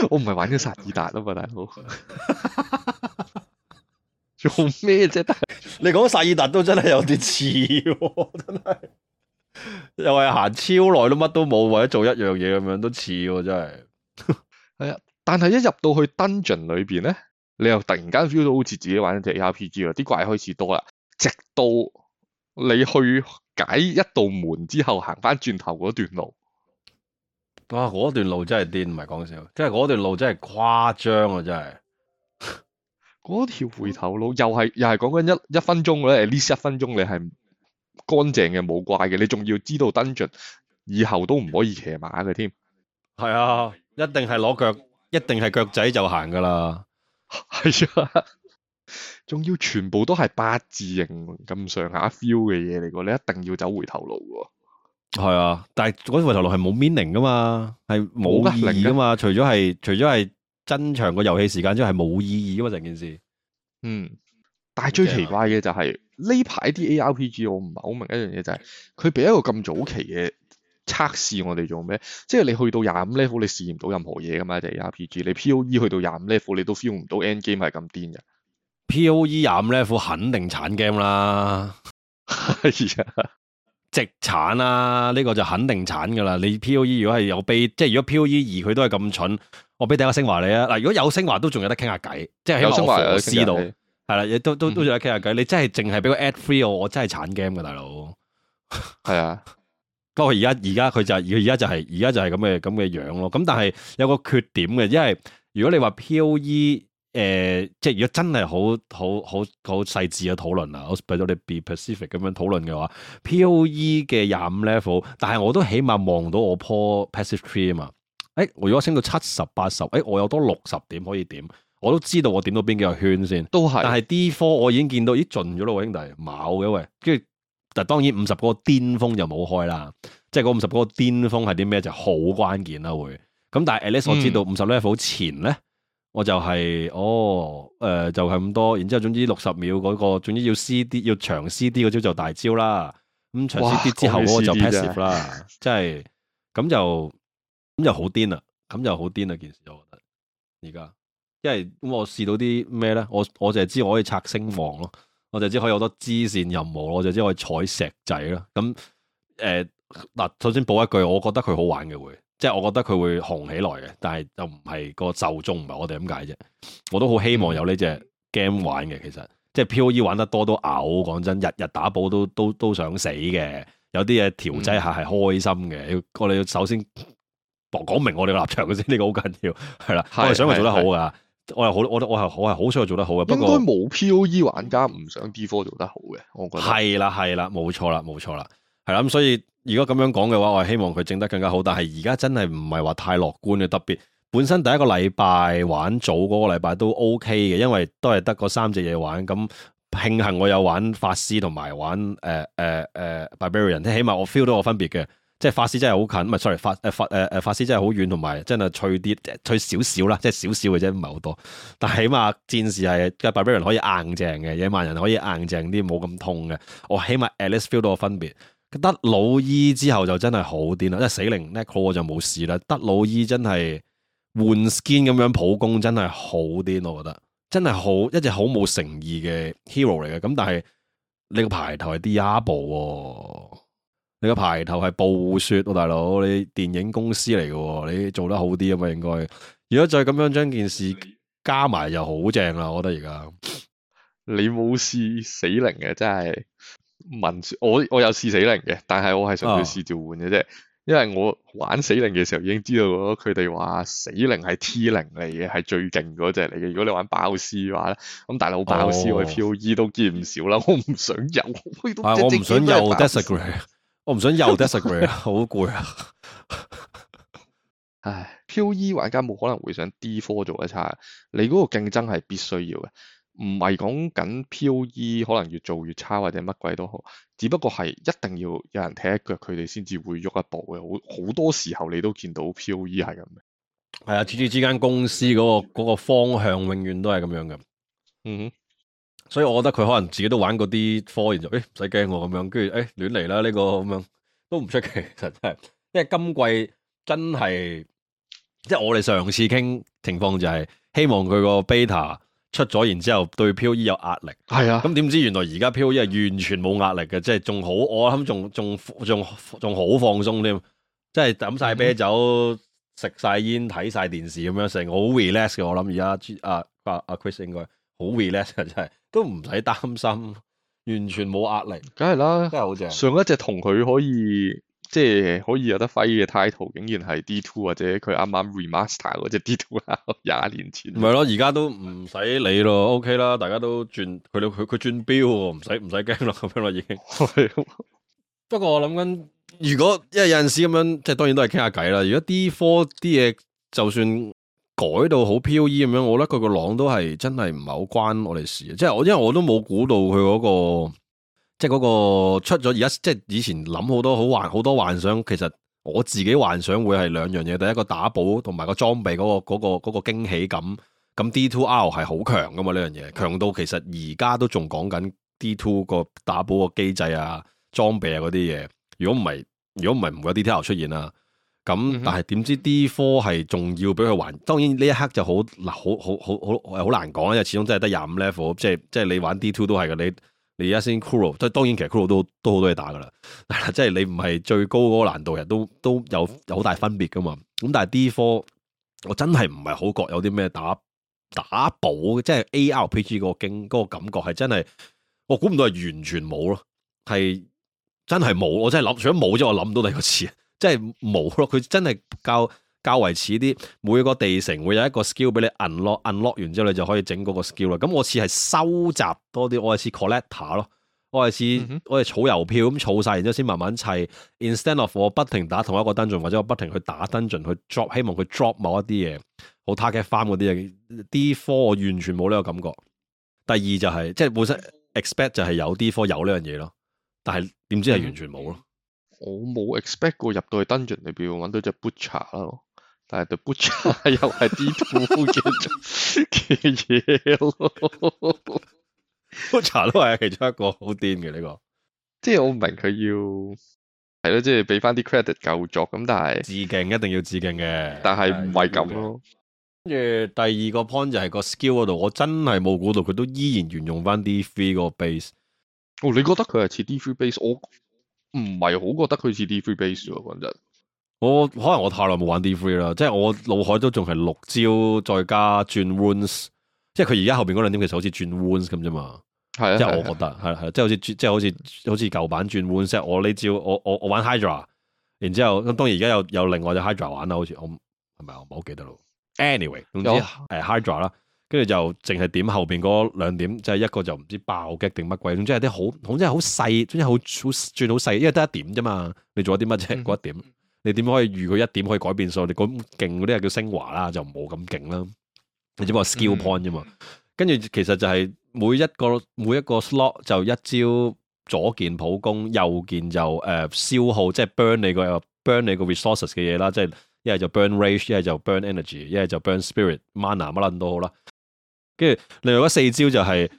我唔係玩緊薩爾達啊嘛，大佬。 做咩啫？ 你講薩爾達都真係有啲似，真係又係行超耐都乜都冇，或者做一樣嘢咁樣都似，真係係啊！ 但係一入到去《Dungeon》裏邊咧，你又突然間 feel 到好似自己玩一隻 ARPG 啊！啲怪開始多啦，直到你去解一道門之後，行翻轉頭嗰段路，哇！嗰段路真係癲唔係講笑，即係嗰段路真係誇張啊！真係。嗰條回頭路又係又係講緊一一分鐘咧，At least 一分鐘你係乾淨嘅冇怪嘅，你仲要知道 Dungeon 以後都唔可以騎馬嘅添。係啊，一定係攞腳，一定係腳仔就行噶啦。係啊，仲 要全部都係八字形咁上下 feel 嘅嘢嚟噶，你一定要走回頭路噶。係啊，但係嗰條回頭路係冇 meaning 噶嘛，係冇意義噶嘛，除咗係除咗係。增長個遊戲時間之後係冇意義噶嘛，成件事，嗯，但係最奇怪嘅就係呢排啲 ARPG 我唔係好明一樣嘢，就係佢俾一個咁早期嘅測試我哋做咩？即係你去到廿五 level 你試驗唔到任何嘢噶嘛？就是，ARPG，你 POE 去到廿五 level 你都 feel 唔到 end game 係咁癲嘅，POE 廿五 level 肯定產 game 啦， 直產啦，啊，呢，這個就肯定產噶啦。你 POE 如果係有悲，即係如果 POE 二佢都係咁蠢。我俾第一個聲話你啊！嗱，如果有聲話都仲有得傾下偈，即係喺我火師度，係啦、嗯哼，亦都都都仲有得傾下偈。你真係淨係俾個 ad free 我，我真係鏟 game 噶大佬。係啊，不過而家而家佢就而家就係而家就係咁嘅咁嘅樣咯。咁但係有個缺點嘅，因為如果你話 POE 誒、呃，即係如果真係好好好好細緻嘅討論啊，我俾到你 be specific 咁樣討論嘅話，POE 嘅廿五 level，但係我都起碼望到我棵 passive tree 啊嘛。誒，我如果升到七十八十，誒，我有多六十點可以點，我都知道我點到邊幾個圈先。都係，但係 D 科我已經見到，咦，已經盡咗咯，兄弟，冇嘅喂。跟住，但當然五十嗰個巔峰就冇開啦，即係嗰五十嗰個巔峰係啲咩就好關鍵啦會。咁但係 at least 我知道五十 level 前咧，嗯、我就係哦，誒、呃、就係咁多，然之後總之六十秒嗰個，總之要 C D 要長 C D 嗰招就大招啦。咁長 C D 之後我就 passive 啦，即係咁就。咁就好癲啦，咁就好癲啦件事，我覺得而家，因為咁我試到啲咩咧？我我淨係知我可以拆星王咯，我就知可以有好多支線任務，我就知可以採石仔咯。咁誒嗱，首先補一句，我覺得佢好玩嘅會，即係我覺得佢會紅起來嘅，但係就唔係個就中。唔係我哋咁解啫。我都好希望有呢隻 game 玩嘅，其實即係 POE 玩得多都嘔，講真，日日打寶都都都想死嘅。有啲嘢調劑下係開心嘅，嗯，我哋要首先。講明我哋個立場嘅先，呢 個好緊要，係啦。的我係想佢做得好噶，的我係好，我好我係我係好想佢做得好嘅。不過應該冇 P.O.E 玩家唔想 D.4 做得好嘅，我覺得係啦係啦，冇錯啦冇錯啦，係啦。咁所以如果咁樣講嘅話，我係希望佢整得更加好。但係而家真係唔係話太樂觀嘅，特別本身第一個禮拜玩早嗰個禮拜都 O.K. 嘅，因為都係得嗰三隻嘢玩。咁慶幸我有玩法師同埋玩誒誒、呃、誒、呃呃、Barbarian，即起碼我 feel 到我分別嘅。即係法師真係好近，唔係，sorry，法誒、呃、法誒誒、呃、法師真係好遠，同埋真係脆啲，脆少少啦，即係少少嘅啫，唔係好多。但係起碼戰士係個 barbarian 可以硬淨嘅，野蠻人可以硬淨啲，冇咁痛嘅。我、哦、起碼 at least feel 到個分別。德魯伊之後就真係好癲啦，即係死靈 Necro 我就冇事啦。德魯伊真係換 skin 咁樣普攻真係好癲，我覺得真係好一隻好冇誠意嘅 hero 嚟嘅。咁但係你個牌頭係 Diablo、哦。你個排頭係暴雪喎，大佬，你電影公司嚟嘅，你做得好啲啊嘛，應該。如果再咁樣將件事加埋，又好正啦！我覺得而家。你冇試死靈嘅，真係文我，我有試死靈嘅，但係我係想要試召喚嘅啫，啊、因為我玩死靈嘅時候已經知道佢哋話死靈係 T 零嚟嘅，係最勁嗰隻嚟嘅。如果你玩爆屍嘅話咧，咁、嗯、大佬爆屍我喺 P O E 都見唔少啦。我唔想有，啊啊、我唔想有。 我唔想又 disagree 啊， 好攰啊！唉，P. O. E. 玩家冇可能會想 D. Four 做得差，你嗰個競爭係必須要嘅，唔係講緊 P. O. E. 可能越做越差或者乜鬼都好，只不過係一定要有人踢一腳佢哋先至會喐一步嘅。好好多時候你都見到 P. O. E. 係咁嘅。係啊，處處之間公司嗰、嗰個、嗰個方向永遠都係咁樣嘅，嗯哼。所以我覺得佢可能自己都玩嗰啲科，然之後誒唔使驚我咁樣，跟住誒亂嚟啦呢個咁樣都唔出奇，其實真係，因為今季真係，即係我哋上次傾情況就係希望佢個 beta 出咗，然後之後對 POE 有壓力。係啊，咁點知原來而家 POE 完全冇壓力嘅，即係仲好，我諗仲仲仲仲好放鬆添，即係飲晒啤酒、食晒 煙、睇晒電視咁樣成，好 relax 嘅。我諗而家阿阿 Chris 應該好 relax 嘅，真係。都唔使擔心，完全冇壓力，梗係啦，真係好正。上一隻同佢可以即係可以有得揮嘅 title，竟然係 D two 或者佢啱啱 remaster 嗰隻 D two 廿 年前，唔係咯，而家都唔使理咯 ，OK 啦，大家都轉佢佢佢轉錶，唔使唔使驚咯，咁樣咯已經。 不過我諗緊，如果因為有陣時咁樣，即係當然都係傾下偈啦。如果 D four 啲嘢就算。改到好飄逸咁樣，我覺得佢個朗都係真係唔係好關我哋事。即係我因為我都冇估到佢嗰、嗰個，即係嗰個出咗而家，即係、即係、以前諗好多好幻好多幻想。其實我自己幻想會係兩樣嘢，第一,一個打寶同埋個裝備嗰、嗰個嗰、嗰個嗰個驚喜感。咁 D two R 係好強噶嘛，呢樣嘢，強到其實而家都仲講緊 D two 個打寶個機制啊、裝備啊嗰啲嘢。如果唔係，如果唔係唔會有 D two R 出現啊。咁，嗯、但係點知 D four 係仲要俾佢還？當然呢一刻就好，嗱，好好好好好難講啦。因為始終真係得廿五 level，即係即係你玩 D two 都係嘅。你你而家先 cool，即係當然其實 cool 都都好多嘢打噶啦。即係你唔係最高嗰個難度，人都都有有好大分別噶嘛。咁但係 D four，我真係唔係好覺有啲咩打打寶，即係 A R P G 嗰個經、嗰個感覺係真係，我估唔到係完全冇咯，係真係冇。我真係諗，除咗冇之外，我諗唔到第二個詞。即係冇咯，佢真係較較為似啲每個地城會有一個 skill 俾你 unlock，unlock un 完之後你就可以整嗰個 skill 啦。咁我似係收集多啲，我係似 collector 咯，嗯、哼我係似我係儲郵票咁儲晒，然之後先慢慢砌。Instead of 我不停打同一個 dungeon，或者我不停去打 dungeon 去 drop，希望佢 drop 某一啲嘢，好 target 翻嗰啲嘢。D four 我完全冇呢個感覺。第二就係、是、即係本身 expect 就係有 D four 有呢樣嘢咯，但係點知係完全冇咯。嗯我冇 expect 過入到去 dungeon 裏邊揾到隻 butcher 咯，但係 the butcher 又係啲冇嘅嘅嘢咯 butcher 都係其中一個好癲嘅呢個，即係我唔明佢要係咯，即係俾翻啲 credit 救助咁，但係致敬一定要致敬嘅，但係唔係咁咯。跟住第二個 point 就係個 skill 嗰度，我真係冇估到佢都依然沿用翻 D3 個 base。嗯、哦，你覺得佢係似 D3 base？我。唔係好覺得佢似 D three base 喎，講真，我可能我太耐冇玩 D three 啦，即係我腦海都仲係六招再加轉 wounds，即係佢而家後邊嗰兩點其實好似轉 wounds 咁啫嘛。係啊，即係我覺得係係即係好似即係好似好似舊版轉 wounds，即係我呢招我我我玩 hydra，然之後咁當然而家有有另外隻 hydra 玩啦，好似我係咪我唔好記得咯，anyway 總之誒 hydra 啦。有 uh, Hydra, 跟住就淨係點後邊嗰兩點，即係一個就唔知爆擊定乜鬼，總之係啲好好，即係好細，總之好好轉好細，因為得一點啫嘛。你做啲乜啫？嗰一點你點可以預佢一點可以改變數？你咁勁嗰啲係叫升華啦，就冇咁勁啦。你只不過 skill point 啫嘛。跟住、嗯、其實就係每一個每一個 slot 就一招左鍵普攻，右鍵就誒、uh, 消耗，即係 burn 你個、uh, burn 你個 resources 嘅嘢啦，即係一係就 burn rage，一係就 burn energy，一係就 burn spirit mana 乜撚都好啦。跟住另外嗰四招就係、是、誒、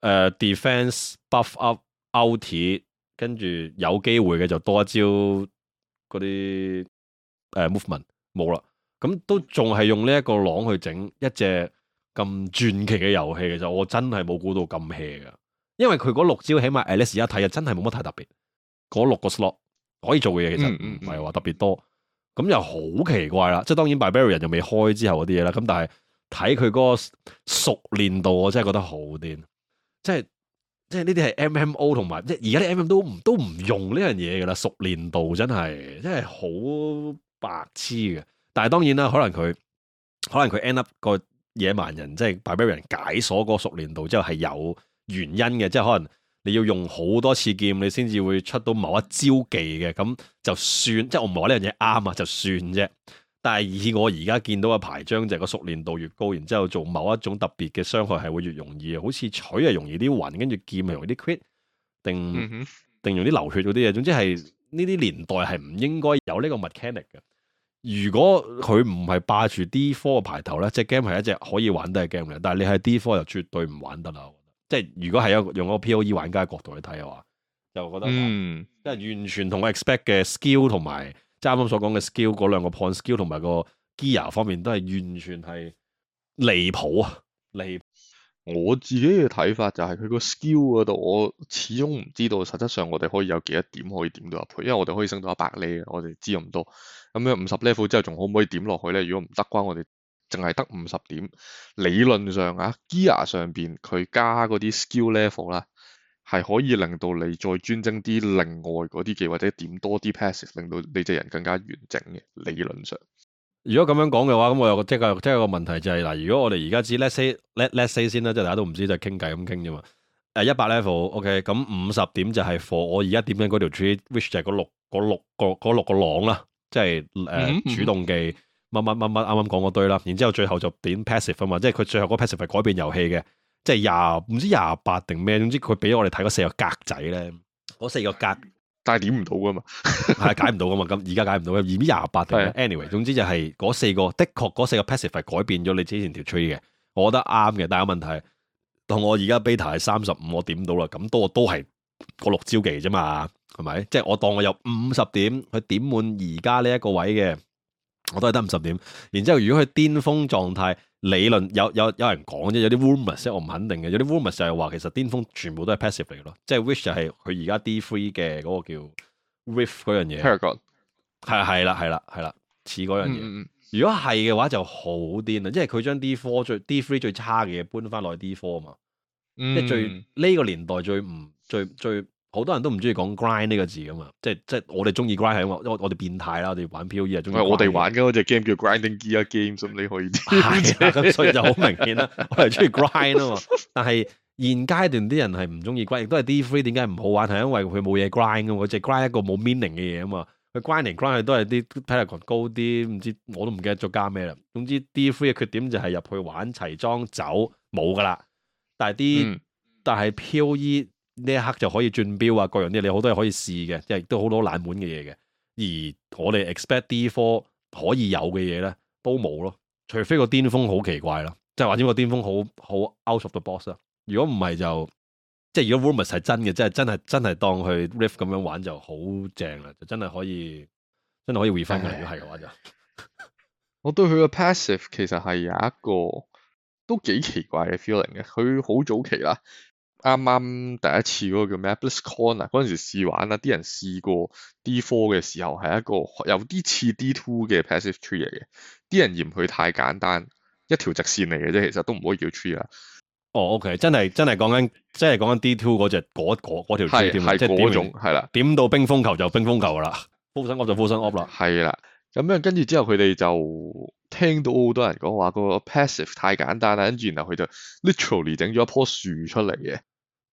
呃、defence buff up outie，跟住有機會嘅就多一招嗰啲誒 movement 冇啦，咁都仲係用呢一個廊去整一隻咁傳奇嘅遊戲，其實我真係冇估到咁 hea 嘅，因為佢嗰六招起碼 Alex 一睇就真係冇乜太特別，嗰六個 slot 可以做嘅嘢其實唔係話特別多，咁又好奇怪啦，即係當然 Barbarian 人又未開之後嗰啲嘢啦，咁但係。睇佢嗰個熟練度，我真係覺得好癲，即係即係呢啲係 M M O 同埋，即係而家啲 M M 都唔都唔用呢樣嘢噶啦，熟練度真係真係好白痴嘅。但係當然啦，可能佢可能佢 end up 個野蠻人，即係 barbarian 解鎖嗰個熟練度之後係有原因嘅，即係可能你要用好多次劍，你先至會出到某一招技嘅。咁就算，即係我唔係話呢樣嘢啱啊，就算啫。但係以我而家見到嘅牌張，就係個熟練度越高，然之後做某一種特別嘅傷害係會越容易。好似取係容易啲暈，跟住劍係容易啲 crit 定定用啲流血嗰啲嘢。總之係呢啲年代係唔應該有呢個 mechanic 嘅。如果佢唔係霸住 D four 嘅牌頭咧，隻 game 係一隻可以玩得嘅 game 嚟。但係你喺 D four 又絕對唔玩得啦。即係如果係用一個 P O E 玩家嘅角度去睇嘅話，就覺得即係、嗯、完全同我 expect 嘅 skill 同埋。啱啱所講嘅 skill 嗰兩個 point skill 同埋個 gear 方面都係完全係離譜啊！離譜。我自己嘅睇法就係佢個 skill 嗰度，我始終唔知道實質上我哋可以有幾多點可以點到入去，因為我哋可以升到一百 level，我哋知咁多。咁樣五十 level 之後仲可唔可以點落去咧？如果唔得，關我哋淨係得五十點。理論上啊，gear 上邊佢加嗰啲 skill level 咧。係可以令到你再專精啲另外嗰啲嘅，或者點多啲 passive，令到你隻人更加完整嘅。理論上，如果咁樣講嘅話，咁我又即係即係有個問題就係、是、嗱，如果我哋而家知，let say let let say 先啦，即係大家都唔知，就傾偈咁傾啫嘛。誒，一百 level，ok，、okay, 咁五十點就係 for 我而家點緊嗰條 tree，which 就係嗰六嗰六,六,六個嗰六個浪啦，即係誒、uh, 嗯嗯嗯、主動技乜乜乜乜啱啱講嗰堆啦，然之後最後就點 passive 啊嘛，即係佢最後嗰 passive 係改變遊戲嘅。即係廿唔知廿八定咩？總之佢俾我哋睇嗰四個格仔咧，嗰四個格，但係點唔到噶嘛， 係解唔到噶嘛。咁而家解唔到，而啲廿八定 anyway，總之就係嗰四個的確嗰四個 passive 改變咗你之前條 tree 嘅，我覺得啱嘅。但係個問題，當我而家 beta 係三十五，我點到啦，咁都都係個六招期啫嘛，係咪？即係我當我有五十點，佢點滿而家呢一個位嘅，我都係得五十點。然之後如果佢巔峰狀態。理論有有有人講啫，有啲 rumors 我唔肯定嘅。有啲 rumors 就係話，其實巔峰全部都係 passive 嚟嘅咯，即係 which 就係佢而家 D three 嘅嗰個叫 riff 嗰樣嘢。係啊 Paragon.，係啦，係啦，係啦，似嗰樣嘢。嗯、如果係嘅話就好癲啦，因為佢將 D four 最 D three 最差嘅嘢搬翻落去 D four 啊嘛，嗯、即係最呢、這個年代最唔最最。最好多人都唔中意講 grind 呢個字噶嘛，即係即係我哋中意 grind 係因為我哋變態啦，我哋玩漂移係中意我哋玩嘅嗰隻 game 叫 grinding gear game，咁你可以知啦。咁 所以就好明顯啦，我係中意 grind 啊嘛。但係現階段啲人係唔中意 grind，亦都係 D three 點解唔好玩？係因為佢冇嘢 grind 噶，佢淨 grind 一個冇 meaning 嘅嘢啊嘛。佢 grinding grind 都係啲 teleport 高啲，唔知我都唔記得再加咩啦。總之 D three 嘅缺點就係入去玩齊裝走冇噶啦，但係啲、嗯、但係漂移。呢一刻就可以轉標啊！各樣啲你好多嘢可以試嘅，即係亦都好多冷門嘅嘢嘅。而我哋 expect D4 可以有嘅嘢咧，都冇咯。除非個巔峰好奇怪咯，即係話呢個巔峰好好 out of the box 咯，啊。如果唔係就即係如果 rumors 係真嘅，即係真係真係當佢 riff 咁樣玩就好正啦，就真係可以真係可以 refine 嘅。欸，如果係嘅話就，我對佢嘅 passive 其實係有一個都幾奇怪嘅 feeling 嘅，佢好早期啦。啱啱第一次嗰、嗰個叫咩？BlizzCon 嗰陣時試玩啦，啲人試過 D four 嘅時候係一個有啲似 D two 嘅 passive tree 嚟嘅，啲人嫌佢太簡單，一條直線嚟嘅啫，其實都唔可以叫 tree 啦。哦，OK，真係真係講緊，真係講緊 D two 嗰隻嗰嗰嗰條 tree 即係係啦，點到冰封球就冰封球啦，full 身 up 就 full 身 up 啦，係啦的。咁樣跟住之後，佢哋就聽到好多人講話個 passive 太簡單，跟住然後佢就 literally 整咗一棵樹出嚟嘅。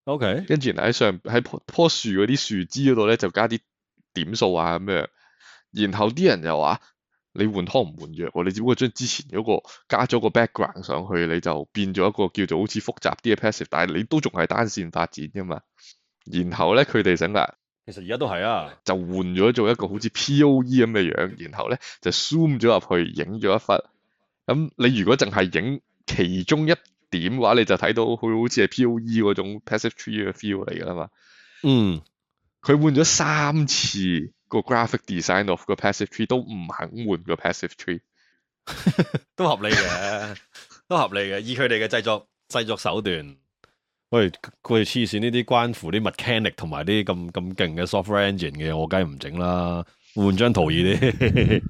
OK，跟住然後喺上喺棵棵樹嗰啲樹枝嗰度咧，就加啲點,點數啊咁樣。然後啲人又話：你換湯唔換藥喎、啊，你只不過將之前嗰個加咗個 background 上去，你就變咗一個叫做好似複雜啲嘅 passive，但係你都仲係單線發展啫嘛。然後咧，佢哋整埋。其實而家都係啊，就換咗做一個好似 POE 咁嘅樣，樣，然後咧就 zoom 咗入去影咗一忽。咁、嗯、你如果淨係影其中一點嘅話，你就睇到佢好似係 POE 嗰種 passive tree 嘅 feel 嚟噶啦嘛。嗯，佢換咗三次個 graphic design of 個 passive tree 都唔肯換個 passive tree， 都合理嘅，都合理嘅，以佢哋嘅製作製作手段。喂，佢哋黐線呢啲關乎啲 mechanic 同埋啲咁咁勁嘅 software engine 嘅，我梗係唔整啦，換張圖易啲。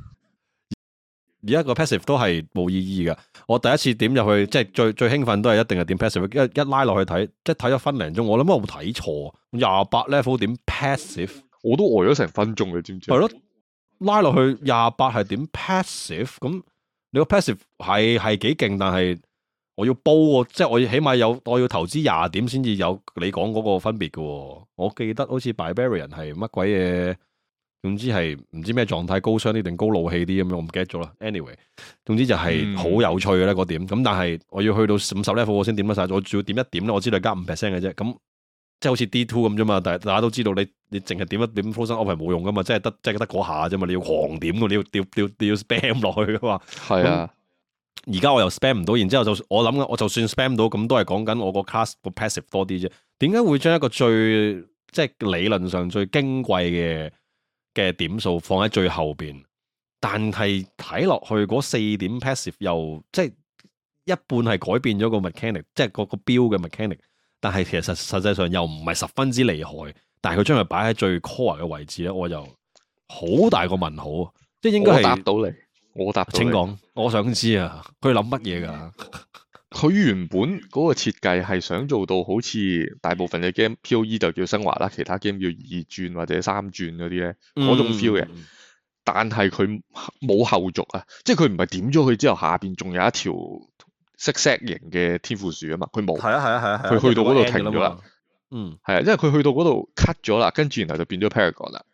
而 家個 passive 都係冇意義噶。我第一次點入去，即係最最興奮都係一定係點，pass 點 passive，一一拉落去睇，即係睇咗分零鐘。我諗我冇睇錯，廿八 level 點 passive，我都呆咗成分鐘，你知唔知？係咯，拉落去廿八係點 passive？咁你個 passive 係係幾勁，但係。我要煲個，即係我要起碼有，我要投資廿點先至有你講嗰個分別噶。我記得好似 Biberian 係乜鬼嘢，總之係唔知咩狀態，高傷啲定高怒氣啲咁樣，我唔記得咗啦。Anyway，總之就係好有趣嘅咧嗰點。咁但係我要去到五十 level 我先點得晒，我仲要點一點咧，我知道加五 percent 嘅啫。咁即係好似 D two 咁啫嘛。但係大家都知道你你淨係點一點 full 身 upgrade 冇用噶嘛，即係得即係得嗰下啫嘛。你要狂點噶，你要掉掉掉 spam 落去噶嘛。係啊。而家我又 spam 唔到，然之後就我諗，我就算 spam 到咁都係講緊我個 class 個 passive 多啲啫。點解會將一個最即係理論上最矜貴嘅嘅點數放喺最後邊？但係睇落去嗰四點 passive 又即係一半係改變咗個 mechanic，即係個個 build 嘅 mechanic。但係其實實際上又唔係十分之厲害。但係佢將佢擺喺最 core 嘅位置咧，我又好大個問號。即係應該係答到你。我答，請講。我想知啊，佢諗乜嘢噶？佢 原本嗰個設計係想做到好似大部分嘅 game P O E 就叫升華啦，其他 game 叫二轉或者三轉嗰啲咧，嗰、嗯、種 feel 嘅。但係佢冇後續啊，即係佢唔係點咗佢之後下邊仲有一條石石型嘅天賦樹啊嘛，佢冇。係啊係啊係啊，佢、啊啊、去到嗰度停咗啦。嗯，係啊，因為佢去到嗰度 cut 咗啦，跟住然後就變咗 paragon 啦。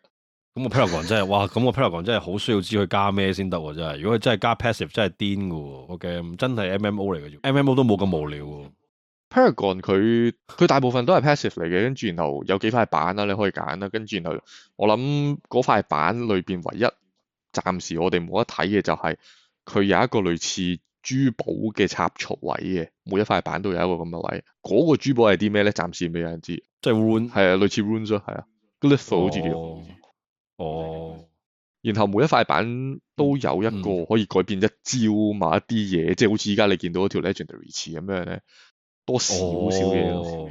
咁個 Paragon 真係哇！咁個 Paragon 真係好需要知佢加咩先得真係。如果佢真係加 passive，真係癲噶，個 game 真係 M M O 嚟嘅。M M O 都冇咁無聊、啊。Paragon 佢佢大部分都係 passive 嚟嘅，跟住然後有幾塊板啦、啊，你可以揀啦。跟住然後我諗嗰塊板裏邊唯一暫時我哋冇得睇嘅就係、是、佢有一個類似珠寶嘅插槽位嘅，每一塊板都有一個咁嘅位。嗰、那個珠寶係啲咩咧？暫時未有人知，即係 rune 係啊，類似 rune 咯、啊，係啊，glyph 好似叫。Oh. 哦，oh, 然後每一塊板都有一個可以改變一招某一啲嘢，嗯、即係好似依家你見到嗰條 Legendary 似咁樣咧，多少少嘢。Oh,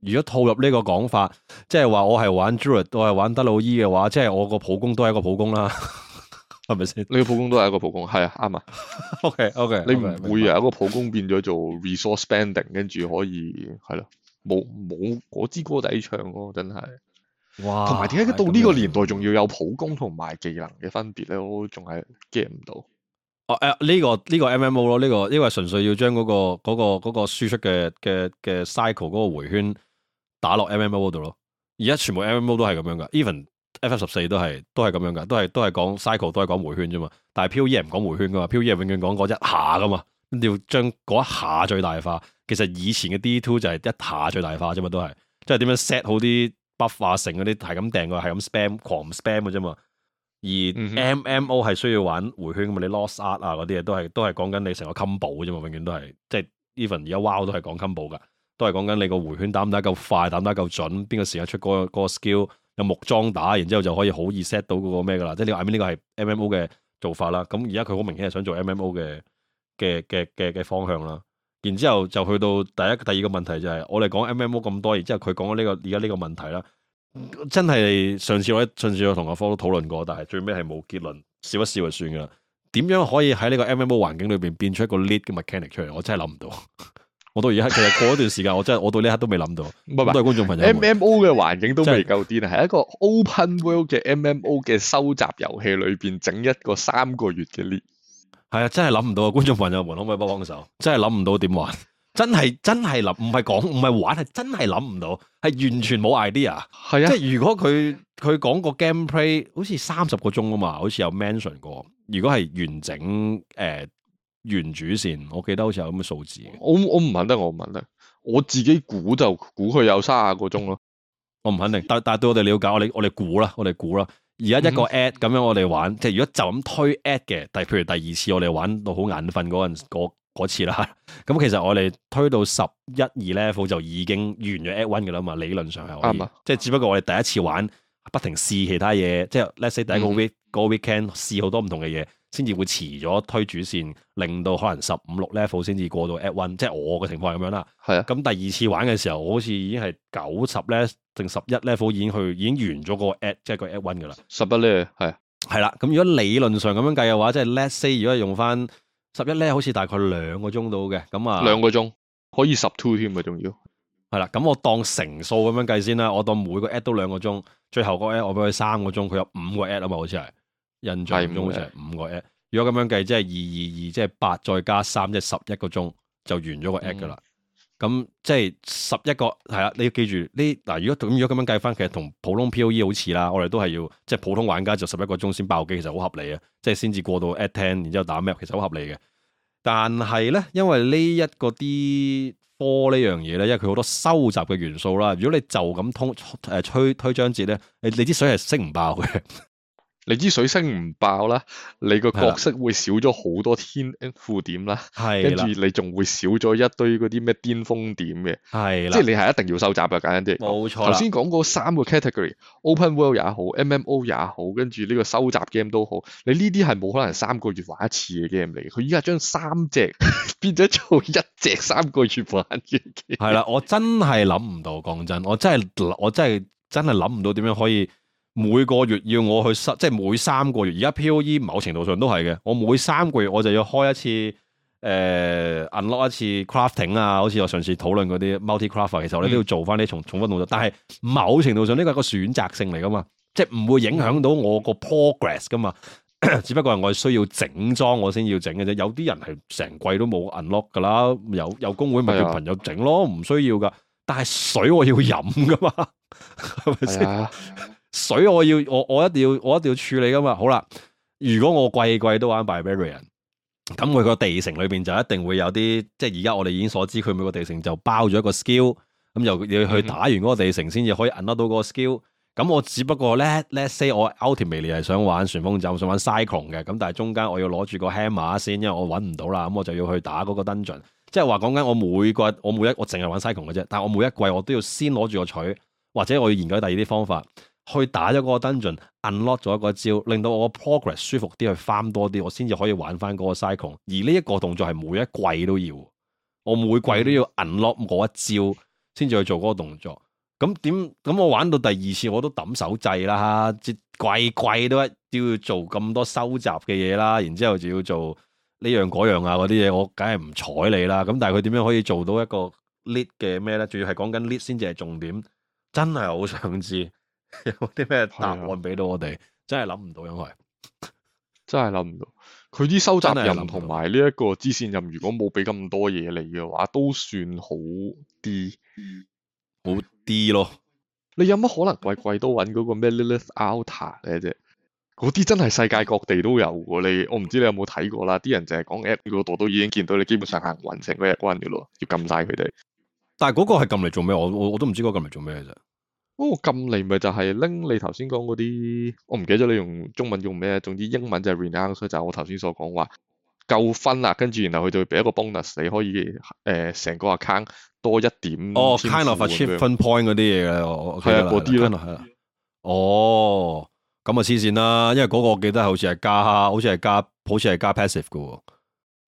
如果套入呢個講法，即係話我係玩 Druid，我係玩德魯伊嘅話，即、就、係、是、我個普攻都係一個普攻啦，係咪先？你個普攻都係一個普攻，係啊，啱啊。 OK OK，你唔會啊？一個普攻變咗做 Resource Spending，跟住可以係咯，冇冇嗰支歌仔唱咯、啊，真係。哇！同埋點解到呢個年代仲要有普攻同埋技能嘅分別咧？嗯、我仲係 get 唔到。哦、啊，呢、呢個呢、呢個 M M O 咯、呢個，呢、呢個呢個純粹要將嗰、嗰個嗰、嗰個、嗰個嗰個輸出嘅嘅嘅 cycle 嗰個回圈打落 M M O 度咯。而家全部 M M O 都係咁樣噶，even F F 十四都係都係咁樣噶，都係都係講 cycle，都係講回圈啫嘛。但係 P O E 係唔講回圈噶嘛、嗯、P O E 係永遠講嗰一下噶嘛，你要將嗰一下最大化。其實以前嘅 D Two 就係一下最大化啫嘛，都係即係點樣 set 好啲。啊、不化成嗰啲係咁掟嘅，係咁 spam 狂 spam 嘅啫嘛。而 M、MM、M O 係需要玩回圈嘅嘛，你 Lost Ark 啊嗰啲嘢都係都係講緊你成個 combo 嘅啫嘛，永遠都係即係 even 而家 wow 都係講 combo 嘅，都係講緊你個回圈打唔打夠快，打唔打夠準，邊個時間出嗰個嗰個 skill 有木樁打，然之後就可以好易 set 到嗰個咩嘅啦。即係你話呢個係 M M O 嘅做法啦。咁而家佢好明顯係想做 M、MM、M O 嘅嘅嘅嘅嘅方向啦。然之後就去到第一、第二個問題就係、是、我哋講 M M O 咁多，然之後佢講緊呢個而家呢個問題啦，真係上次我上次我同阿科都討論過，但係最尾係冇結論，笑一笑就算噶啦。點樣可以喺呢個 M M O 環境裏邊變出一個 league 嘅 mechanic 出嚟？我真係諗唔到。我到而家其實過一段時間， 我真係我到呢刻都未諗到，唔係唔係，都係觀眾朋友 M M O 嘅環境都未夠癲，係、就是、一個 open world 嘅 M M O 嘅收集遊戲裏邊整一個三個月嘅 league。係啊，真係諗唔到啊！觀眾朋友們，門可唔可以幫幫手？真係諗唔到點玩，真係真係諗，唔係講，唔係玩，係真係諗唔到，係完全冇 idea。係啊的，即係如果佢佢講個 gameplay 好似三十個鐘啊嘛，好似有 mention 過。如果係完整誒、呃、原主線，我記得好似有咁嘅數字。我我唔肯定，我唔肯定。我自己估就估佢有卅個鐘咯。我唔肯定，但但對我哋了解，我哋我哋估啦，我哋估啦。而家一個 act 咁樣我哋玩，嗯、即係如果就咁推 act 嘅，但係譬如第二次我哋玩到好眼瞓嗰陣，嗰次啦，咁其實我哋推到十一二 level 就已經完咗 act one 嘅啦嘛，理論上係可以，嗯、即係只不過我哋第一次玩不停試其他嘢，即係 let’s say 第一個 week、嗯、個 weekend 試好多唔同嘅嘢。先至會遲咗推主線，令到可能十五六 level 先至過到 at one，即係我嘅情況係咁樣啦。係啊，咁第二次玩嘅時候，好似已經係九十 level 定十一 level 已經去已經完咗個 at，即係個 at one 嘅啦。十一 level 係啊，係啦。咁如果理論上咁樣計嘅話，即係 let’s say 如果用翻十一 level，好似大概兩個鐘到嘅。咁啊，兩個鐘可以十 two 添嘅，仲要係啦。咁我當成數咁樣計先啦。我當每個 at 都兩個鐘，最後個 at 我俾佢三個鐘，佢有五個 at 啊嘛，好似係。印象中好似係五個 at，、嗯、如果咁樣計，即係二二二，即係八再加三，即係十一個鐘就完咗個 at 噶啦。咁即係十一個，係啊，你要記住呢嗱。如果咁如果咁樣計翻，其實同普通 poe 好似啦，我哋都係要即係普通玩家就十一個鐘先爆機，其實好合理啊。即係先至過到 at ten，然之後打 map，其實好合理嘅。但係咧，因為呢一個 D4 呢樣嘢咧，因為佢好多收集嘅元素啦。如果你就咁通誒推推章節咧，你啲水係升唔爆嘅。 你知水星唔爆啦，你個角色會少咗好多天賦點啦，係的跟住你仲，會少咗一堆嗰啲咩巔峰點嘅，係啦的，即係你係一定要收集嘅，簡單啲。冇錯。頭先講嗰三個 category，Open World 也好，MMO 也好，跟住呢個收集 game 都好，你呢啲係冇可能三個月玩一次嘅 game 嚟。佢而家將三隻 變咗做一隻三個月玩嘅 game。係啦，我真係諗唔到，講真，我真係我真係真係諗唔到點樣可以。每個月要我去三，即係每三個月。而家 P.O.E 某程度上都係嘅，我每三個月我就要開一次，誒、呃、unlock 一次 crafting 啊，好似我上次討論嗰啲 multi crafting、啊、其實我哋都要做翻啲重重複動作。但係某程度上呢個係一個選擇性嚟噶嘛，即係唔會影響到我個 progress 噶嘛。 只不過係我係需要整裝我先要整嘅啫。有啲人係成季都冇 unlock 噶啦，有有工會咪叫朋友整咯，唔需要噶。但係水我要飲噶嘛，係咪先？ 水我要我我一定要我一定要處理㗎嘛。好啦，如果我季季都玩 Barbarian 咁每個地城裏邊就一定會有啲，即係而家我哋已經所知，佢每個地城就包咗一個 skill。咁又要去打完嗰個地城先至可以 unlock 到嗰個 skill。咁我只不過咧，let's say 我 ultimately 係想玩旋風斬，想玩 cyclone 嘅。咁但係中間我要攞住個 hammer 先，因為我揾唔到啦。咁我就要去打嗰個 dungeon。即係話講緊我每季，我每一我淨係玩 cyclone 嘅啫，但我每一季我都要先攞住個錘，或者我要研究第二啲方法。去打個 dungeon，一個 dungeon，unlock 咗一個招，令到我個 progress 舒服啲，去翻多啲，我先至可以玩翻嗰個 cycle。而呢一個動作係每一季都要，我每季都要 unlock 我一招，先至去做嗰個動作。咁點、嗯？咁我玩到第二次，我都抌手掣啦，即季季都都要做咁多收集嘅嘢啦，然之後就要做呢、這個、樣嗰樣啊，嗰啲嘢，我梗係唔睬你啦。咁但係佢點樣可以做到一個 lead 嘅咩咧？仲要係講緊 lead 先至係重點，真係好想知。 有啲咩答案俾到我哋？ 真係諗唔到，因為真係諗唔到。佢啲 收集人同埋呢一個支線人，如果冇俾咁多嘢嚟嘅話，都算好啲， 好啲咯。你有乜可能貴貴都揾嗰個咩 Lilith Altar 咧啫？嗰啲真係世界各地都有。你我唔知你有冇睇過啦。啲人就係講 app 嗰度都已經見到，你基本上行勻成個日溫嘅咯，要撳晒佢哋。 但係嗰個係撳嚟做咩？我我我都唔知嗰個撳嚟做咩嘅啫。哦，咁嚟咪就係、是、拎你頭先講嗰啲，我唔記得你用中文用咩，總之英文就係 renown 所以就係我頭先所講話夠分啦。跟住然後佢就會俾一個 bonus，你可以誒成、呃、個 account 多一點哦，kind of achievement point 嗰啲嘢嘅，係啊，嗰啲咯，係啊，哦，咁啊黐線啦，因為嗰個我記得係好似係加，下，好似係加，好似係加，加 passive 嘅喎，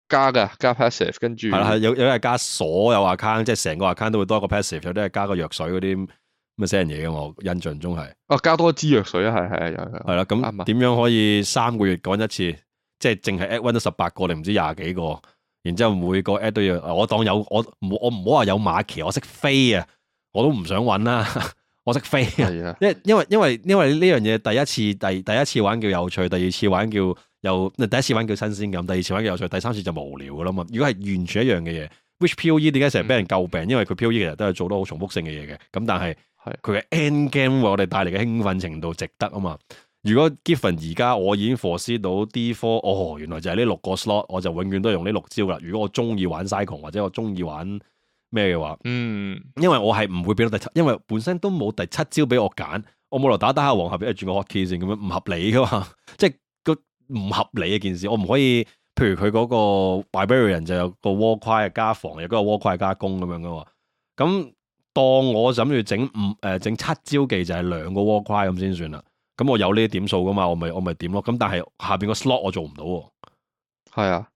加㗎，加 passive，跟住係啦，係有有一係加所有 account，即係成個 account 都會多一個 passive，有啲係加個藥水嗰啲。咁啊！人嘢嘅我印象中係，啊加多一支藥水啊，係係啊，又係啦。咁點 樣可以三個月趕一次？即係淨係 at One 咗十八個定唔知廿幾個？然之後每個 at 都要，我當有我我唔好話有馬騎，我識飛啊，我都唔想揾啦。 我識飛啊， 因為因為因為因為呢樣嘢第一次第第一次玩叫有趣，第二次玩叫又第一次玩叫新鮮咁，第二次玩叫有趣，第三次就無聊嘅啦嘛。如果係完全一樣嘅嘢，which P O E 點解成日俾人詬病？ 因為佢 P O E 其實都係做得好重複性嘅嘢嘅，咁但係。佢嘅 endgame 為我哋帶嚟嘅興奮程度值得啊嘛！如果 Given 而家我已經 force 到 D4 哦，原來就係呢六個 slot，我就永遠都係用呢六招啦。如果我中意玩 cycle 或者我中意玩咩嘅話，嗯，因為我係唔會俾到第七，因為本身都冇第七招俾我揀，我冇嚟打打下皇后，俾你轉個 hot key 先咁樣，唔合理噶嘛！即係個唔合理嘅件事，我唔可以。譬如佢嗰個 Barbarian 就有個 war cry 係加防，有嗰個 war cry 係加攻咁樣噶，咁。當我諗住整五誒整、呃、七招技就係兩個 war cry 咁先算啦，咁我有呢啲點數噶嘛，我咪我咪點咯，咁但係下邊個 slot 我做唔到喎，係啊，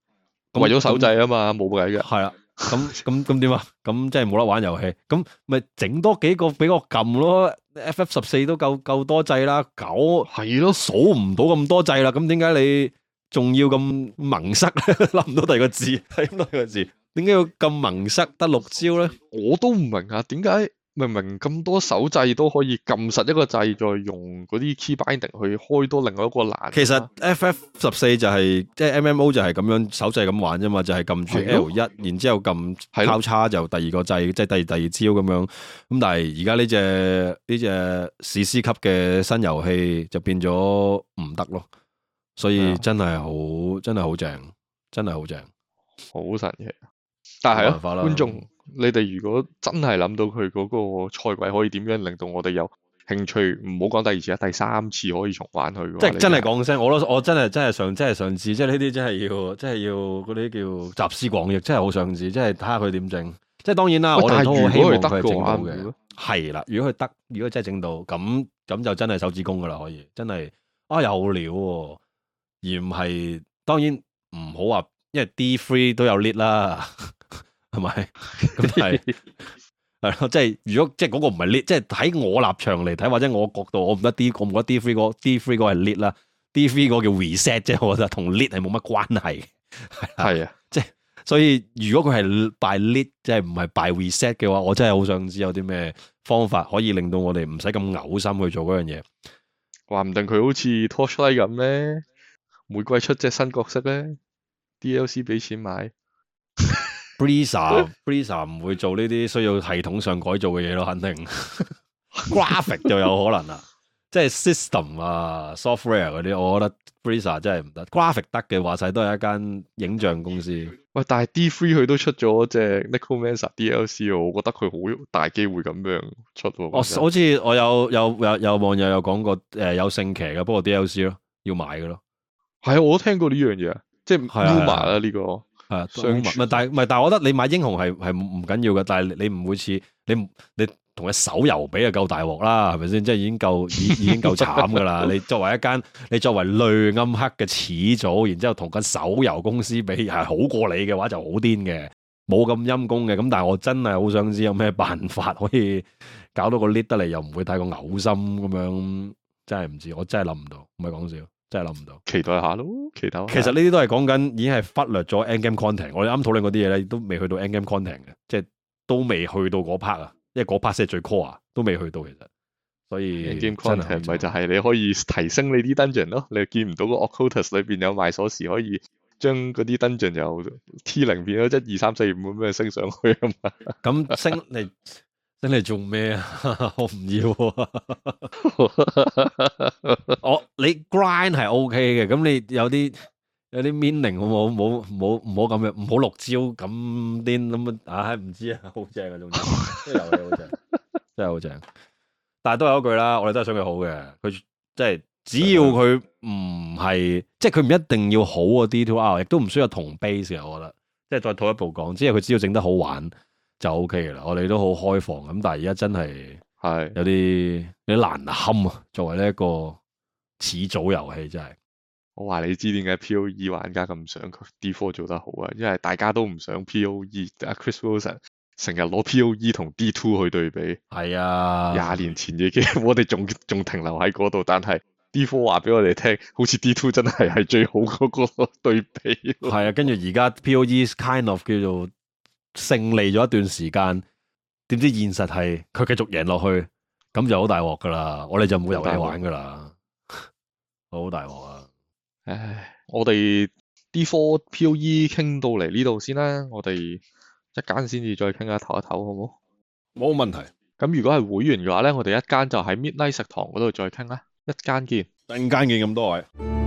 為咗手掣啊嘛，冇計嘅，係啊，咁咁咁點啊，咁即係冇得玩遊戲，咁咪整多幾個俾我撳咯，F F 十四都夠夠多掣啦，九係咯，數唔到咁多掣啦，咁點解你仲要咁盲塞，諗 唔到第二個字，諗唔到個字。點解要咁明塞得六招咧？我都唔明啊！點解明明咁多手掣都可以撳實一個掣，再用嗰啲 key binding 去開多另外一個欄？其實 FF14 就係即係 MMO 就係咁樣手掣咁玩啫嘛，就係撳住 L1，然之後撳交叉就第二個掣，即係第第二招咁樣。咁但係而家呢隻呢隻史詩級嘅新遊戲就變咗唔得咯，所以真係好，真係好正，真係好正，好神奇。但係咯、啊，法啦觀眾，你哋如果真係諗到佢嗰個賽季，可以點樣令到我哋有興趣，唔好講第二次啊，第三次可以重玩佢，即係、就是、真係講聲，我都我真係真係想真係嘗試，即係呢啲真係要真係要嗰啲叫集思廣益，真係好嘗試，即係睇下佢點整。即係當然啦，我哋都好希望佢係整到嘅。係啦，如果佢得，如果真係整到，咁咁就真係手指公噶啦，可以真係啊、哎、有料啊，而唔係當然唔好話，因為 D three 都有 lead 啦。 係咁係係咯，即係如果即係嗰個唔係 league 即係喺我立場嚟睇，或者我角度，我唔得 D，我唔覺得 D three 個 D three 個係 league 啦，D three 個叫 reset 啫，我覺得同 league 係冇乜關係。係啊，即係所以如果佢係 by league 即係唔係 by reset 嘅話，我真係好想知有啲咩方法可以令到我哋唔使咁嘔心去做嗰樣嘢。話唔定佢好似 Torchlight 咁咧，每季出隻新角色咧，DLC 俾錢買。 b r i s a b r a 唔會做呢啲需要系統上改造嘅嘢咯，肯定。 Graphic 就有可能啦，即係 system 啊、software 嗰啲，我覺得 Blizzard 真係唔得，Graphic 得嘅話晒都係一間影像公司。喂，但係 D3 佢都出咗隻 Necromancer DLC 我覺得佢好大機會咁樣出喎、啊。我好似我有有有有網友有講過誒、呃、有聖騎嘅，不過 DLC 咯，要買嘅咯。係啊，我都聽過呢樣嘢，即係 rumor 啦呢個。係啊，唔係但係唔係但係我覺得你買英雄係係唔緊要嘅，但係你唔會似你你同佢手遊比就夠大鑊啦，係咪先？即係已經夠已已經夠慘㗎啦！ 你作為一間你作為類暗黑嘅始祖，然之後同個手遊公司比係好過你嘅話就好癲嘅，冇咁陰功嘅。咁但係我真係好想知有咩辦法可以搞到個 lift 得嚟，又唔會太過嘔心咁樣，真係唔知，我真係諗唔到，唔係講笑。真係諗唔到，期待下咯。期待。其實呢啲都係講緊，已經係忽略咗 endgame content。我哋啱討論嗰啲嘢咧，都未去到 endgame content 嘅，即係都未去到嗰 part 啊。因為嗰 part 先係最 core 啊，都未去到其實。所以 endgame content 咪就係你可以提升你啲 Dungeon 咯。你見唔到個 Occultus 裏邊有賣鎖匙，可以將嗰啲 Dungeon 由 T 零變咗一二三四五咁樣升上去啊嘛。咁 升你。等你做咩、okay 哎、啊，我唔要。我你 grind 係 OK 嘅，咁你有啲有啲 meaning 好冇？唔好唔好唔好咁樣，唔好六招咁癲咁啊！唔知啊，好正啊，仲有嘢好正，真係好正。但係都係嗰句啦，我哋都係想佢好嘅。佢即係只要佢唔係， 即係佢唔一定要好啊 D two R，亦都唔需要同 base 嘅。我覺得即係再退一步講，即係佢只要整得好玩，就 OK 嘅啦，我哋都好開放咁，但係而家真係係有啲是有啲難堪啊！作為呢一個始祖遊戲，真係我話你知點解 P.O.E 玩家咁想佢 D4 做得好啊？因為大家都唔想 P.O.E 阿 Chris Wilson 成日攞 P.O.E 同 D2 去對比，係啊，廿年前嘅嘢，我哋仲仲停留喺嗰度，但係 D4 話俾我哋聽，好似 D2 真係係最好嗰個對比，係啊，跟住而家 P.O.E kind of 叫做。勝利咗一段時間，點知現實係佢繼續贏落去，咁就好大鑊噶啦！我哋就唔會有嘢玩噶啦，好大鑊啊！ 唉，我哋啲科 POE 傾到嚟呢度先啦，我哋一間先至再傾下，唞一唞好唔好？冇問題。咁如果係會員嘅話咧，我哋一間就喺 Midnight 食堂嗰度再傾啦，一間見，一間見咁多位。